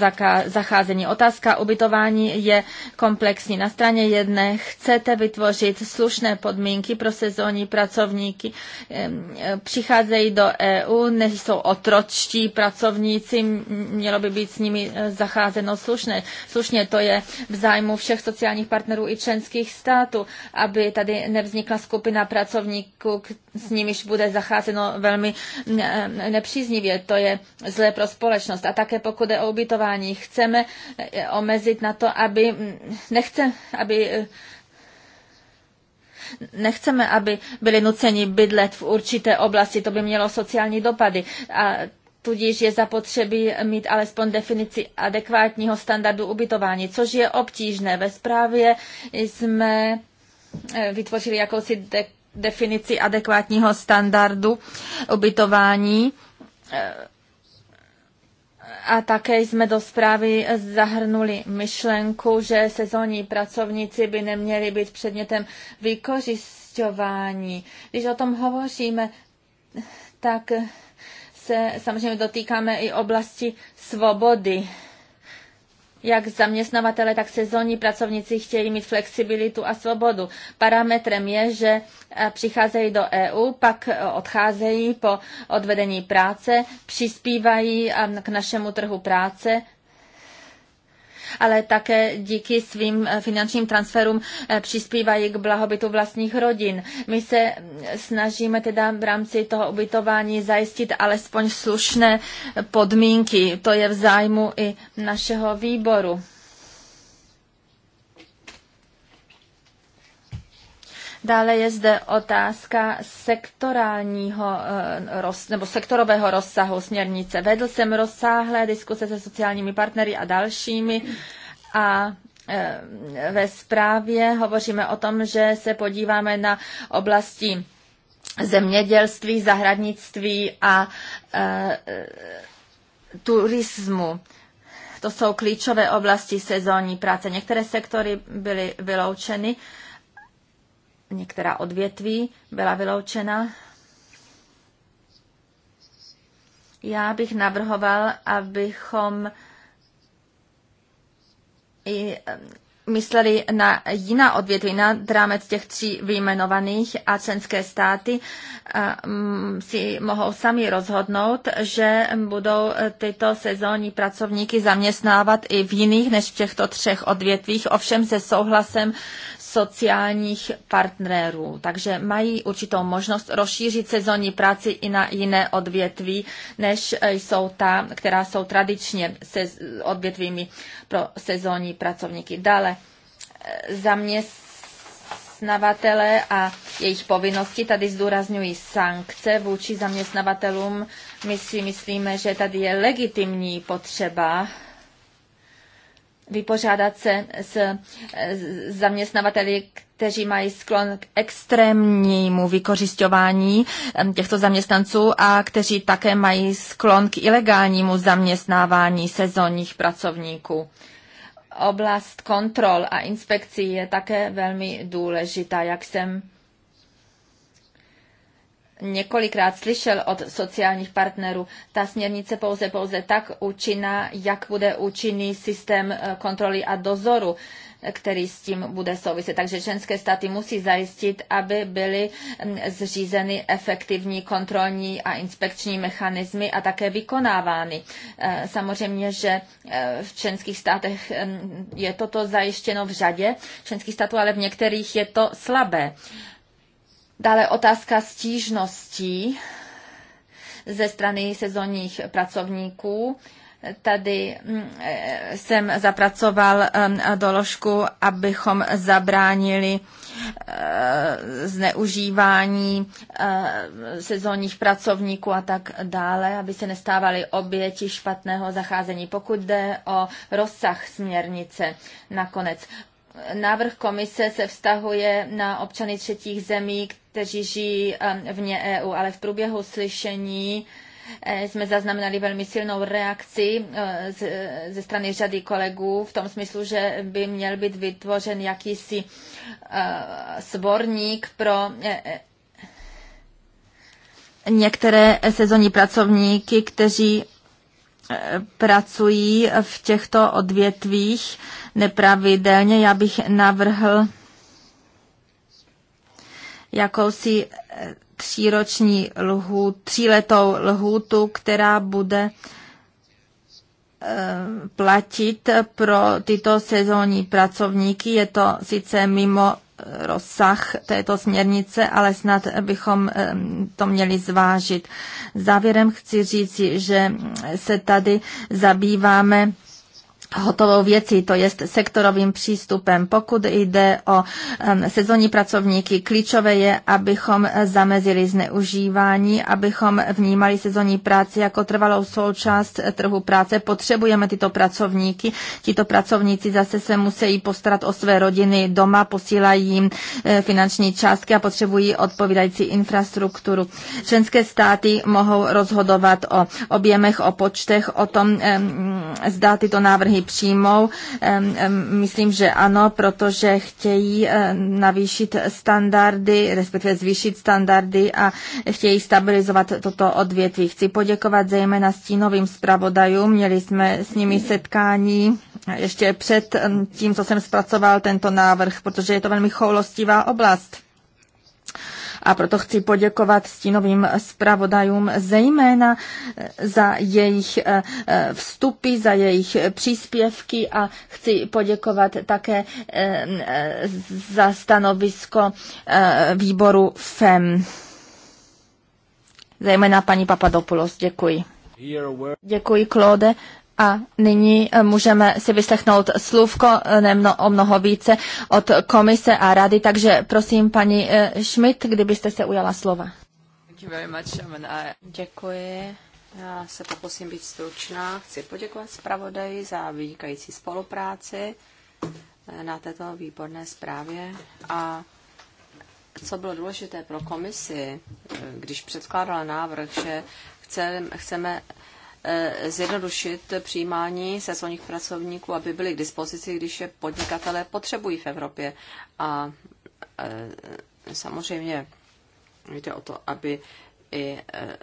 zacházení. Otázka ubytování je komplexní. Na straně jedné chcete vytvořit slušné podmínky pro sezónní pracovníky. Přicházejí do EU, nejsou otročtí pracovníci, pracovníci, mělo by být s nimi e, zacházeno slušně. slušně. To je v zájmu všech sociálních partnerů i členských států, aby tady nevznikla skupina pracovníků, s nimiž bude zacházeno velmi e, nepříznivě. To je zlé pro společnost. A také pokud je o ubytování, chceme e, omezit na to, aby nechce, aby nechceme, aby byli nuceni bydlet v určité oblasti, to by mělo sociální dopady. A Tudíž je zapotřebí mít alespoň definici adekvátního standardu ubytování, což je obtížné. Ve zprávě jsme eh, vytvořili jakousi de- definici adekvátního standardu ubytování. Eh, a také jsme do zprávy zahrnuli myšlenku, že sezónní pracovníci by neměli být předmětem vykořišťování. Když o tom hovoříme, tak se samozřejmě dotýkáme i oblasti svobody. Jak zaměstnavatele, tak sezónní pracovníci chtějí mít flexibilitu a svobodu. Parametrem je, že e, přicházejí do EU, pak e, odcházejí po odvedení práce, přispívají k našemu trhu práce ale také díky svým eh, finančním transferům eh, přispívají k blahobytu vlastních rodin. My se snažíme teda v rámci toho ubytování zajistit alespoň slušné podmínky. To je v zájmu i našeho výboru. Dále je zde otázka sektorálního eh, nebo sektorového rozsahu směrnice. Vedl jsem rozsáhlé diskuse se sociálními partnery a dalšími a eh, ve zprávě hovoříme o tom, že se podíváme na oblasti zemědělství, zahradnictví a e, turismu. To jsou klíčové oblasti sezónní práce. Některé sektory byly vyloučeny. E, některá odvětví byla vyloučena. Já bych navrhoval, abychom i mysleli na jiná odvětví, na rámec těch tří vyjmenovaných a členské státy eh, mm, si mohou sami rozhodnout, že budou eh, tyto sezónní pracovníky zaměstnávat i v jiných než v těchto třech odvětvích, ovšem se souhlasem sociálních partnerů. Takže mají určitou možnost rozšířit sezónní práci i na jiné odvětví, než eh, jsou ta, která jsou tradičně odvětvími pro sezónní pracovníky. Dále zaměstnavatele a jejich povinnosti. Tady zdůrazňují sankce vůči zaměstnavatelům. My si myslíme, že tady je legitimní potřeba vypořádat se s zaměstnavateli, kteří mají sklon k extrémnímu vykořišťování těchto zaměstnanců a kteří také mají sklon k ilegálnímu zaměstnávání sezónních pracovníků. Oblast kontrol a inspekcí je také velmi důležitá, jak jsem několikrát slyšel od sociálních partnerů. Ta směrnice pouze pouze tak účinná, jak bude účinný systém eh, kontroly a dozoru který s tím bude souviset. Takže členské státy musí zajistit, aby byly mm, zřízeny efektivní kontrolní a inspekční mechanismy a také vykonávány. E, samozřejmě, že e, v členských státech mm, je toto zajištěno v řadě členských států, ale v některých je to slabé. Dále otázka stížností ze strany sezónních pracovníků. Tady mm, eh, jsem zapracoval ehm, doložku, abychom zabránili eh, zneužívání eh, sezónních pracovníků a tak dále, aby se nestávaly oběti špatného zacházení. Pokud jde o rozsah směrnice nakonec, návrh komise se vztahuje na občany třetích zemí, kteří žijí ehm, vně EU, ale v průběhu slyšení Eh, jsme zaznamenali velmi silnou reakci eh, ze strany řady kolegů v tom smyslu, že by měl být vytvořen jakýsi eh, sborník pro některé sezónní pracovníky, kteří pracují v těchto odvětvích nepravidelně. Já bych navrhl jakousi tříroční lhůt, tříletou lhůtu, která bude eh, platit pro tyto sezónní pracovníky. Je to sice mimo eh, rozsah této směrnice, ale snad bychom eh, to měli zvážit. Závěrem chci říci, že se tady zabýváme hotovou věcí, to je sektorovým přístupem. Pokud jde o sezónní pracovníky, klíčové je, abychom eh, zamezili zneužívání, abychom vnímali sezónní práci jako trvalou součást eh, trhu práce. Potřebujeme tyto pracovníky. Tito pracovníci zase se musí postarat o své rodiny doma, posílají jim eh, finanční částky a potřebují odpovídající infrastrukturu. Členské státy mohou rozhodovat o objemech, o počtech, o tom, zda tyto návrhy přijmou. přímou? Myslím, že ano, protože chtějí eh, navýšit standardy, respektive zvýšit standardy a chtějí stabilizovat toto odvětví. Chci poděkovat zejména stínovým zpravodajům. Měli jsme s nimi setkání ještě před tím, co jsem zpracoval tento návrh, protože je to velmi choulostivá oblast a proto chci poděkovat stínovým zpravodajům zejména eh, za jejich eh, eh, vstupy, za jejich příspěvky a chci poděkovat také za stanovisko výboru FEM. Zejména paní Papadopoulos, děkuji. Děkuji, Claude. A nyní e, můžeme si vyslechnout slůvko e, nemno, o mnoho více od komise a rady, takže prosím paní e, Schmidt, kdybyste se ujala slova. Děkuji. Já se pokusím být stručná. Chci poděkovat zpravodaji za vynikající spolupráci na této výborné zprávě. A co bylo důležité pro komisi, když předkládala návrh, že chceme Eh, zjednodušit přijímání sezónních pracovníků, aby byli k dispozici, když je podnikatelé potřebují v Evropě. A eh, samozřejmě jde o to, aby i eh,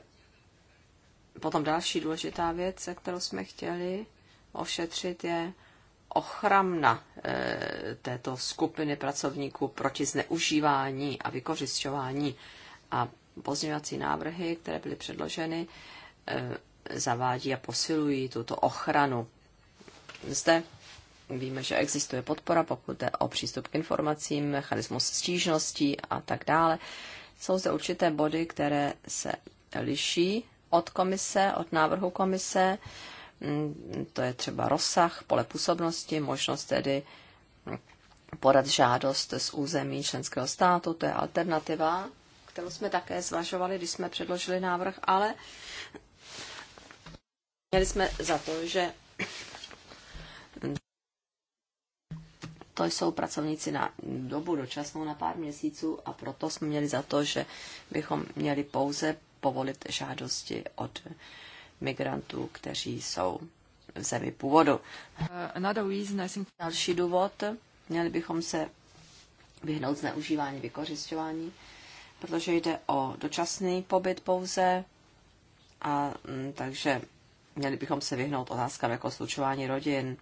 potom další důležitá věc, kterou jsme chtěli ošetřit, je ochramna této skupiny pracovníků proti zneužívání a vykořišťování. A pozměňovací návrhy, které byly předloženy, zavádí a posilují tuto ochranu. Zde víme, že existuje podpora, pokud jde o přístup k informacím, mechanismus stížností a tak dále. Jsou zde určité body, které se liší od komise, od návrhu komise. Mm, to je třeba rozsah, pole působnosti, možnost tedy podat žádost z území členského státu, to je alternativa, kterou jsme také zvažovali, když jsme předložili návrh, ale Měli jsme za to, že to jsou pracovníci na dobu dočasnou na pár měsíců a proto jsme měli za to, že bychom měli pouze povolit žádosti od migrantů, kteří jsou v zemi původu. Další důvod, měli bychom se vyhnout zneužívání, vykořišťování, protože jde o dočasný pobyt pouze a mm, takže měli bychom se vyhnout otázkám jako slučování rodin.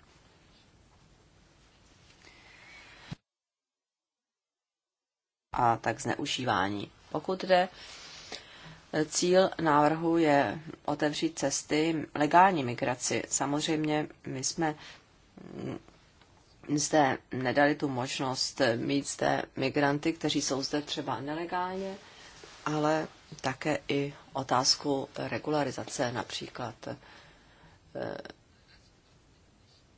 a tak zneužívání. Pokud jde eh, Cíl návrhu je otevřít cesty legální migraci. Samozřejmě my jsme mm, zde nedali tu možnost eh, mít zde migranty, kteří jsou zde třeba nelegálně, ale také i otázku regularizace například. Eh,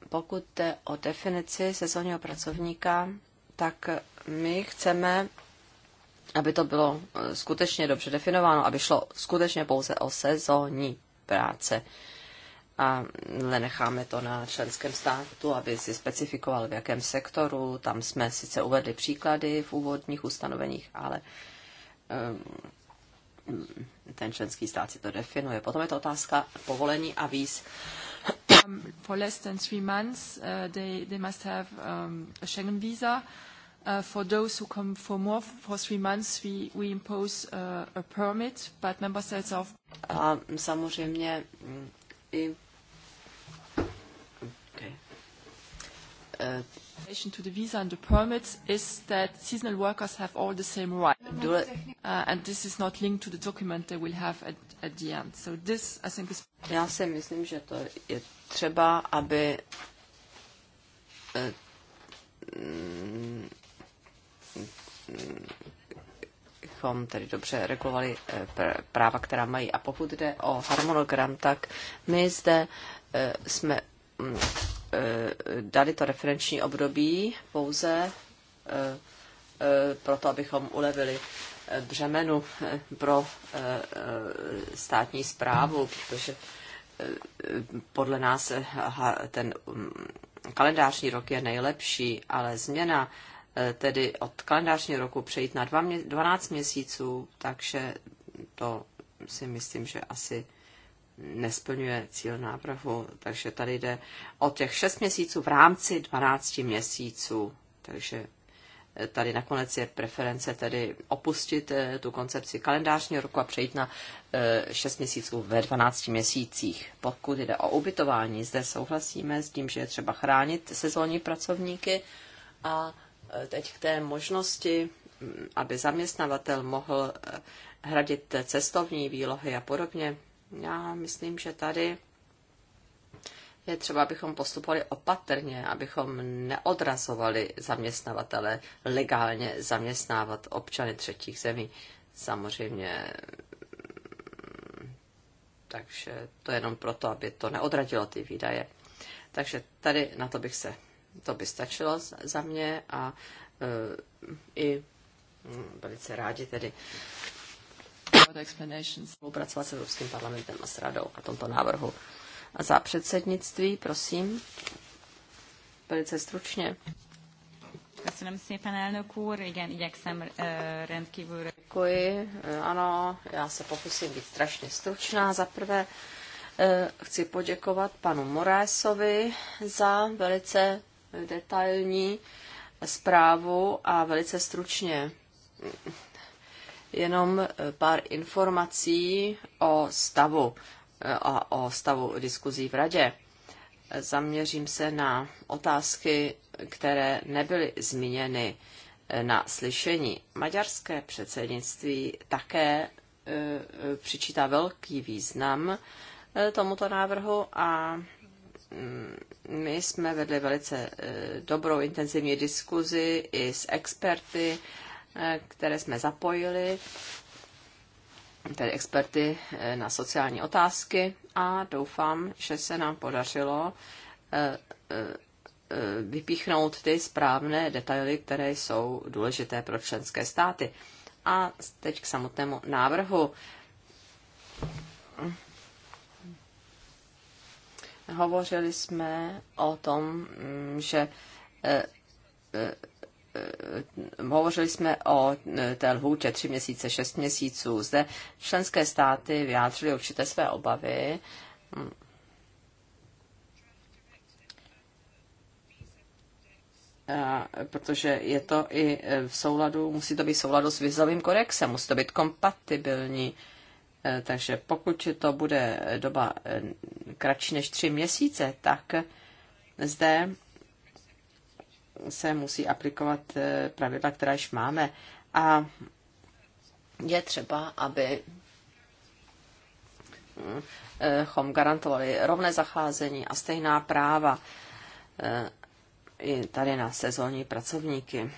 pokud jde o definici sezónního pracovníka, tak my chceme, aby to bylo eh, skutečně dobře definováno, aby šlo skutečně pouze o sezónní práce. A nenecháme to na členském státu, aby si specifikoval, v jakém sektoru. Tam jsme sice uvedli příklady v úvodních ustanoveních, ale um, ten členský stát si to definuje. Potom je to otázka povolení a víz. Um, for less than three months, uh, they, they must have um, a Schengen visa. Uh, for those who come for more for three months, we, we impose uh, a permit, but member states of... samozřejmě mm, i Uh, to the visa and the permits is that seasonal workers have all the same rights. Uh, and this is not linked to the document they will have at, at the end. So this, I think, is... Já si myslím, že to je třeba, aby bychom eh, mm, mm, tedy dobře regulovali eh, práva, která mají. A pokud jde o harmonogram, tak my zde eh, jsme mm, Eh, dali to referenční období pouze eh, eh, proto, abychom ulevili břemenu pro státní zprávu, protože podle nás ten mm, kalendářní rok je nejlepší, ale změna tedy od kalendářního roku přejít na 12 měsíců, takže to si myslím, že asi nesplňuje cíl nápravu, Takže tady jde o těch 6 měsíců v rámci 12 měsíců. Takže eh, tady nakonec je preference tedy opustit eh, tu koncepci kalendářního roku a přejít na 6 eh, měsíců ve 12 měsících. Pokud jde o ubytování, zde souhlasíme s tím, že je třeba chránit sezónní pracovníky a teď k té možnosti, mm, aby zaměstnavatel mohl hradit cestovní výlohy a podobně, já myslím, že tady je třeba, abychom postupovali opatrně, abychom neodrazovali zaměstnavatele legálně zaměstnávat občany třetích zemí. Samozřejmě, takže to jenom proto, aby to neodradilo ty výdaje. Takže tady na to bych se, to by stačilo za mě a e, i mm, velice rádi tedy spolupracovat s Evropským parlamentem a s radou na tomto návrhu. A za předsednictví, prosím, velice stručně. Köszönöm szépen, elnök úr. Igen, igyekszem eh, rendkívül... Děkuji. Eh, ano, já se pokusím být strašně stručná. Za prvé eh, chci poděkovat panu Moraesovi za velice detailní zprávu a velice stručně jenom eh, pár informací o stavu eh, a o stavu diskuzí v radě. Zaměřím se na otázky, které nebyly zmíněny eh, na slyšení. Maďarské předsednictví také přičítá velký význam tomuto návrhu a mm, my jsme vedli velice dobrou intenzivní diskuzi i s experty Eh, které jsme zapojili, tedy experty eh, na sociální otázky a doufám, že se nám podařilo eh, vypíchnout ty správné detaily, které jsou důležité pro členské státy. A teď k samotnému návrhu. Hovořili jsme o tom, mm, že hovořili jsme o e, té lhůtě tři měsíce, šest měsíců. Zde členské státy vyjádřily určité své obavy. protože je to i v souladu, musí to být v souladu s vizovým korexem, musí to být kompatibilní. E, takže pokud to bude doba e, kratší než tři měsíce, tak zde se musí aplikovat eh, pravidla, která již máme. A je třeba, aby eh, chom garantovali rovné zacházení a stejná práva eh, i tady na sezónní pracovníky.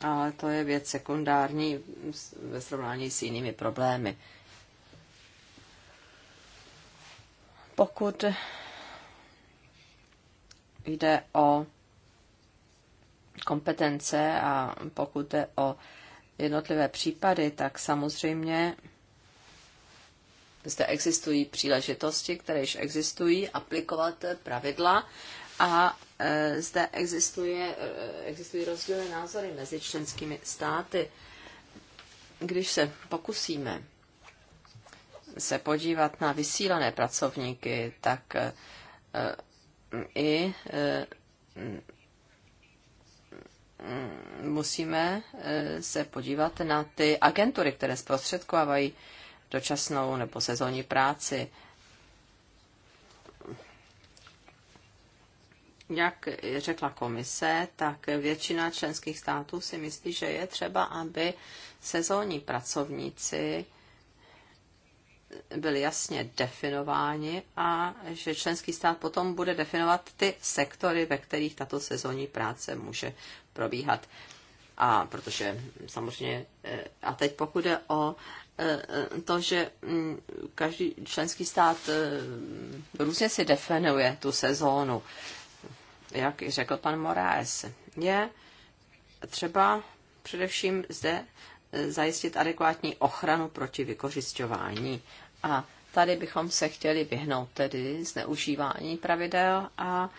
Ale to je věc sekundární ve srovnání s jinými problémy. Pokud jde o kompetence a pokud jde o jednotlivé případy, tak samozřejmě zde existují příležitosti, které již existují, aplikovat pravidla a e, zde existuje, e, existují rozdíly názory mezi členskými státy. Když se pokusíme se podívat na vysílané pracovníky, tak e, i Mm, musíme eh, se podívat na ty agentury, které zprostředkovávají dočasnou nebo sezónní práci. Jak řekla komise, tak většina členských států si myslí, že je třeba, aby sezónní pracovníci byli jasně definováni a že členský stát potom bude definovat ty sektory, ve kterých tato sezónní práce může probíhat. A protože samozřejmě, eh, a teď pokud je o eh, to, že mm, každý členský stát eh, různě si definuje tu sezónu, jak řekl pan Moraes, je třeba především zde zajistit adekvátní ochranu proti vykořišťování. A tady bychom se chtěli vyhnout tedy zneužívání pravidel a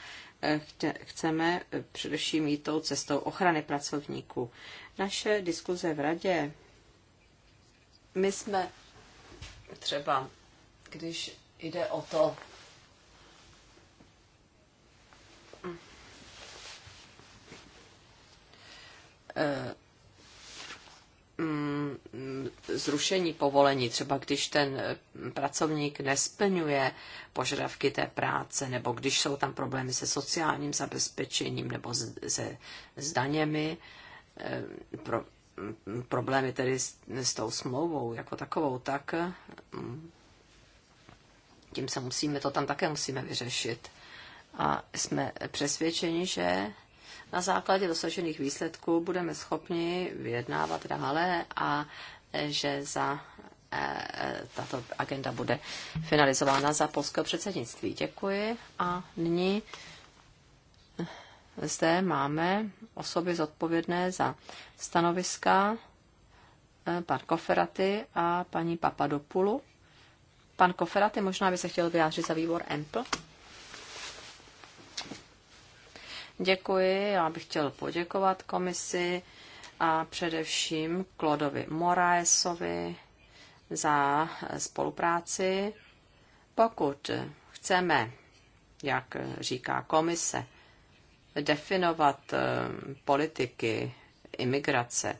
chceme především jít tou cestou ochrany pracovníků. Naše diskuze v radě, my jsme třeba, když jde o to, uh, Mm, zrušení povolení, třeba když ten eh, pracovník nesplňuje požadavky té práce, nebo když jsou tam problémy se sociálním zabezpečením nebo se zdaněmi, eh, pro, mm, problémy tedy s, s tou smlouvou jako takovou, tak mm, tím se musíme, to tam také musíme vyřešit. A jsme přesvědčeni, že na základě dosažených výsledků budeme schopni vyjednávat dále a e, že za e, e, tato agenda bude finalizována za polského předsednictví. Děkuji a nyní zde máme osoby zodpovědné za stanoviska pan Koferaty a paní Papadopulu. Pan Koferaty, možná by se chtěl vyjádřit za výbor EMPL. Děkuji, já bych chtěl poděkovat komisi a především Klodovi Moraesovi za spolupráci. Pokud chceme, jak říká komise, definovat eh, politiky imigrace,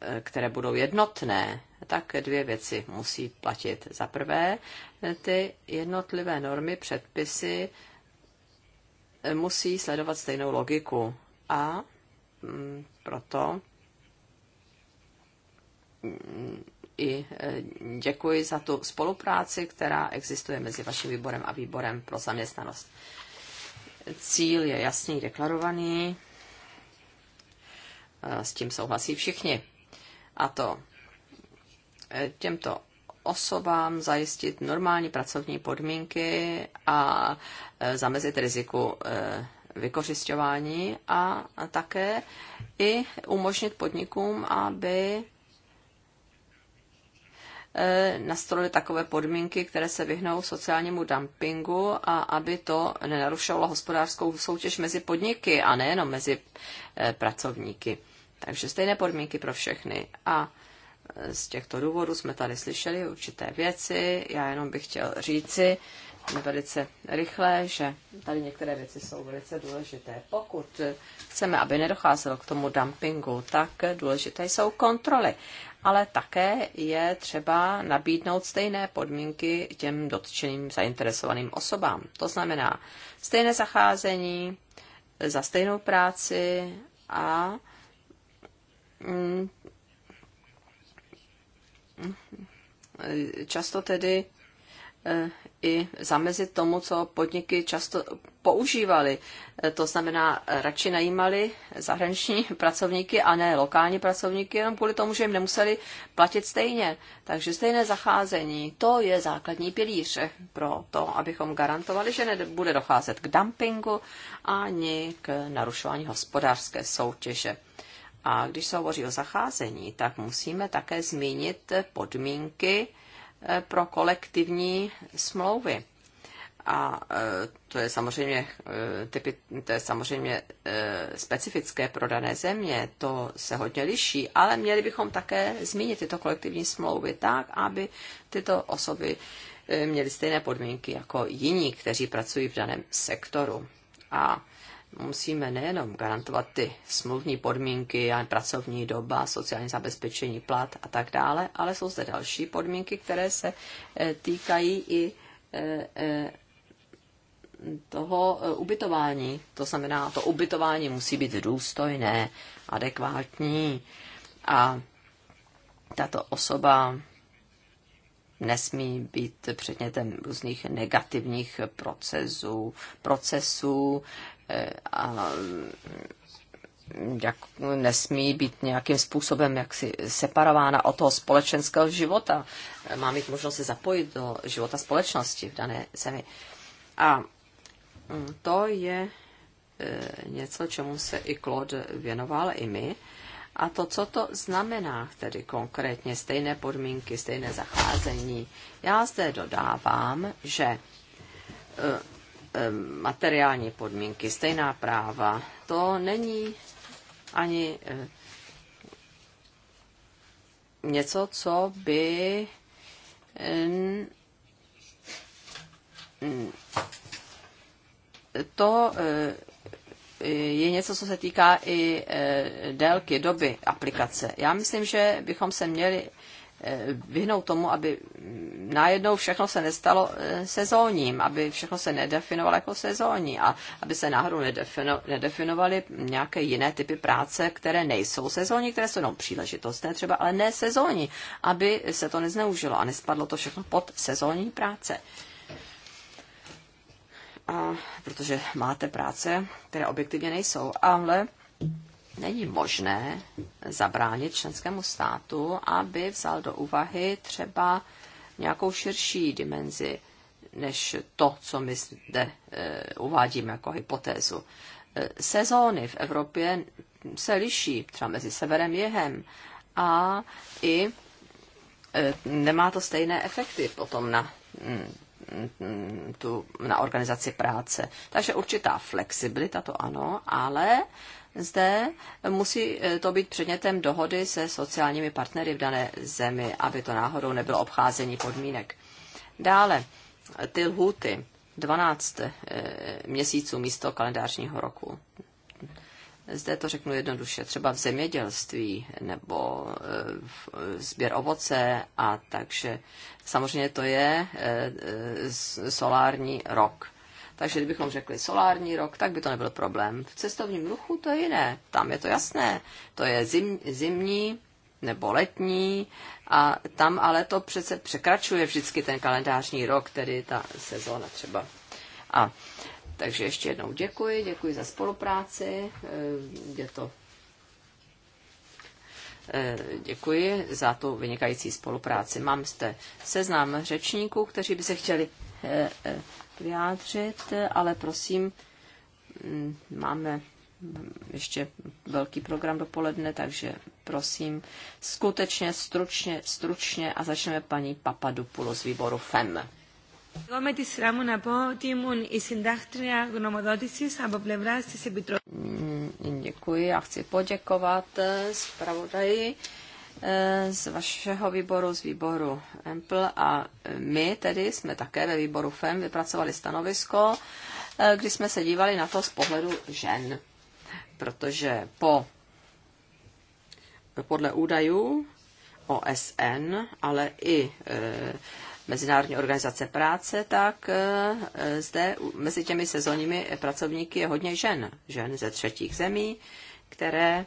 eh, které budou jednotné, tak dvě věci musí platit. Za prvé, ty jednotlivé normy, předpisy musí sledovat stejnou logiku. A mm, proto mm, i e, děkuji za tu spolupráci, která existuje mezi vaším výborem a výborem pro zaměstnanost. Cíl je jasně deklarovaný, e, s tím souhlasí všichni. A to e, těmto osobám zajistit normální pracovní podmínky a e, zamezit riziku e, vykořišťování a také i umožnit podnikům, aby e, nastrojili takové podmínky, které se vyhnou sociálnímu dumpingu a aby to nenarušovalo hospodářskou soutěž mezi podniky a nejenom mezi pracovníky. Takže stejné podmínky pro všechny. A z těchto důvodů jsme tady slyšeli určité věci. Já jenom bych chtěl říci velice rychle, že tady některé věci jsou velice důležité. Pokud chceme, aby nedocházelo k tomu dumpingu, tak důležité jsou kontroly. Ale také je třeba nabídnout stejné podmínky těm dotčeným zainteresovaným osobám. To znamená stejné zacházení za stejnou práci a mm, často tedy eh, i zamezit tomu, co podniky často používali, eh, To znamená, eh, radši najímali zahraniční pracovníky a ne lokální pracovníky, jenom kvůli tomu, že jim nemuseli platit stejně. Takže stejné zacházení, to je základní pilíř pro to, abychom garantovali, že nebude docházet k dumpingu ani k narušování hospodářské soutěže. A když se hovoří o zacházení, tak musíme také zmínit podmínky eh, pro kolektivní smlouvy. A eh, to je samozřejmě, eh, typy, to je samozřejmě specifické pro dané země, to se hodně liší, ale měli bychom také zmínit tyto kolektivní smlouvy tak, aby tyto osoby měly stejné podmínky jako jiní, kteří pracují v daném sektoru. A musíme nejenom garantovat ty smluvní podmínky, pracovní doba, sociální zabezpečení, plat a tak dále, ale jsou zde další podmínky, které se eh, týkají i eh, eh, toho ubytování. To znamená, to ubytování musí být důstojné, adekvátní a tato osoba nesmí být předmětem různých negativních procesů, procesů a mm, jak nesmí být nějakým způsobem jaksi separována od toho společenského života. Má mít možnost se zapojit do života společnosti v dané zemi. A mm, to je e, něco, čemu se i Claude věnoval, i my. A to, co to znamená tedy konkrétně, stejné podmínky, stejné zacházení. Já zde dodávám, že e, materiální podmínky, stejná práva. To není ani eh, něco, co by to eh, je něco, co se týká i eh, délky, doby aplikace. Já myslím, že bychom se měli Eh, vyhnout tomu, aby najednou všechno se nestalo eh, sezónním, aby všechno se nedefinovalo jako sezónní a aby se náhodou nedefino, nedefinovaly nějaké jiné typy práce, které nejsou sezónní, které jsou jenom příležitostné třeba, ale ne sezónní, aby se to nezneužilo a nespadlo to všechno pod sezónní práce. A protože máte práce, které objektivně nejsou, ale není možné zabránit členskému státu, aby vzal do úvahy třeba nějakou širší dimenzi než to, co my zde e, uvádíme jako hypotézu. E, sezóny v Evropě se liší třeba mezi severem a jihem a i e, nemá to stejné efekty potom na mm, mm, tu, na organizaci práce. Takže určitá flexibilita, to ano, ale zde musí e, to být předmětem dohody se sociálními partnery v dané zemi, aby to náhodou nebylo obcházení podmínek. Dále, ty lhuty 12 e, měsíců místo kalendářního roku. Zde to řeknu jednoduše, třeba v zemědělství nebo e, v sběr ovoce a takže samozřejmě to je solární rok takže kdybychom řekli solární rok, tak by to nebyl problém. V cestovním ruchu to je jiné, tam je to jasné. To je zim, zimní nebo letní a tam ale to přece překračuje vždycky ten kalendářní rok, tedy ta sezóna třeba. A takže ještě jednou děkuji, děkuji za spolupráci, eh, je to eh, Děkuji za tu vynikající spolupráci. Mám zde seznam řečníků, kteří by se chtěli eh, vyjádřit, ale prosím, mm, máme ještě velký program dopoledne, takže prosím, skutečně stručně, stručně a začneme paní Papadupulo z výboru FEM. Mm, děkuji a chci poděkovat eh, zpravodaji z vašeho výboru, z výboru EMPL a my tedy jsme také ve výboru FEM vypracovali stanovisko, eh, kdy jsme se dívali na to z pohledu žen. Protože po, podle údajů OSN, ale i e, Mezinárodní organizace práce, tak e, zde mezi těmi sezónními pracovníky je hodně žen. Žen ze třetích zemí, které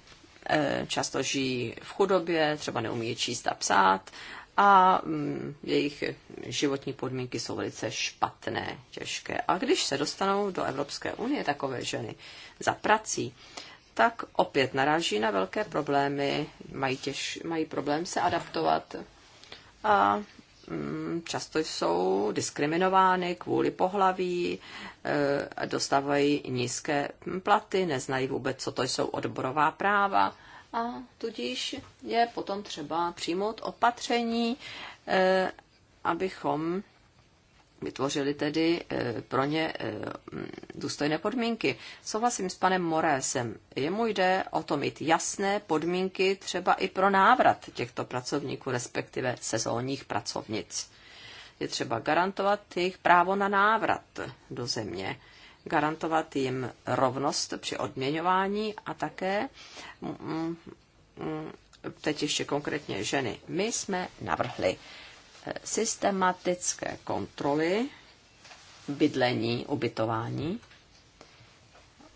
Eh, často žijí v chudobě, třeba neumí číst a psát a mm, jejich životní podmínky jsou velice špatné, těžké. A když se dostanou do Evropské unie takové ženy za prací, tak opět naráží na velké problémy, mají, těž, mají problém se adaptovat a Mm, často jsou diskriminovány kvůli pohlaví, eh, dostávají nízké platy, neznají vůbec, co to jsou odborová práva a tudíž je potom třeba přijmout opatření, eh, abychom vytvořili tedy eh, pro ně eh, důstojné podmínky. Souhlasím s panem Morésem. Jemu jde o to mít jasné podmínky třeba i pro návrat těchto pracovníků, respektive sezónních pracovnic. Je třeba garantovat jejich právo na návrat do země, garantovat jim rovnost při odměňování a také mm, mm, mm, teď ještě konkrétně ženy. My jsme navrhli systematické kontroly bydlení, ubytování,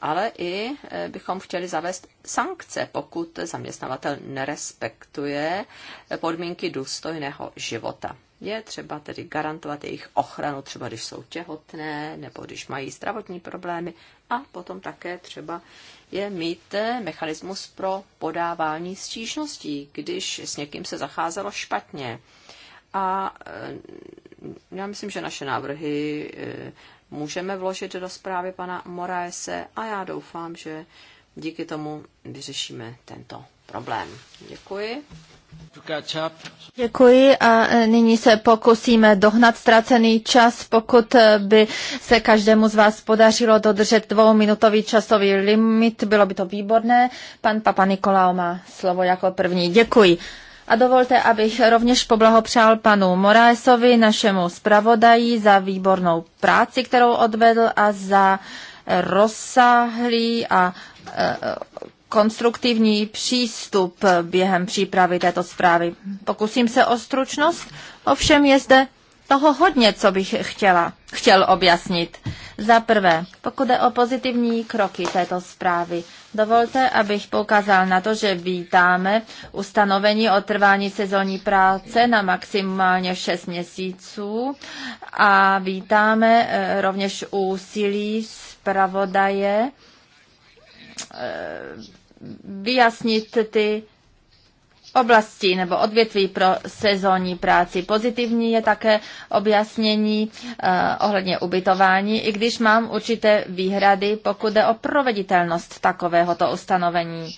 ale i eh, bychom chtěli zavést sankce, pokud zaměstnavatel nerespektuje eh, podmínky důstojného života. Je třeba tedy garantovat jejich ochranu, třeba když jsou těhotné nebo když mají zdravotní problémy a potom také třeba je mít eh, mechanismus pro podávání stížností, když s někým se zacházelo špatně. A eh, já myslím, že naše návrhy eh, můžeme vložit do zprávy pana Moraese a já doufám, že díky tomu vyřešíme tento problém. Děkuji. Děkuji a eh, nyní se pokusíme dohnat ztracený čas, pokud by se každému z vás podařilo dodržet dvouminutový časový limit, bylo by to výborné. Pan Papa Nikolao má slovo jako první. Děkuji. A dovolte, abych rovněž poblahopřál panu Moraesovi, našemu zpravodaji, za výbornou práci, kterou odvedl a za eh, rozsáhlý a eh, konstruktivní přístup během přípravy této zprávy. Pokusím se o stručnost, ovšem je zde toho hodně, co bych chtěla, chtěl objasnit. Za prvé, pokud je o pozitivní kroky této zprávy, Dovolte, abych poukázal na to, že vítáme ustanovení o trvání sezónní práce na maximálně 6 měsíců a vítáme eh, rovněž úsilí zpravodaje eh, vyjasnit ty oblasti nebo odvětví pro sezónní práci. Pozitivní je také objasnění eh, ohledně ubytování, i když mám určité výhrady, pokud jde o proveditelnost takovéhoto ustanovení.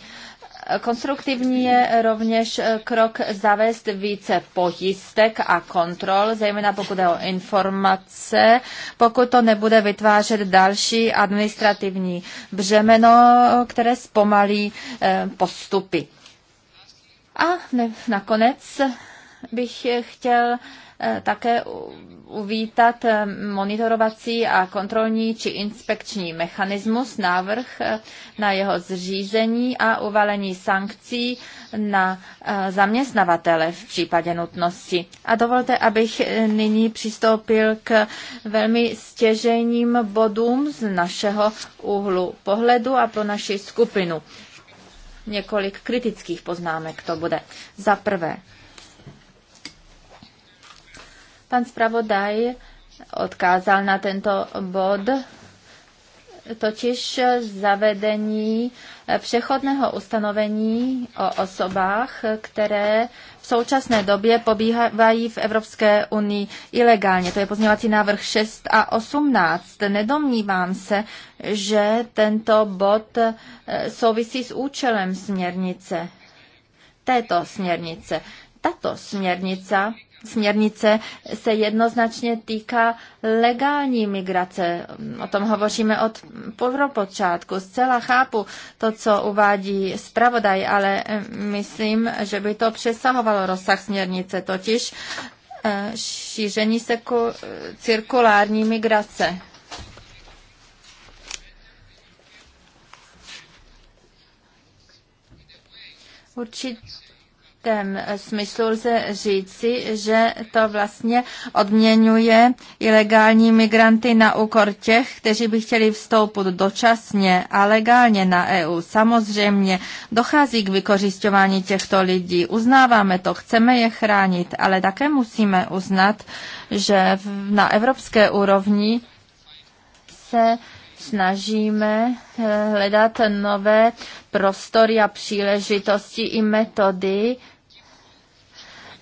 Konstruktivní je rovněž eh, krok zavést více pojistek a kontrol, zejména pokud je o informace, pokud to nebude vytvářet další administrativní břemeno, které zpomalí eh, postupy. A ne, nakonec bych chtěl eh, také uvítat eh, monitorovací a kontrolní či inspekční mechanismus, návrh eh, na jeho zřízení a uvalení sankcí na zaměstnavatele v případě nutnosti. A dovolte, abych nyní přistoupil k velmi stěžejním bodům z našeho úhlu pohledu a pro naši skupinu. Několik kritických poznámek to bude. Za prvé, pan zpravodaj odkázal na tento bod, totiž zavedení přechodného ustanovení o osobách, které v současné době pobývají v Evropské unii ilegálně. To je pozměňovací návrh 6 a 18. Nedomnívám se, že tento bod e, souvisí s účelem směrnice. Této směrnice. Tato směrnice směrnice se jednoznačně týká legální migrace. O tom hovoříme od prvopočátku. Zcela chápu to, co uvádí zpravodaj, ale myslím, že by to přesahovalo rozsah směrnice, totiž eh, šíření se ku cirkulární migrace. Určitě tom smyslu lze říci, že to vlastně odměňuje ilegální migranty na úkor těch, kteří by chtěli vstoupit dočasně a legálně na EU. Samozřejmě dochází k vykořišťování těchto lidí. Uznáváme to, chceme je chránit, ale také musíme uznat, že na evropské úrovni se snažíme eh, hledat nové prostory a příležitosti i metody,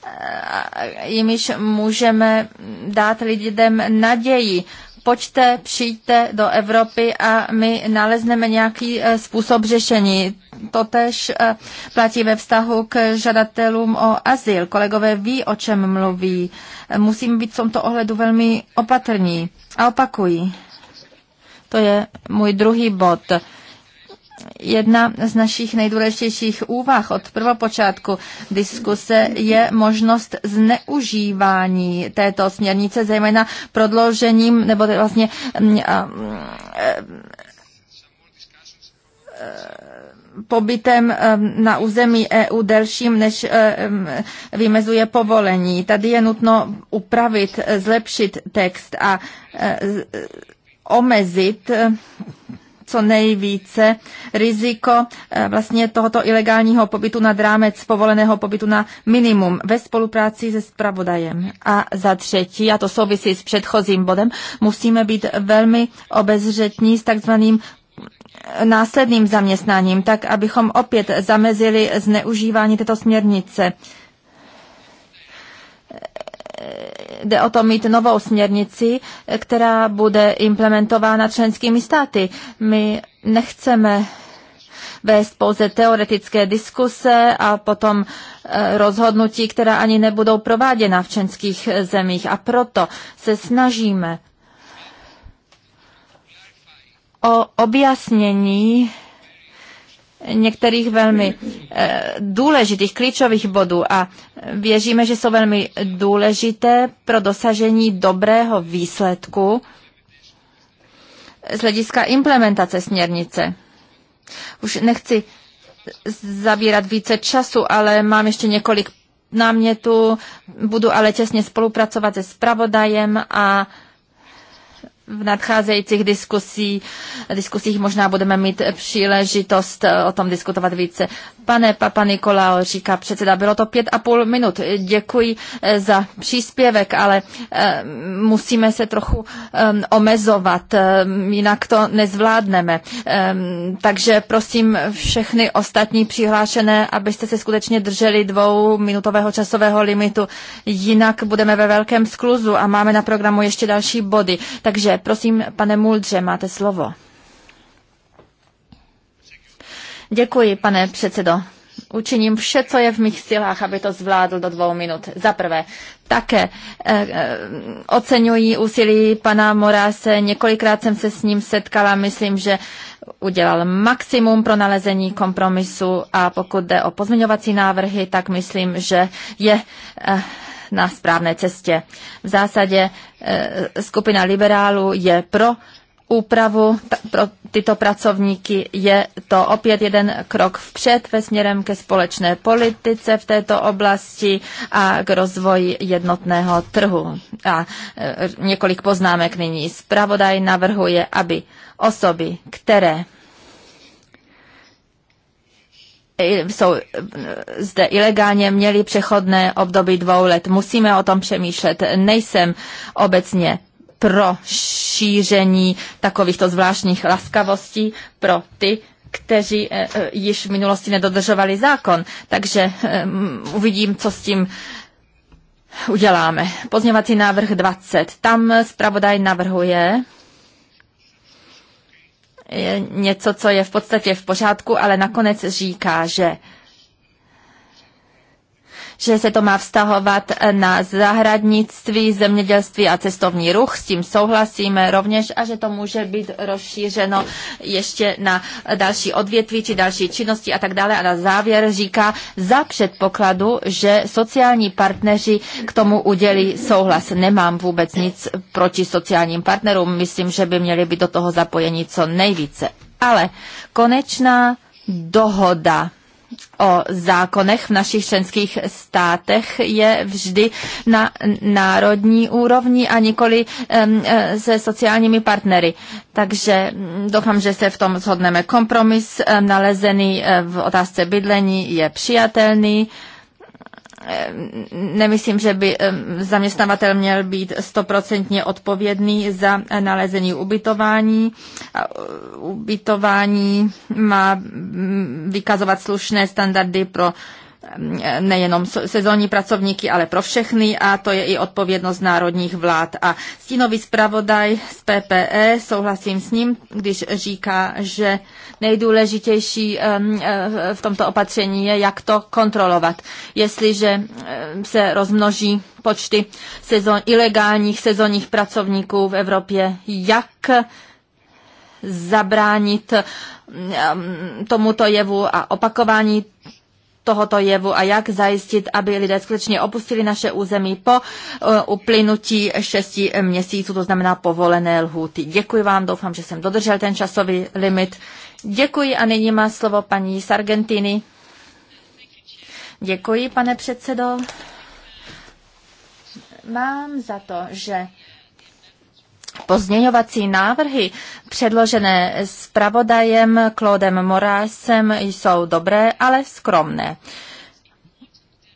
Eh, jimiž můžeme dát lidem naději. Pojďte, přijďte do Evropy a my nalezneme nějaký eh, způsob řešení. Totež eh, platí ve vztahu k žadatelům o azyl. Kolegové ví, o čem mluví. Musím být v tomto ohledu velmi opatrní. A opakují. To je můj druhý bod. Jedna z našich nejdůležitějších úvah od prvopočátku diskuse je možnost zneužívání této směrnice, zejména prodloužením nebo vlastně mm, mm, e, e, pobytem e, na území EU delším, než vymezuje povolení. Tady je nutno upravit, zlepšit text a omezit co nejvíce riziko eh, vlastně tohoto ilegálního pobytu nad rámec povoleného pobytu na minimum ve spolupráci se spravodajem. A za třetí, a to souvisí s předchozím bodem, musíme být velmi obezřetní s takzvaným následným zaměstnáním, tak abychom opět zamezili zneužívání této směrnice jde o to mít novou směrnici, která bude implementována členskými státy. My nechceme vést pouze teoretické diskuse a potom e, rozhodnutí, která ani nebudou prováděna v členských zemích. A proto se snažíme o objasnění některých velmi eh, důležitých, klíčových bodů a věříme, že jsou velmi důležité pro dosažení dobrého výsledku z hlediska implementace směrnice. Už nechci zabírat více času, ale mám ještě několik námětů, budu ale těsně spolupracovat se spravodajem a v nadcházejících diskusích, diskusích možná budeme mít příležitost eh, o tom diskutovat více. Pane Papa Nikolao, říká předseda, bylo to pět a půl minut. Děkuji eh, za příspěvek, ale eh, musíme se trochu eh, omezovat, jinak to nezvládneme. Takže prosím všechny ostatní přihlášené, abyste se skutečně drželi dvou minutového časového limitu, jinak budeme ve velkém skluzu a máme na programu ještě další body. Takže prosím, pane Muldře, máte slovo. Děkuji, pane předsedo. Učiním vše, co je v mých silách, aby to zvládl do dvou minut. Za prvé, také e, oceňuji úsilí pana Morase. Několikrát jsem se s ním setkala. Myslím, že udělal maximum pro nalezení kompromisu a pokud jde o pozměňovací návrhy, tak myslím, že je e, na správné cestě. V zásadě skupina liberálů je pro úpravu pro tyto pracovníky je to opět jeden krok vpřed ve směrem ke společné politice v této oblasti a k rozvoji jednotného trhu. A e, několik poznámek nyní. Spravodaj navrhuje, aby osoby, které jsou e, zde ilegálně, měli přechodné období dvou let. Musíme o tom přemýšlet. Nejsem obecně pro šíření takovýchto zvláštních laskavostí pro ty, kteří eh, eh, již v minulosti nedodržovali zákon. Takže eh, uvidím, co s tím uděláme. Pozněvací návrh 20. Tam zpravodaj navrhuje něco, co je v podstatě v pořádku, ale nakonec říká, že že se to má vztahovat na zahradnictví, zemědělství a cestovní ruch. S tím souhlasíme rovněž a že to může být rozšířeno ještě na další odvětví či další činnosti a tak dále. A na závěr říká za předpokladu, že sociální partneři k tomu udělí souhlas. Nemám vůbec nic proti sociálním partnerům. Myslím, že by měli být do toho zapojeni co nejvíce. Ale konečná dohoda o zákonech v našich členských státech je vždy na národní úrovni a nikoli e, se sociálními partnery. Takže mm, doufám, že se v tom shodneme. Kompromis nalezený e, v otázce bydlení je přijatelný. Eh, nemyslím, že by eh, zaměstnavatel měl být stoprocentně odpovědný za nalezení ubytování. Eh, ubytování má mm, vykazovat slušné standardy pro nejenom sezónní pracovníky, ale pro všechny a to je i odpovědnost národních vlád. A stínový zpravodaj z PPE, souhlasím s ním, když říká, že nejdůležitější e, v tomto opatření je, jak to kontrolovat. Jestliže se rozmnoží počty sezon, ilegálních sezónních pracovníků v Evropě, jak zabránit tomuto jevu a opakování tohoto jevu a jak zajistit, aby lidé skutečně opustili naše území po eh, uplynutí šesti měsíců, to znamená povolené lhůty. Děkuji vám, doufám, že jsem dodržel ten časový limit. Děkuji a nyní má slovo paní Sargentini. Děkuji, pane předsedo. Mám za to, že Pozměňovací návrhy předložené zpravodajem Claudem Morásem jsou dobré, ale skromné.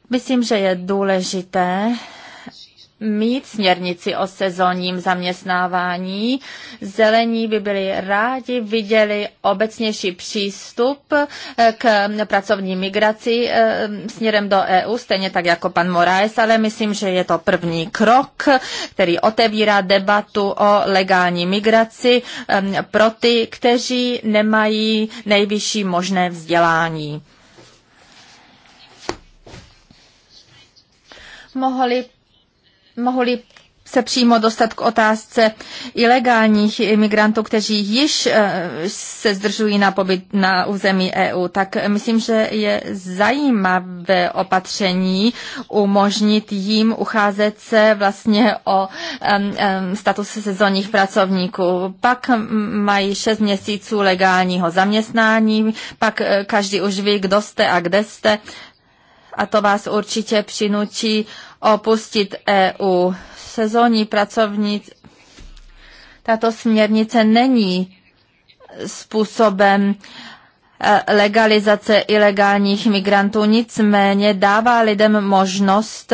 Myslím, že je důležité mít směrnici o sezónním zaměstnávání. Zelení by byli rádi viděli obecnější přístup eh, k pracovní migraci eh, směrem do EU, stejně tak jako pan Moraes, ale myslím, že je to první krok, který otevírá debatu o legální migraci ehm, pro ty, kteří nemají nejvyšší možné vzdělání. mohli Mohli se přímo dostat k otázce ilegálních imigrantů, kteří již eh, se zdržují na pobyt na území EU, tak myslím, že je zajímavé opatření umožnit jim ucházet se vlastně o status sezónních pracovníků. Pak mají šest měsíců legálního zaměstnání, pak eh, každý už ví, kdo jste a kde jste a to vás určitě přinutí opustit EU. Sezónní pracovníci, tato směrnice není způsobem eh, legalizace ilegálních migrantů, nicméně dává lidem možnost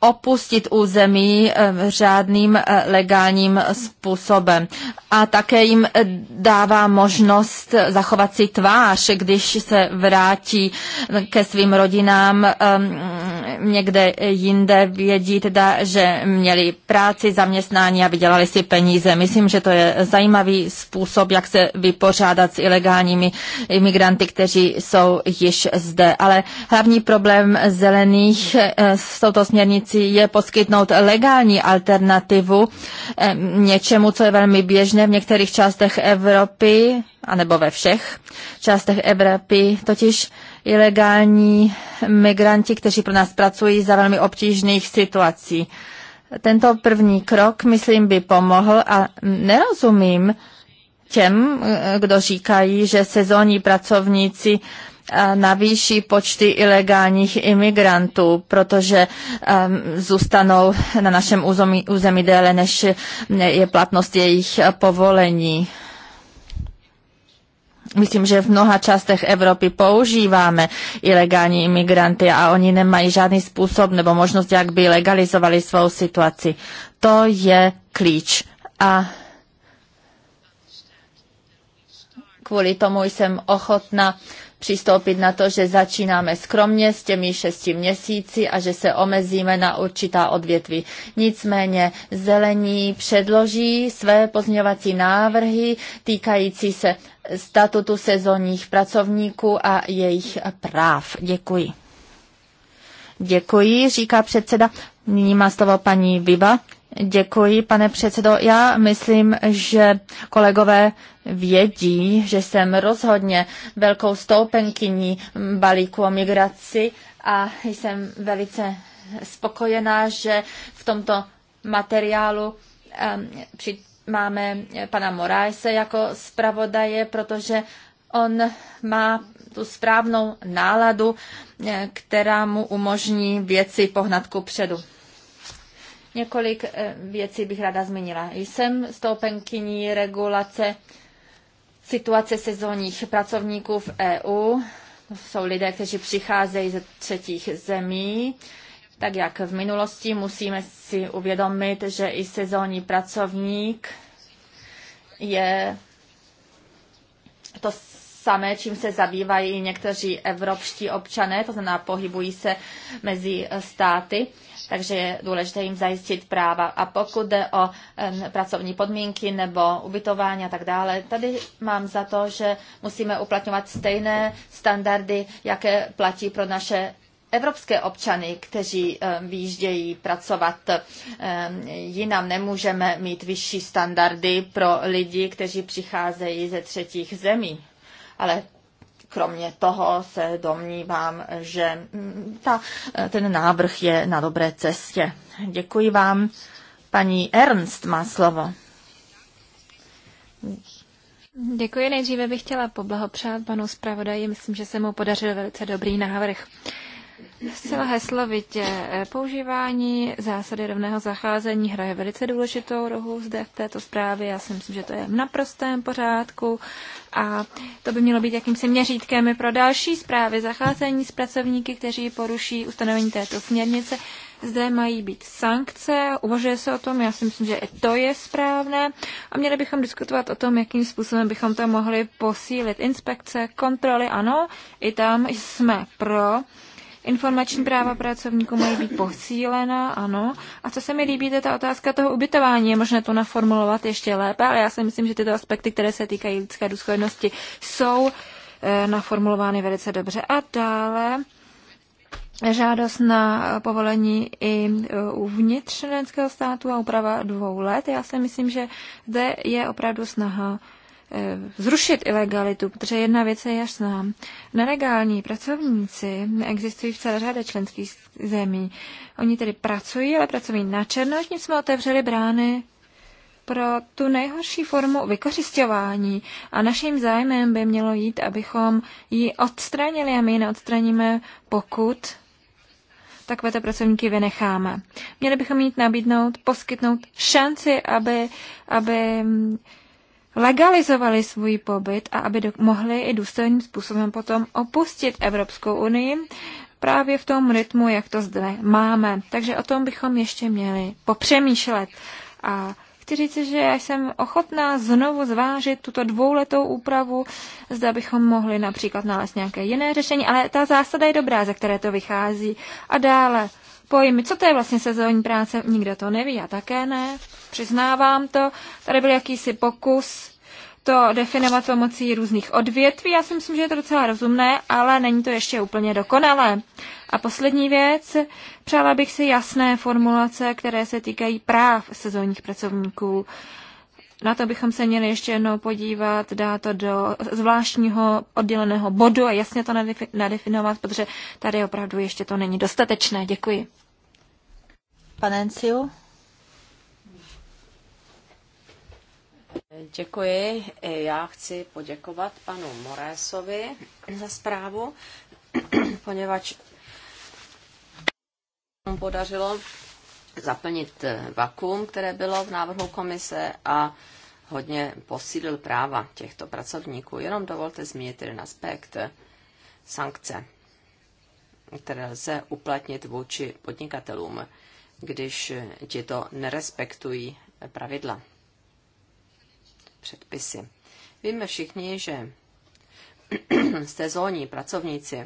opustit území eh, řádným eh, legálním způsobem. A také jim eh, dává možnost zachovat si tvář, když se vrátí ke svým rodinám ehm, někde jinde, vědí teda, že měli práci, zaměstnání a vydělali si peníze. Myslím, že to je zajímavý způsob, jak se vypořádat s ilegálními imigranty, kteří jsou již zde. Ale hlavní problém zelených s touto směrnicí financí je poskytnout legální alternativu něčemu, co je velmi běžné v některých částech Evropy, anebo ve všech částech Evropy, totiž ilegální migranti, kteří pro nás pracují za velmi obtížných situací. Tento první krok, myslím, by pomohl a nerozumím těm, kdo říkají, že sezónní pracovníci navýší počty ilegálních imigrantů, protože zůstanou na našem území, území déle, než je platnost jejich povolení. Myslím, že v mnoha částech Evropy používáme ilegální imigranty a oni nemají žádný způsob nebo možnost, jak by legalizovali svou situaci. To je klíč. A kvůli tomu jsem ochotna přistoupit na to, že začínáme skromně s těmi šesti měsíci a že se omezíme na určitá odvětví. Nicméně zelení předloží své pozměňovací návrhy týkající se statutu sezónních pracovníků a jejich práv. Děkuji. Děkuji, říká předseda. Nyní má slovo paní Viva. Děkuji, pane předsedo. Já myslím, že kolegové vědí, že jsem rozhodně velkou stoupenkyní balíku o migraci a jsem velice spokojená, že v tomto materiálu při, máme pana Moraese jako zpravodaje, protože on má tu správnou náladu, eh, která mu umožní věci pohnat ku předu. Několik eh, věcí bych ráda zmínila. Jsem stoupenkyní regulace situace sezónních pracovníků v EU. To jsou lidé, kteří přicházejí ze třetích zemí. Tak jak v minulosti musíme si uvědomit, že i sezónní pracovník je to samé, čím se zabývají někteří evropští občané, to znamená pohybují se mezi státy takže je důležité jim zajistit práva. A pokud jde o pracovní podmínky nebo ubytování a tak dále, tady mám za to, že musíme uplatňovat stejné standardy, jaké platí pro naše evropské občany, kteří výjíždějí pracovat jinam, nemůžeme mít vyšší standardy pro lidi, kteří přicházejí ze třetích zemí. Ale Kromě toho se domnívám, že mm, ta, eh, ten návrh je na dobré cestě. Děkuji vám. Paní Ernst má slovo. Děkuji. Nejdříve bych chtěla poblahopřát panu zpravodaji. Myslím, že se mu podařil velice dobrý návrh. Zcela heslovitě eh, používání zásady rovného zacházení hraje velice důležitou rohu zde v této zprávě. Já si myslím, že to je v naprostém pořádku a to by mělo být jakýmsi měřítkem pro další zprávy zacházení s pracovníky, kteří poruší ustanovení této směrnice. Zde mají být sankce, uvažuje se o tom, já si myslím, že i to je správné a měli bychom diskutovat o tom, jakým způsobem bychom to mohli posílit. Inspekce, kontroly, ano, i tam jsme pro Informační práva pracovníků mají být posílena, ano. A co se mi líbí, je ta otázka toho ubytování. Je možné to naformulovat ještě lépe, ale já si myslím, že tyto aspekty, které se týkají lidské důstojnosti, jsou e, naformulovány velice dobře. A dále žádost na povolení i eh, uvnitř členského státu a úprava dvou let. Já si myslím, že zde je opravdu snaha Eh, zrušit ilegalitu, protože jedna věc je jasná. Nelegální pracovníci existují v celé řadě členských zemí. Oni tedy pracují, ale pracují na černo, tím jsme otevřeli brány pro tu nejhorší formu vykořišťování. A naším zájmem by mělo jít, abychom ji odstranili a my ji neodstraníme, pokud takovéto pracovníky vynecháme. Měli bychom jít nabídnout, poskytnout šanci, aby, aby legalizovali svůj pobyt a aby do, mohli i důstojným způsobem potom opustit Evropskou unii právě v tom rytmu, jak to zde máme. Takže o tom bychom ještě měli popřemýšlet. A chci říct, že já jsem ochotná znovu zvážit tuto dvouletou úpravu, zda bychom mohli například nalézt nějaké jiné řešení, ale ta zásada je dobrá, ze které to vychází. A dále pojmy. Co to je vlastně sezónní práce? Nikdo to neví, já také ne. Přiznávám to. Tady byl jakýsi pokus to definovat pomocí různých odvětví. Já si myslím, že je to docela rozumné, ale není to ještě úplně dokonalé. A poslední věc, přála bych si jasné formulace, které se týkají práv sezónních pracovníků. Uh, na to bychom se měli ještě jednou podívat, dát to do zvláštního odděleného bodu a jasně to nadefinovat, protože tady opravdu ještě to není dostatečné. Děkuji. Pane Enciu? Děkuji. Já chci poděkovat panu Morésovi za zprávu, poněvadž podařilo zaplnit eh, vakuum, které bylo v návrhu komise a hodně posílil práva těchto pracovníků. Jenom dovolte zmínit jeden aspekt eh, sankce, které lze uplatnit vůči podnikatelům, když eh, ti to nerespektují pravidla, předpisy. Víme všichni, že sezónní pracovníci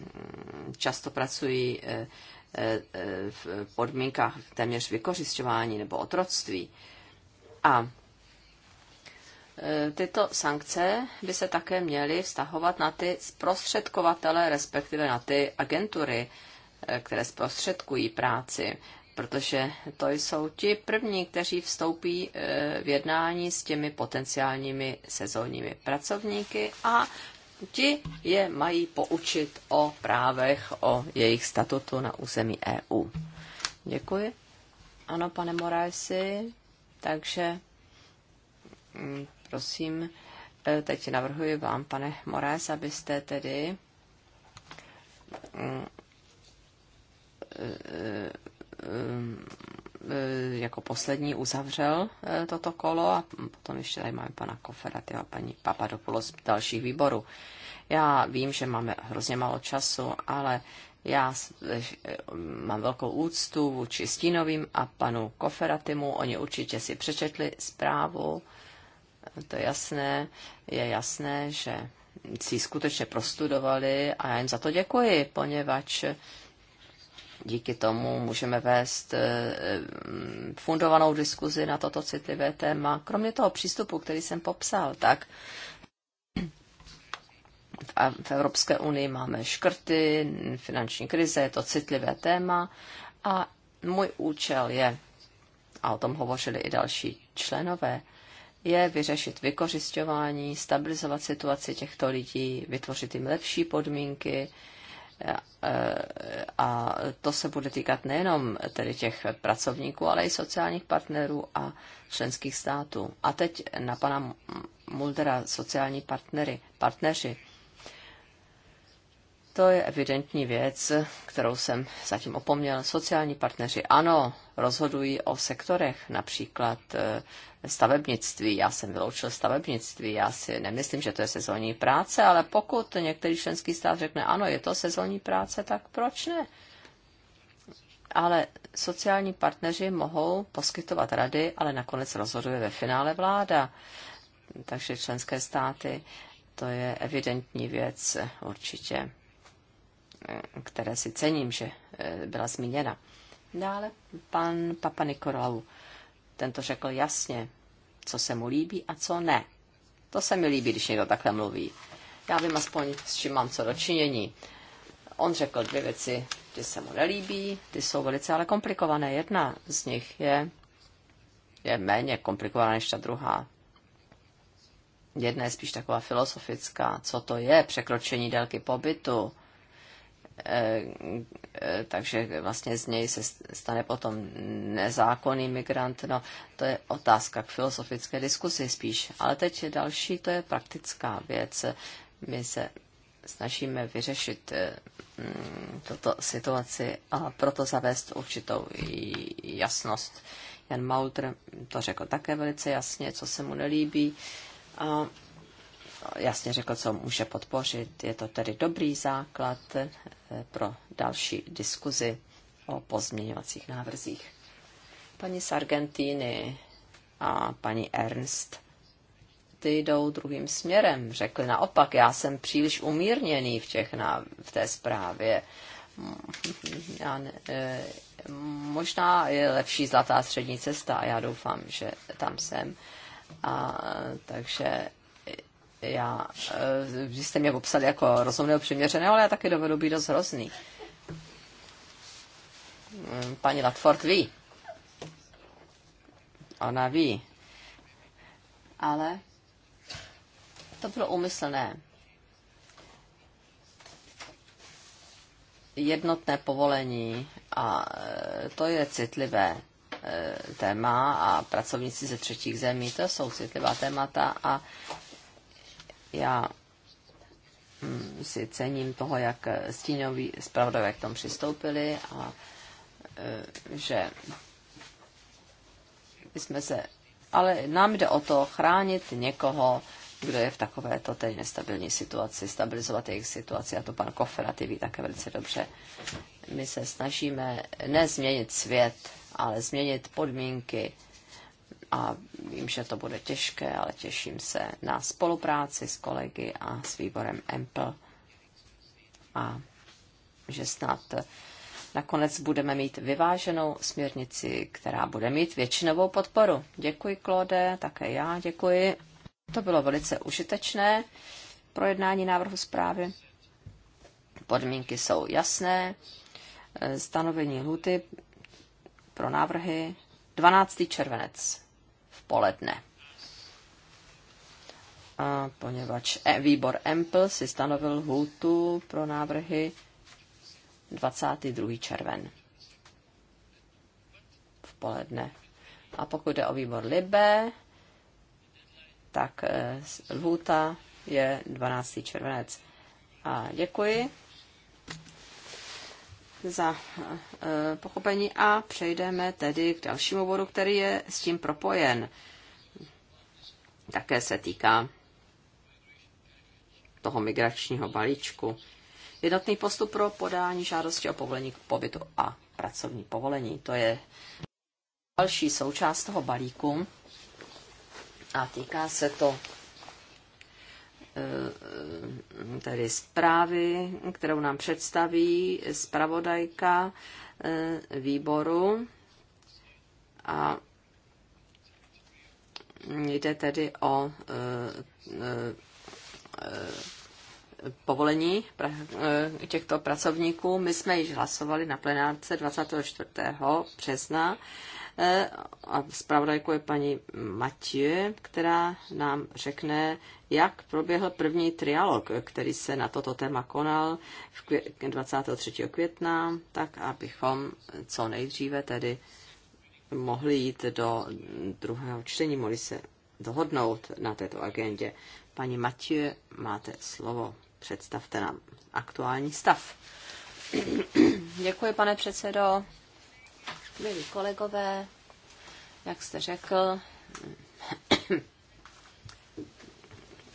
mm, často pracují Eh, eh, v podmínkách téměř vykořišťování nebo otroctví. A eh, tyto sankce by se také měly vztahovat na ty zprostředkovatele, respektive na ty agentury, které zprostředkují práci, protože to jsou ti první, kteří vstoupí v jednání s těmi potenciálními sezónními pracovníky a ti je mají poučit o právech, o jejich statutu na území EU. Děkuji. Ano, pane Morajsi, takže mm, prosím, eh, teď navrhuji vám, pane Moraes, abyste tedy mm, eh, eh, E, jako poslední uzavřel e, toto kolo a potom ještě tady máme pana Kofera, a paní Papadopoulos z dalších výborů. Já vím, že máme hrozně málo času, ale já e, mám velkou úctu vůči Stínovým a panu Koferatimu. Oni určitě si přečetli zprávu, to je jasné. Je jasné, že si skutečně prostudovali a já jim za to děkuji, poněvadž díky tomu můžeme vést eh, eh, fundovanou diskuzi na toto citlivé téma. Kromě toho přístupu, který jsem popsal, tak v Evropské unii máme škrty, finanční krize, je to citlivé téma a můj účel je, a o tom hovořili i další členové, je vyřešit vykořišťování, stabilizovat situaci těchto lidí, vytvořit jim lepší podmínky, a to se bude týkat nejenom tedy těch pracovníků, ale i sociálních partnerů a členských států. A teď na pana Muldera sociální partnery, partneři. To je evidentní věc, kterou jsem zatím opomněl. Sociální partneři, ano, rozhodují o sektorech, například e, stavebnictví. Já jsem vyloučil stavebnictví, já si nemyslím, že to je sezónní práce, ale pokud některý členský stát řekne, ano, je to sezónní práce, tak proč ne? Ale sociální partneři mohou poskytovat rady, ale nakonec rozhoduje ve finále vláda. Takže členské státy, to je evidentní věc určitě Eh, které si cením, že eh, byla zmíněna. Dále pan Papa Nikolau. Tento řekl jasně, co se mu líbí a co ne. To se mi líbí, když někdo takhle mluví. Já vím aspoň, s čím mám co dočinění. On řekl dvě věci, ty se mu nelíbí, ty jsou velice ale komplikované. Jedna z nich je, je méně komplikovaná než ta druhá. Jedna je spíš taková filosofická, co to je překročení délky pobytu, Eh, takže vlastně z něj se stane potom nezákonný migrant. No, to je otázka k filozofické diskusi spíš. Ale teď další, to je praktická věc. My se snažíme vyřešit eh, mm, tuto situaci a proto zavést určitou jasnost. Jan Mautr to řekl také velice jasně, co se mu nelíbí. A jasně řekl, co může podpořit. Je to tedy dobrý základ eh, pro další diskuzi o pozměňovacích návrzích. Paní z a paní Ernst ty jdou druhým směrem. Řekli naopak, já jsem příliš umírněný v, těch, na, v té zprávě. Já ne, eh, možná je lepší zlatá střední cesta a já doufám, že tam jsem. A, takže já, eh, vy jste mě popsali jako rozumného přiměřeného, ale já taky dovedu být dost hrozný. Eh, paní Latford ví. Ona ví. Ale to bylo úmyslné. Jednotné povolení a eh, to je citlivé téma a pracovníci ze třetích zemí, to jsou citlivá témata a já mm, si cením toho, jak stíňoví zpravodajové k tomu přistoupili a e, že jsme se, ale nám jde o to chránit někoho, kdo je v takovéto tedy nestabilní situaci, stabilizovat jejich situaci a to pan Koferaty ví také velice dobře. My se snažíme nezměnit svět, ale změnit podmínky a vím, že to bude těžké, ale těším se na spolupráci s kolegy a s výborem EMPL a že snad nakonec budeme mít vyváženou směrnici, která bude mít většinovou podporu. Děkuji, Klode, také já děkuji. To bylo velice užitečné projednání návrhu zprávy. Podmínky jsou jasné. Stanovení lhuty pro návrhy 12. červenec poledne. A poněvadž e- výbor EMPL si stanovil lhůtu pro návrhy 22. červen v poledne. A pokud jde o výbor Libe, tak e, lhůta je 12. červenec. A děkuji za eh, pochopení a přejdeme tedy k dalšímu bodu, který je s tím propojen. Také se týká toho migračního balíčku. Jednotný postup pro podání žádosti o povolení k pobytu a pracovní povolení. To je další součást toho balíku a týká se to Eh, tedy zprávy, kterou nám představí zpravodajka eh, výboru. A jde tedy o eh, povolení těchto pracovníků. My jsme již hlasovali na plenárce 24. března E, a zpravodajkou je paní Matěje, která nám řekne, jak proběhl první trialog, který se na toto téma konal 23. května, tak abychom co nejdříve tedy mohli jít do druhého čtení, mohli se dohodnout na této agendě. Paní Matěje, máte slovo. Představte nám aktuální stav. Děkuji, pane předsedo. Milí kolegové, jak jste řekl,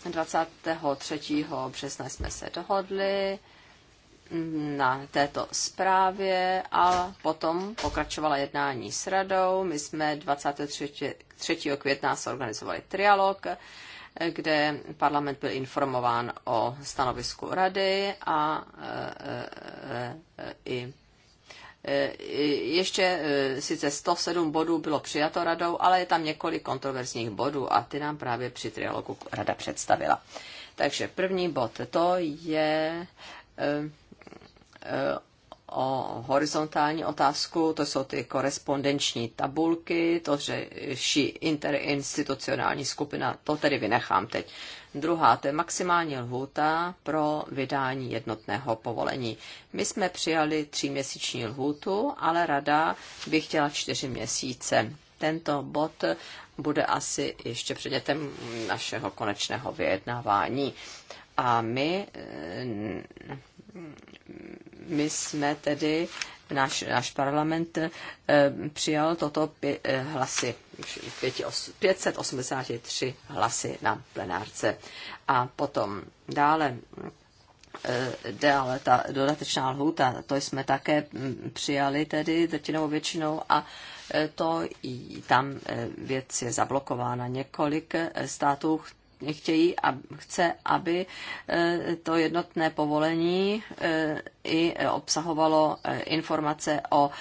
23. března jsme se dohodli na této zprávě a potom pokračovala jednání s radou. My jsme 23. května zorganizovali trialog, kde parlament byl informován o stanovisku rady a e, e, e, i Eh, ještě eh, sice 107 bodů bylo přijato radou, ale je tam několik kontroverzních bodů a ty nám právě při trialogu rada představila. Takže první bod, to je eh, o horizontální otázku, to jsou ty korespondenční tabulky, to, že ší interinstitucionální skupina, to tedy vynechám teď. Druhá, to je maximální lhůta pro vydání jednotného povolení. My jsme přijali tříměsíční lhůtu, ale rada by chtěla čtyři měsíce. Tento bod bude asi ještě předmětem našeho konečného vyjednávání. A my eh, my jsme tedy, náš, náš parlament eh, přijal toto pě, eh, hlasy, 583 hlasy na plenárce. A potom dále eh, dále ta dodatečná lhůta, to jsme také mm, přijali tedy drtinovou většinou a to i tam věc je zablokována. Několik států chtějí, a chce, aby e, to jednotné povolení e, i obsahovalo e, informace o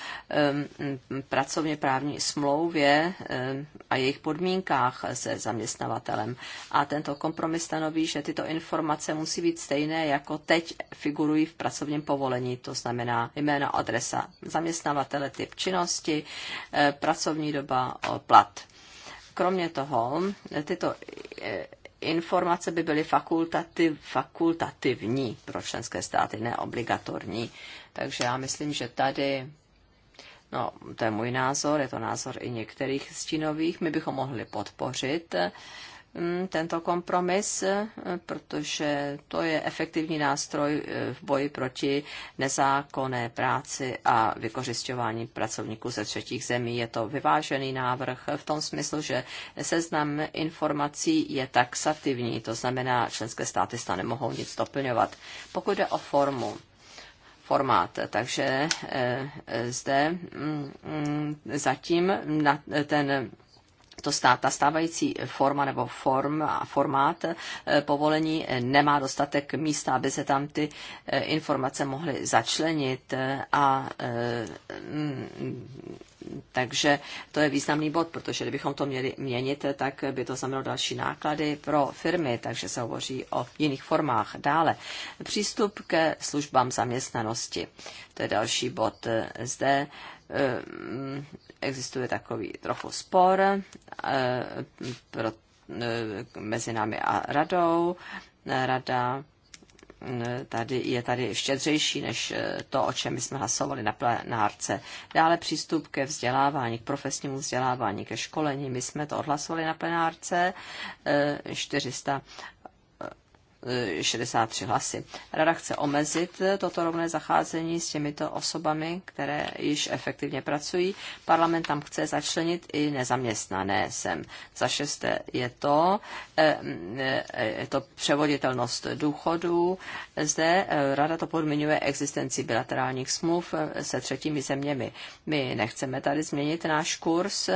pracovně právní smlouvě a jejich podmínkách se zaměstnavatelem. A tento kompromis stanoví, že tyto informace musí být stejné, jako teď figurují v pracovním povolení, to znamená jméno, adresa zaměstnavatele, typ činnosti, pracovní doba, plat. Kromě toho, tyto informace by byly fakultativ, fakultativní pro členské státy, neobligatorní. Takže já myslím, že tady, no to je můj názor, je to názor i některých stínových, my bychom mohli podpořit eh, Mm, tento kompromis, eh, protože to je efektivní nástroj eh, v boji proti nezákonné práci a vykořišťování pracovníků ze třetích zemí. Je to vyvážený návrh v tom smyslu, že seznam informací je taxativní, to znamená, členské státy se nemohou nic doplňovat. Pokud jde o formu, formát. Takže eh, zde mm, mm, zatím na ten to stá, ta stávající forma nebo form a formát eh, povolení nemá dostatek místa, aby se tam ty eh, informace mohly začlenit a eh, mm, takže to je významný bod, protože kdybychom to měli měnit, tak by to znamenalo další náklady pro firmy, takže se hovoří o jiných formách. Dále přístup ke službám zaměstnanosti. To je další bod. Zde Eh, existuje takový trochu spor eh, eh, mezi námi a radou. Rada tady, je tady štědřejší než to, o čem jsme hlasovali na plenárce. Dále přístup ke vzdělávání, k profesnímu vzdělávání, ke školení. My jsme to odhlasovali na plenárce 400 63 hlasy. Rada chce omezit toto rovné zacházení s těmito osobami, které již efektivně pracují. Parlament tam chce začlenit i nezaměstnané sem. Za šesté je to, eh, eh, je to převoditelnost důchodů. Zde eh, rada to podmiňuje existenci bilaterálních smluv se třetími zeměmi. My nechceme tady změnit náš kurz,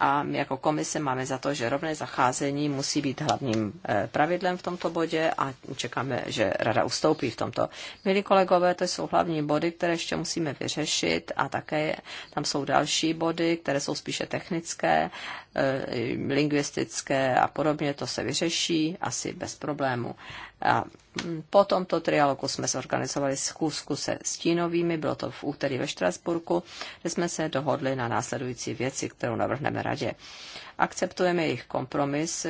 a my jako komise máme za to, že rovné zacházení musí být hlavním eh, pravidlem v tomto bodě a čekáme, že rada ustoupí v tomto. Milí kolegové, to jsou hlavní body, které ještě musíme vyřešit a také tam jsou další body, které jsou spíše technické Eh, lingvistické a podobně, to se vyřeší asi bez problému. A mm, po tomto trialogu jsme zorganizovali schůzku se stínovými, bylo to v úterý ve Štrasburku, kde jsme se dohodli na následující věci, kterou navrhneme radě. Akceptujeme jejich kompromis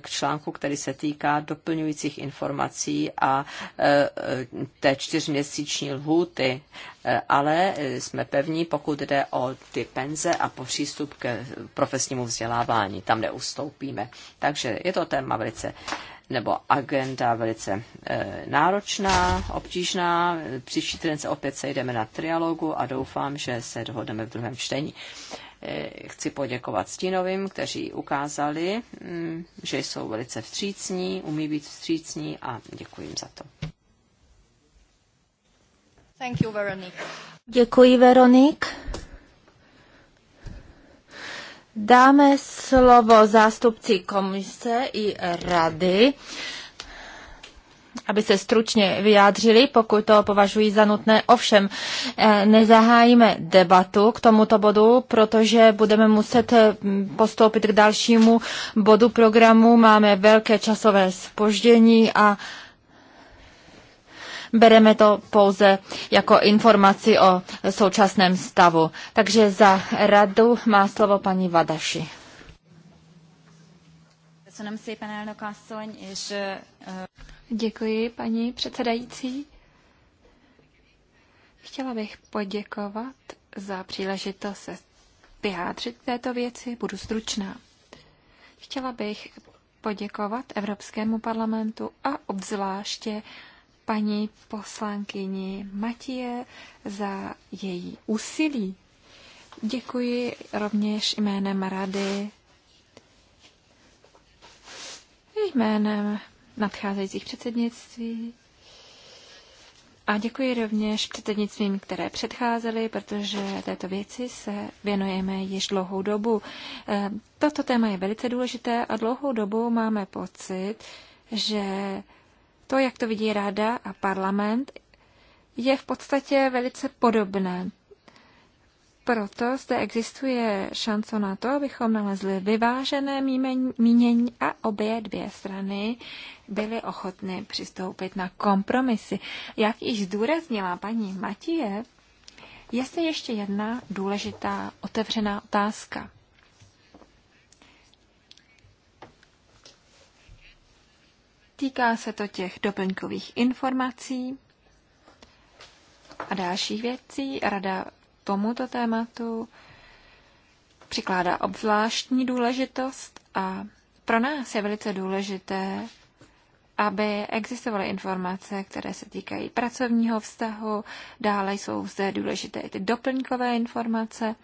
k článku, který se týká doplňujících informací a e, té čtyřměsíční lhůty, e, ale e, jsme pevní, pokud jde o ty penze a po přístup k profesnímu vzdělávání. Tam neustoupíme. Takže je to téma velice nebo agenda velice e, náročná, obtížná. Příští týden se opět sejdeme na trialogu a doufám, že se dohodneme v druhém čtení. E, Chci poděkovat Stínovým, kteří ukázali, mm, že jsou velice vstřícní, umí být vstřícní a děkuji jim za to. Thank you, Veronique. Děkuji, Veronik. Dáme slovo zástupci komise i rady aby se stručně vyjádřili, pokud to považují za nutné. Ovšem, eh, nezahájíme debatu k tomuto bodu, protože budeme muset eh, postoupit k dalšímu bodu programu. Máme velké časové spoždění a bereme to pouze jako informaci o současném stavu. Takže za radu má slovo paní Vadaši. Děkuji, paní předsedající. Chtěla bych poděkovat za příležitost se vyjádřit této věci. Budu stručná. Chtěla bych poděkovat Evropskému parlamentu a obzvláště paní poslankyni Matěje za její úsilí. Děkuji rovněž jménem Rady, jménem nadcházejících předsednictví. A děkuji rovněž předsednictvím, které předcházely, protože této věci se věnujeme již dlouhou dobu. Eh, toto téma je velice důležité a dlouhou dobu máme pocit, že to, jak to vidí Rada a parlament, je v podstatě velice podobné proto zde existuje šance na to, abychom nalezli vyvážené mínění a obě dvě strany byly ochotny přistoupit na kompromisy. Jak již zdůraznila paní Matije, je se ještě jedna důležitá otevřená otázka. Týká se to těch doplňkových informací a dalších věcí. Rada tomuto tématu přikládá obzvláštní důležitost a pro nás je velice důležité, aby existovaly informace, které se týkají pracovního vztahu, dále jsou zde důležité i ty doplňkové informace.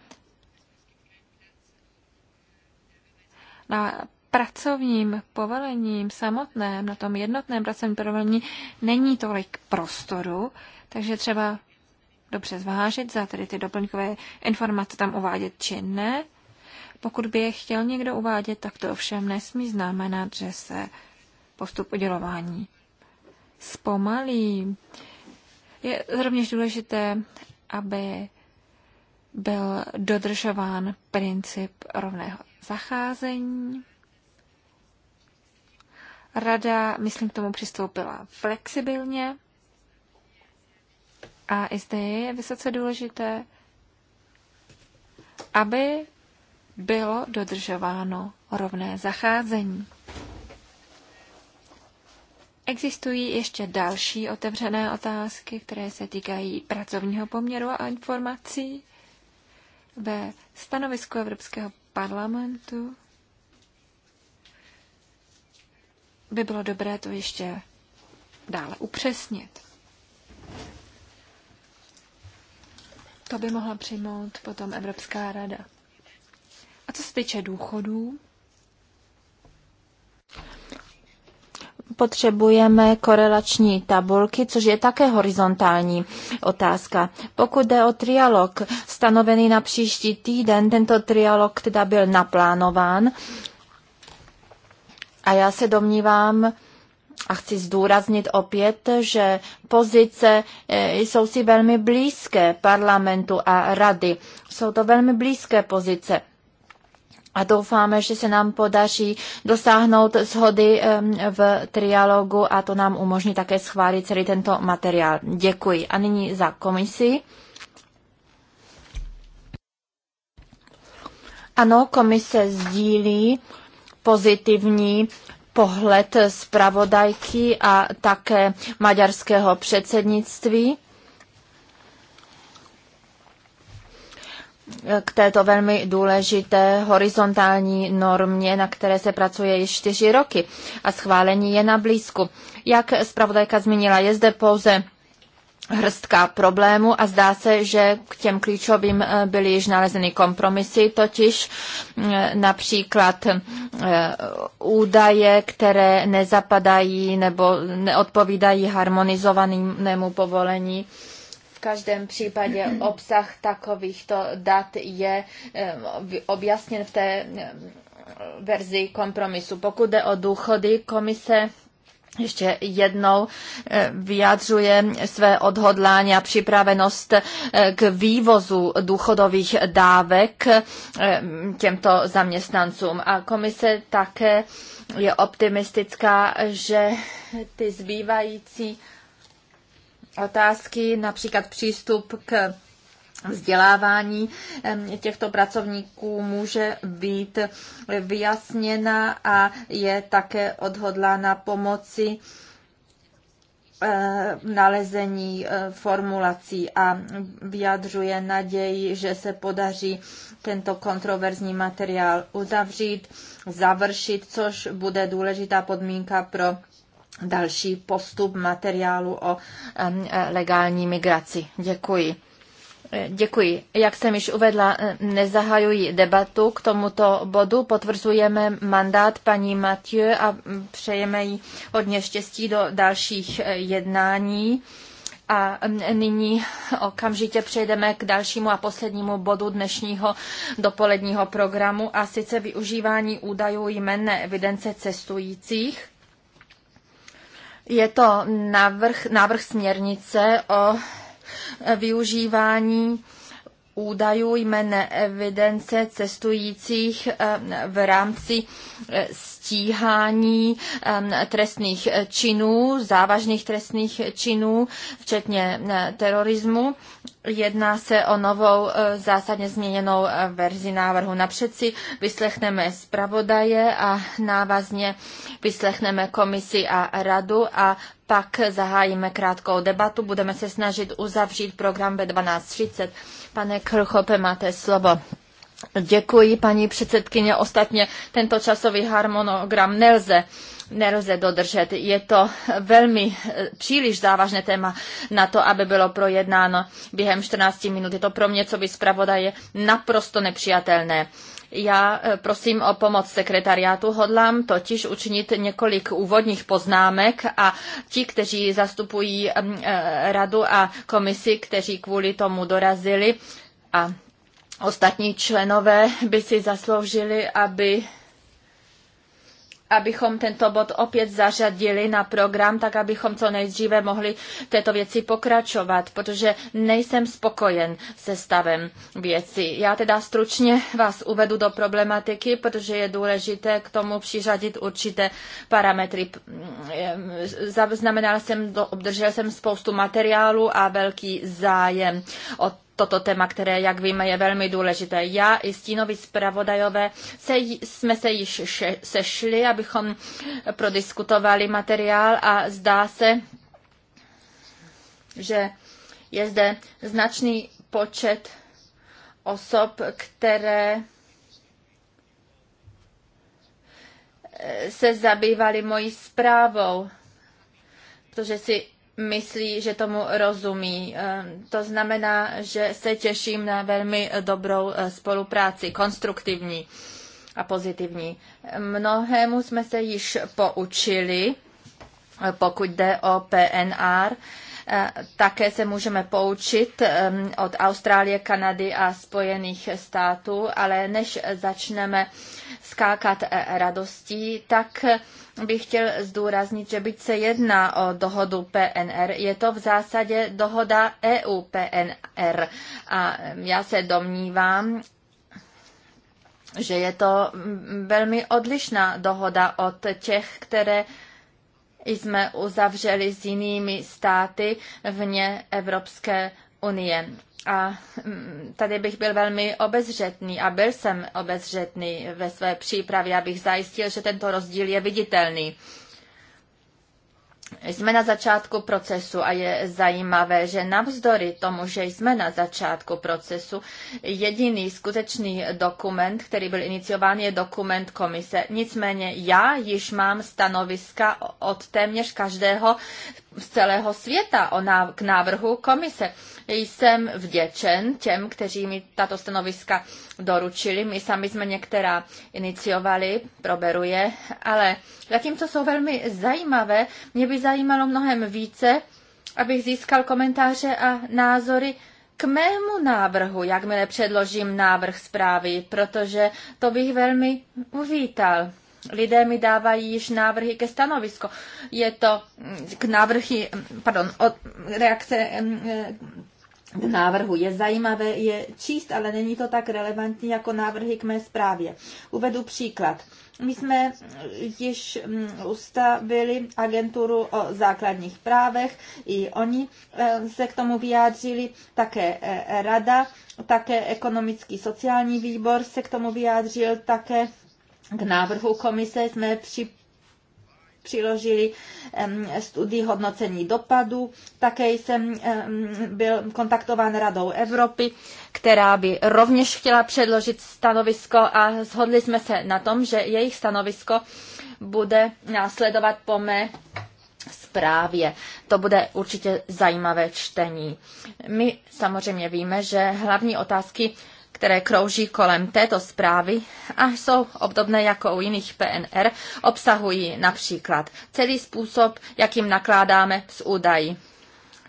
Na pracovním povolením, samotném, na tom jednotném pracovním povolení není tolik prostoru, takže třeba dobře zvážit, za tedy ty doplňkové informace tam uvádět či ne. Pokud by je chtěl někdo uvádět, tak to ovšem nesmí znamenat, že se postup udělování zpomalí. Je rovněž důležité, aby byl dodržován princip rovného zacházení. Rada, myslím, k tomu přistoupila flexibilně. A i zde je vysoce důležité, aby bylo dodržováno rovné zacházení. Existují ještě další otevřené otázky, které se týkají pracovního poměru a informací. Ve stanovisku Evropského parlamentu by bylo dobré to ještě dále upřesnit. To by mohla přijmout potom Evropská rada. A co se týče důchodů, potřebujeme korelační tabulky, což je také horizontální otázka. Pokud jde o trialog stanovený na příští týden, tento trialog teda byl naplánován a já se domnívám, a chci zdůraznit opět, že pozice e, jsou si velmi blízké parlamentu a rady. Jsou to velmi blízké pozice a doufáme, že se nám podaří dosáhnout shody v trialogu a to nám umožní také schválit celý tento materiál. Děkuji. A nyní za komisi. Ano, komise sdílí pozitivní pohled zpravodajky a také maďarského předsednictví k této velmi důležité horizontální normě, na které se pracuje již čtyři roky a schválení je na blízku. Jak zpravodajka zmínila, je zde pouze hrstka problémů a zdá se, že k těm klíčovým eh, byly již nalezeny kompromisy, totiž eh, například eh, údaje, které nezapadají nebo neodpovídají harmonizovanému povolení. V každém případě obsah takovýchto dat je objasněn v té verzi kompromisu. Pokud jde o důchody, komise ještě jednou eh, vyjadřuje své odhodlání a připravenost eh, k vývozu důchodových dávek eh, těmto zaměstnancům. A komise také je optimistická, že ty zbývající otázky, například přístup k vzdělávání těchto pracovníků může být vyjasněna a je také odhodlána pomoci eh, nalezení eh, formulací a vyjadřuje naději, že se podaří tento kontroverzní materiál uzavřít, završit, což bude důležitá podmínka pro další postup materiálu o eh, legální migraci. Děkuji. Děkuji. Jak jsem již uvedla, nezahajuji debatu k tomuto bodu. Potvrzujeme mandát paní Mathieu a přejeme jí hodně štěstí do dalších eh, jednání. A mm, nyní okamžitě přejdeme k dalšímu a poslednímu bodu dnešního dopoledního programu a sice využívání údajů jmenné evidence cestujících. Je to návrh, návrh směrnice o využívání údajů jméne evidence cestujících eh, v rámci eh, stíhání trestných činů, závažných trestných činů, včetně terorismu. Jedná se o novou e, zásadně změněnou e, verzi návrhu. Napřed si vyslechneme zpravodaje a návazně vyslechneme komisi a radu a pak zahájíme krátkou debatu. Budeme se snažit uzavřít program ve 12.30. Pane Krchope, máte slovo. Děkuji, paní předsedkyně. Ostatně tento časový harmonogram nelze nelze dodržet. Je to velmi eh, příliš závažné téma na to, aby bylo projednáno během 14 minut. Je to pro mě, co by zpravodaje, naprosto nepřijatelné. Já eh, prosím o pomoc sekretariátu, hodlám totiž učinit několik úvodních poznámek a ti, kteří zastupují mm, eh, radu a komisi, kteří kvůli tomu dorazili a ostatní členové by si zasloužili, aby abychom tento bod opět zařadili na program, tak abychom co nejdříve mohli této věci pokračovat, protože nejsem spokojen se stavem věci. Já teda stručně vás uvedu do problematiky, protože je důležité k tomu přiřadit určité parametry. Zaznamenal jsem, obdržel jsem spoustu materiálu a velký zájem o toto téma, které, jak víme, je velmi důležité. Já i stínovi zpravodajové se, jsme se již še, sešli, abychom prodiskutovali materiál a zdá se, že je zde značný počet osob, které eh, se zabývali mojí zprávou, protože si myslí, že tomu rozumí. Eh, to znamená, že se těším na velmi dobrou eh, spolupráci, konstruktivní a pozitivní. Mnohému jsme se již poučili, eh, pokud jde o PNR. Také se můžeme poučit od Austrálie, Kanady a Spojených států, ale než začneme skákat radostí, tak bych chtěl zdůraznit, že byť se jedná o dohodu PNR, je to v zásadě dohoda EU-PNR. A já se domnívám, že je to mm, velmi odlišná dohoda od těch, které jsme uzavřeli s jinými státy vně Evropské unie. A mm, tady bych byl velmi obezřetný a byl jsem obezřetný ve své přípravě, abych zajistil, že tento rozdíl je viditelný jsme na začátku procesu a je zajímavé, že navzdory tomu, že jsme na začátku procesu, jediný skutečný dokument, který byl iniciován, je dokument komise. Nicméně já již mám stanoviska od téměř každého z celého světa o náv- k návrhu komise. Jsem vděčen těm, kteří mi tato stanoviska doručili. My sami jsme některá iniciovali, proberu je, ale zatímco jsou velmi zajímavé, mě by by zajímalo mnohem více, abych získal komentáře a názory k mému návrhu, jakmile předložím návrh zprávy, protože to bych velmi uvítal. Lidé mi dávají již návrhy ke stanovisko. Je to mm, k návrhy, mm, pardon, od reakce mm, návrhu. Je zajímavé je číst, ale není to tak relevantní jako návrhy k mé zprávě. Uvedu příklad. My jsme již mm, ustavili agenturu o základních právech, i oni e, se k tomu vyjádřili, také e, rada, také ekonomický sociální výbor se k tomu vyjádřil, také k návrhu komise jsme připravili přiložili studii hodnocení dopadu. Také jsem byl kontaktován Radou Evropy, která by rovněž chtěla předložit stanovisko a shodli jsme se na tom, že jejich stanovisko bude následovat po mé zprávě. To bude určitě zajímavé čtení. My samozřejmě víme, že hlavní otázky které krouží kolem této zprávy a jsou obdobné jako u jiných PNR, obsahují například celý způsob, jakým nakládáme s údaji.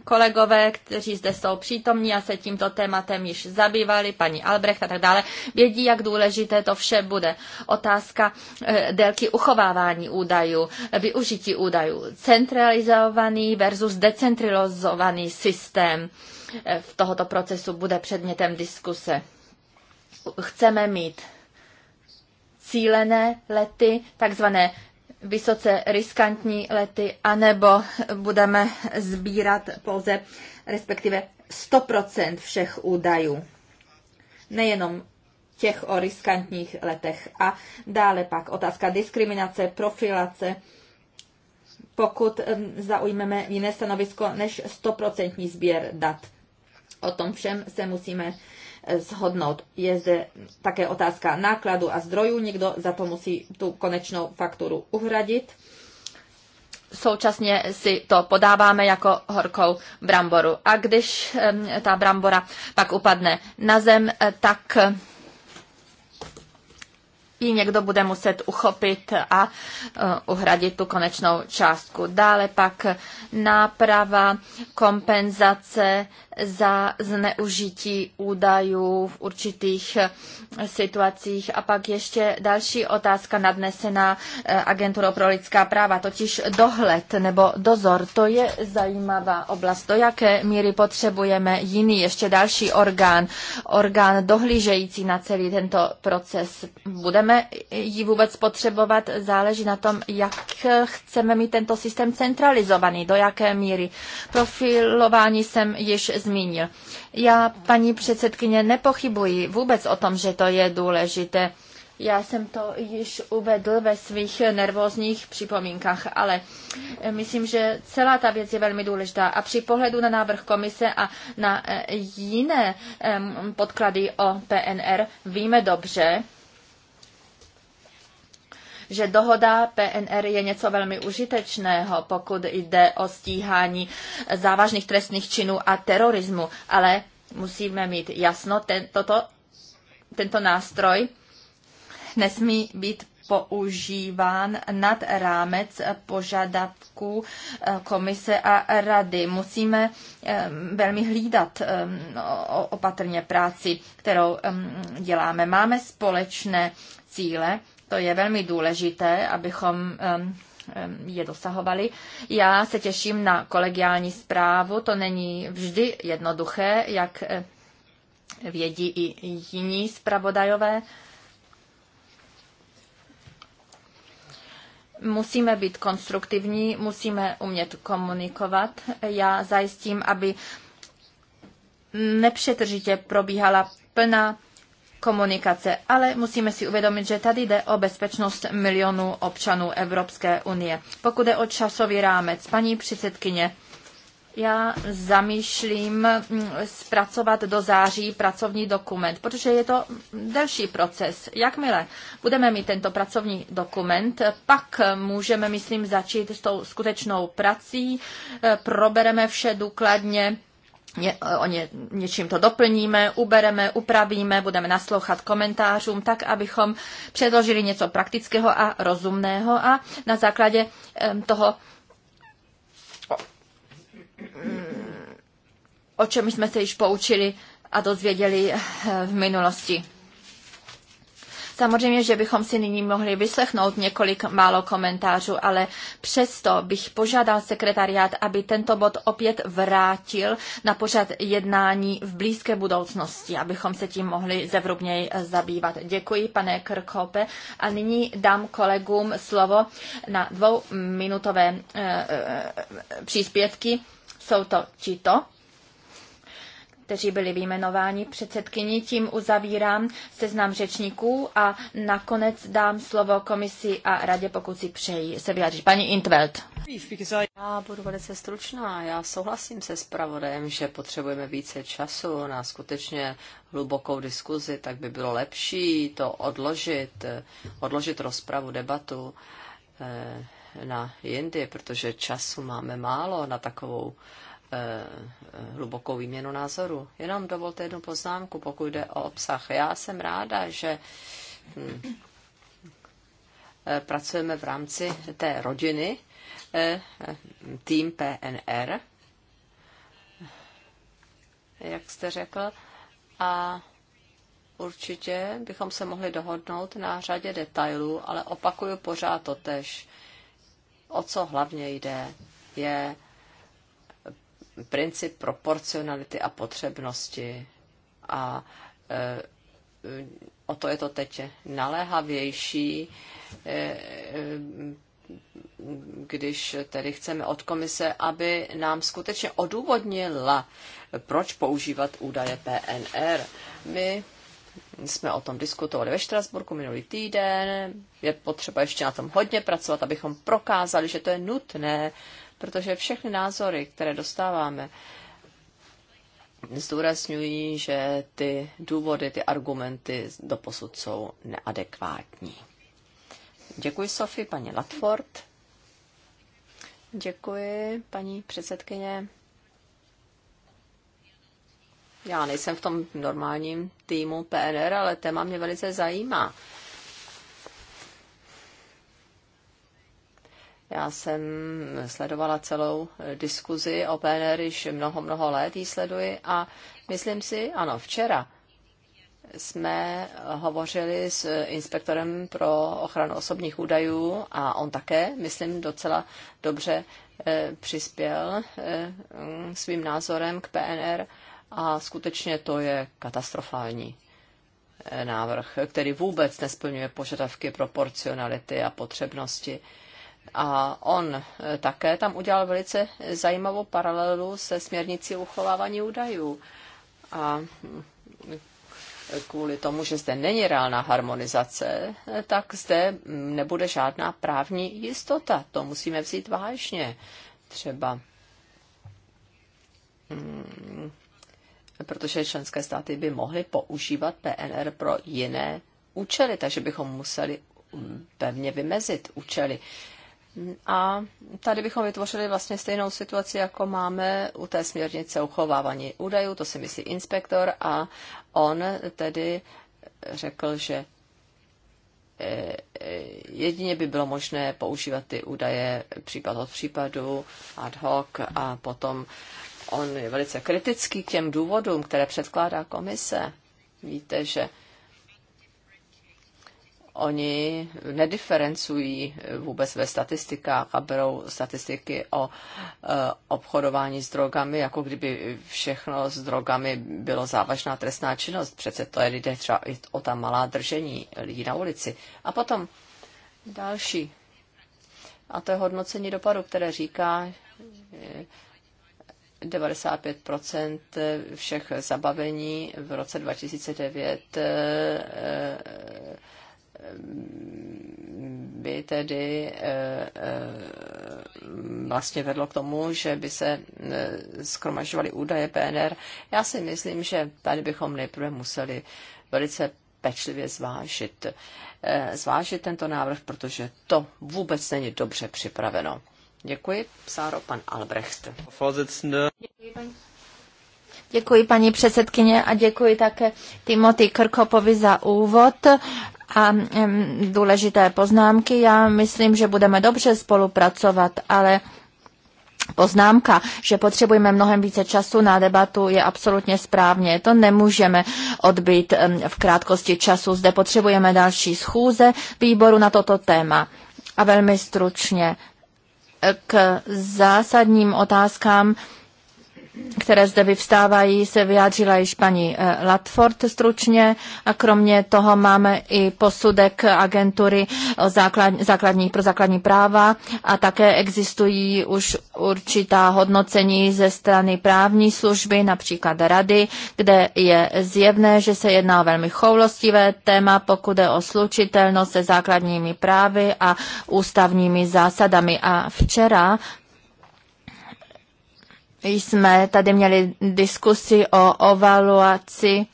Kolegové, kteří zde jsou přítomní a se tímto tématem již zabývali, paní Albrecht a tak dále, vědí, jak důležité to vše bude. Otázka eh, délky uchovávání údajů, využití údajů, centralizovaný versus decentralizovaný systém eh, v tohoto procesu bude předmětem diskuse chceme mít cílené lety, takzvané vysoce riskantní lety, anebo budeme sbírat pouze, respektive 100% všech údajů. Nejenom těch o riskantních letech. A dále pak otázka diskriminace, profilace, pokud zaujmeme jiné stanovisko než 100% sběr dat. O tom všem se musíme zhodnout. Je zde také otázka nákladu a zdrojů. Někdo za to musí tu konečnou fakturu uhradit. Současně si to podáváme jako horkou bramboru. A když ta brambora pak upadne na zem, eh, tak ji někdo bude muset uchopit a eh, uhradit tu konečnou částku. Dále pak náprava, kompenzace za zneužití údajů v určitých eh, situacích a pak ještě další otázka nadnesená eh, agenturou pro lidská práva, totiž dohled nebo dozor. To je zajímavá oblast. Do jaké míry potřebujeme jiný, ještě další orgán, orgán dohlížející na celý tento proces. Budeme budeme ji vůbec potřebovat, záleží na tom, jak chceme mít tento systém centralizovaný, do jaké míry. Profilování jsem již zmínil. Já, paní předsedkyně, nepochybuji vůbec o tom, že to je důležité. Já jsem to již uvedl ve svých nervózních připomínkách, ale eh, myslím, že celá ta věc je velmi důležitá. A při pohledu na návrh komise a na eh, jiné podklady o PNR víme dobře, že dohoda PNR je něco velmi užitečného, pokud jde o stíhání závažných trestných činů a terorismu, ale musíme mít jasno, ten, toto, tento nástroj nesmí být používán nad rámec požadavků eh, komise a rady. Musíme eh, velmi hlídat eh, opatrně práci, kterou děláme. Máme společné cíle to je velmi důležité, abychom um, um, je dosahovali. Já se těším na kolegiální zprávu. To není vždy jednoduché, jak eh, vědí i jiní zpravodajové. Musíme být konstruktivní, musíme umět komunikovat. Já zajistím, aby nepřetržitě probíhala plná komunikace, ale musíme si uvědomit, že tady jde o bezpečnost milionů občanů Evropské unie. Pokud jde o časový rámec, paní předsedkyně, já zamýšlím mm, zpracovat do září pracovní dokument, protože je to delší proces. Jakmile budeme mít tento pracovní dokument, pak můžeme, myslím, začít s tou skutečnou prací, e, probereme vše důkladně ně, o ně, něčím to doplníme, ubereme, upravíme, budeme naslouchat komentářům, tak abychom předložili něco praktického a rozumného a na základě toho, o čem jsme se již poučili a dozvěděli eh, v minulosti. Samozřejmě, že bychom si nyní mohli vyslechnout několik málo komentářů, ale přesto bych požádal sekretariát, aby tento bod opět vrátil na pořad jednání v blízké budoucnosti, abychom se tím mohli zevrubněji eh, zabývat. Děkuji, pane Krkope. A nyní dám kolegům slovo na dvouminutové e, e, příspěvky. Jsou to tito kteří byli vyjmenováni předsedkyní. Tím uzavírám seznam řečníků a nakonec dám slovo komisi a radě, pokud si přejí se vyjádřit. Paní Intveld. Já budu velice stručná. Já souhlasím se zpravodajem, že potřebujeme více času na skutečně hlubokou diskuzi, tak by bylo lepší to odložit, odložit rozpravu, debatu eh, na jindy, protože času máme málo na takovou Eh, hlubokou výměnu názoru. Jenom dovolte jednu poznámku, pokud jde o obsah. Já jsem ráda, že hm, eh, pracujeme v rámci té rodiny, eh, tým PNR, jak jste řekl, a určitě bychom se mohli dohodnout na řadě detailů, ale opakuju pořád to tež. O co hlavně jde, je princip proporcionality a potřebnosti. A e, o to je to teď naléhavější, e, e, když tedy chceme od komise, aby nám skutečně odůvodnila, proč používat údaje PNR. My jsme o tom diskutovali ve Štrasburku minulý týden. Je potřeba ještě na tom hodně pracovat, abychom prokázali, že to je nutné protože všechny názory, které dostáváme, zdůrazňují, že ty důvody, ty argumenty doposud jsou neadekvátní. Děkuji, Sofie, paní Latford. Děkuji, paní předsedkyně. Já nejsem v tom normálním týmu PNR, ale téma mě velice zajímá. Já jsem sledovala celou diskuzi o PNR již mnoho, mnoho let ji sleduji a myslím si, ano, včera jsme hovořili s inspektorem pro ochranu osobních údajů a on také, myslím, docela dobře eh, přispěl eh, svým názorem k PNR a skutečně to je katastrofální eh, návrh, který vůbec nesplňuje požadavky proporcionality a potřebnosti a on eh, také tam udělal velice zajímavou paralelu se směrnicí uchovávání údajů. A hm, kvůli tomu, že zde není reálná harmonizace, tak zde hm, nebude žádná právní jistota. To musíme vzít vážně. Třeba hm, protože členské státy by mohly používat PNR pro jiné účely, takže bychom museli pevně vymezit účely a tady bychom vytvořili vlastně stejnou situaci, jako máme u té směrnice uchovávání údajů, to si myslí inspektor a on tedy řekl, že e, e, jedině by bylo možné používat ty údaje případ od případu, ad hoc a potom on je velice kritický k těm důvodům, které předkládá komise. Víte, že oni nediferencují vůbec ve statistikách a berou statistiky o eh, obchodování s drogami, jako kdyby všechno s drogami bylo závažná trestná činnost. Přece to je lidé třeba i o ta malá držení lidí na ulici. A potom další. A to je hodnocení dopadu, které říká, 95 eh, všech zabavení v roce 2009 by tedy eh, eh, vlastně vedlo k tomu, že by se eh, skromažďovaly údaje PNR. Já si myslím, že tady bychom nejprve museli velice pečlivě zvážit, zvážit tento návrh, protože to vůbec není dobře připraveno. Děkuji, Sáro, pan Albrecht. Děkuji, paní. Děkuji paní předsedkyně a děkuji také Timothy Krkopovi za úvod a důležité poznámky. Já myslím, že budeme dobře spolupracovat, ale poznámka, že potřebujeme mnohem více času na debatu, je absolutně správně. To nemůžeme odbít v krátkosti času. Zde potřebujeme další schůze výboru na toto téma. A velmi stručně e, k zásadním otázkám které zde vyvstávají, se vyjádřila již paní eh, Latford stručně a kromě toho máme i posudek agentury eh, základní, pro základní práva a také existují už určitá hodnocení ze strany právní služby, například rady, kde je zjevné, že se jedná o velmi choulostivé téma, pokud je o slučitelnost se základními právy a ústavními zásadami. A včera jsme tady měli diskusi o evaluaci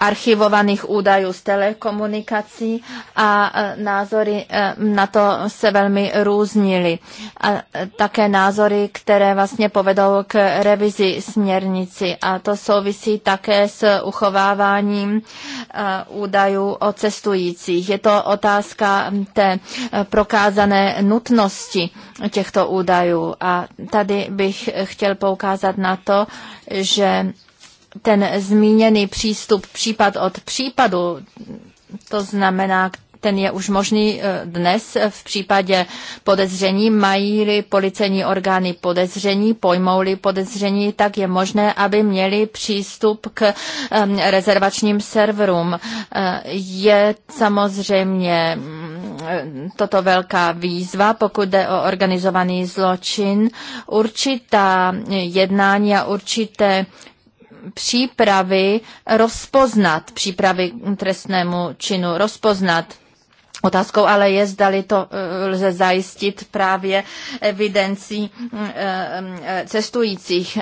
archivovaných údajů z telekomunikací a e, názory e, na to se velmi různily. A e, také názory, které vlastně povedou k revizi směrnici a to souvisí také s uchováváním údajů o cestujících. Je to otázka té prokázané nutnosti těchto údajů a tady bych chtěl poukázat na to, že ten zmíněný přístup případ od případu, to znamená, ten je už možný eh, dnes v případě podezření. Mají-li policejní orgány podezření, pojmou-li podezření, tak je možné, aby měli přístup k ehm, rezervačním serverům. Eh, je samozřejmě mm, toto velká výzva, pokud jde o organizovaný zločin. Určitá jednání a určité přípravy rozpoznat, přípravy trestnému činu rozpoznat Otázkou ale je, zdali to eh, lze zajistit právě evidencí eh, eh, cestujících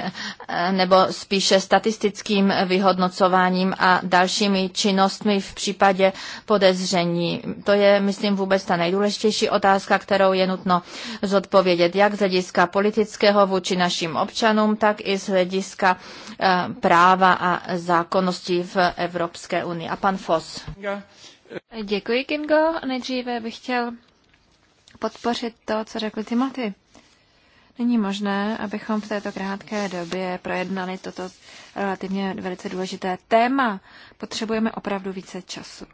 nebo spíše statistickým vyhodnocováním a dalšími činnostmi v případě podezření. To je, myslím, vůbec ta nejdůležitější otázka, kterou je nutno zodpovědět jak z hlediska politického vůči našim občanům, tak i z hlediska práva a zákonnosti v Evropské unii. A pan Foss. Yeah. Děkuji, Kingo. Nejdříve bych chtěl podpořit to, co řekl Timothy. Není možné, abychom v této krátké době projednali toto relativně velice důležité téma. Potřebujeme opravdu více času.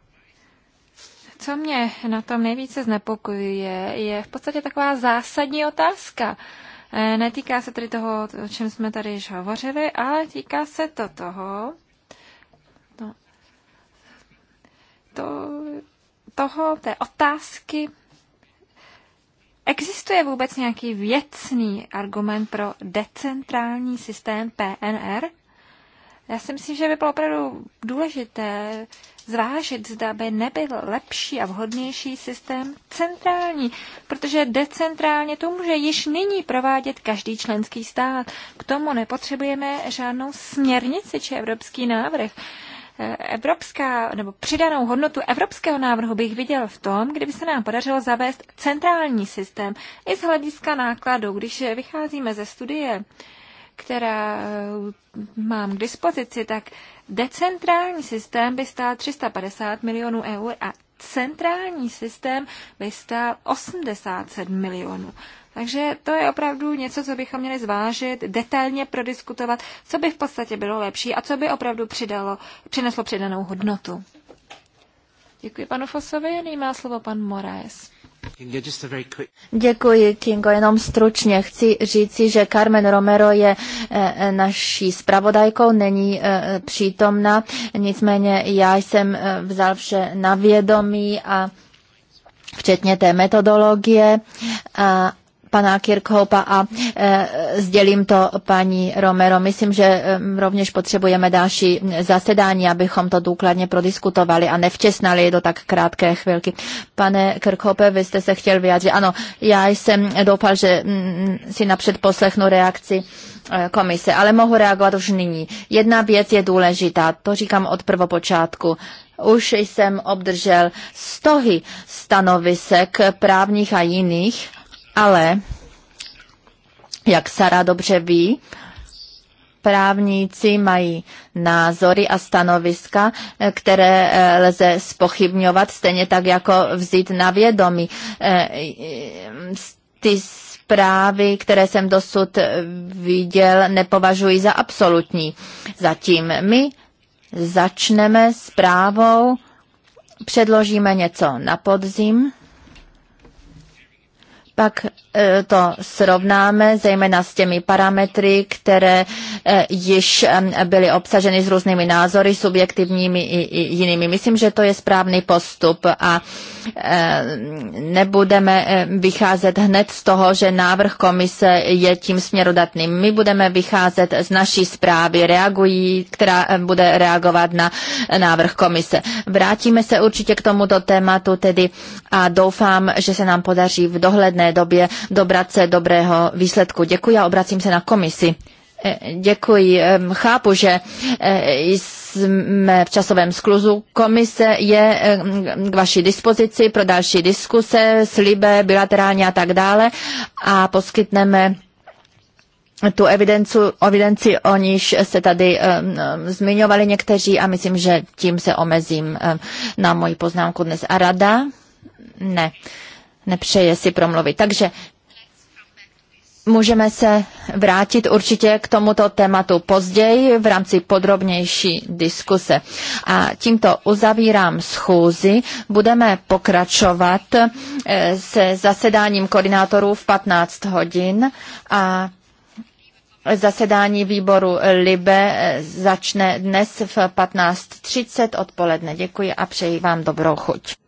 Co mě na tom nejvíce znepokojuje, je v podstatě taková zásadní otázka. E, netýká se tedy toho, o čem jsme tady již hovořili, ale týká se to toho, to, toho, té otázky, existuje vůbec nějaký věcný argument pro decentrální systém PNR? Já si myslím, že by bylo opravdu důležité zvážit, zda by nebyl lepší a vhodnější systém centrální, protože decentrálně to může již nyní provádět každý členský stát. K tomu nepotřebujeme žádnou směrnici či evropský návrh evropská, nebo přidanou hodnotu evropského návrhu bych viděl v tom, kdyby se nám podařilo zavést centrální systém i z hlediska nákladů. Když vycházíme ze studie, která eh, mám k dispozici, tak decentrální systém by stál 350 milionů eur a centrální systém by stál 87 milionů. Takže to je opravdu něco, co bychom měli zvážit, detailně prodiskutovat, co by v podstatě bylo lepší a co by opravdu přidalo, přineslo přidanou hodnotu. Děkuji panu Fosovi a nyní má slovo pan Moraes. Děkuji, Kingo. Jenom stručně chci říci, že Carmen Romero je e, e, naší zpravodajkou, není e, přítomna, nicméně já jsem vzal vše na vědomí a včetně té metodologie a, pana Kirkhopa a e, sdělím to paní Romero. Myslím, že e, rovněž potřebujeme další zasedání, abychom to důkladně prodiskutovali a nevčesnali do tak krátké chvilky. Pane Kirkhope, vy jste se chtěl vyjádřit. Ano, já jsem doufal, že m, mm, si napřed poslechnu reakci e, komise, ale mohu reagovat už nyní. Jedna věc je důležitá, to říkám od prvopočátku už jsem obdržel stohy stanovisek právních a jiných ale, jak Sara dobře ví, právníci mají názory a stanoviska, které eh, lze spochybňovat, stejně tak jako vzít na vědomí. Eh, ty zprávy, které jsem dosud viděl, nepovažuji za absolutní. Zatím my začneme zprávou, předložíme něco na podzim, pak e, to srovnáme zejména s těmi parametry, které e, již e, byly obsaženy s různými názory, subjektivními i jinými. Myslím, že to je správný postup a Eh, nebudeme eh, vycházet hned z toho, že návrh komise je tím směrodatným. My budeme vycházet z naší zprávy, reagují, která eh, bude reagovat na návrh komise. Vrátíme se určitě k tomuto tématu tedy a doufám, že se nám podaří v dohledné době dobrat se dobrého výsledku. Děkuji a obracím se na komisi. Eh, děkuji. Chápu, že eh, jsme v časovém skluzu. Komise je k vaší dispozici pro další diskuse, slibe, bilaterální a tak dále a poskytneme tu evidenci, evidenci o níž se tady um, zmiňovali někteří a myslím, že tím se omezím um, na moji poznámku dnes. A rada? Ne, nepřeje si promluvit. Takže Můžeme se vrátit určitě k tomuto tématu později v rámci podrobnější diskuse. A tímto uzavírám schůzi. Budeme pokračovat eh, se zasedáním koordinátorů v 15 hodin a zasedání výboru LIBE eh, začne dnes v 15.30 odpoledne. Děkuji a přeji vám dobrou chuť.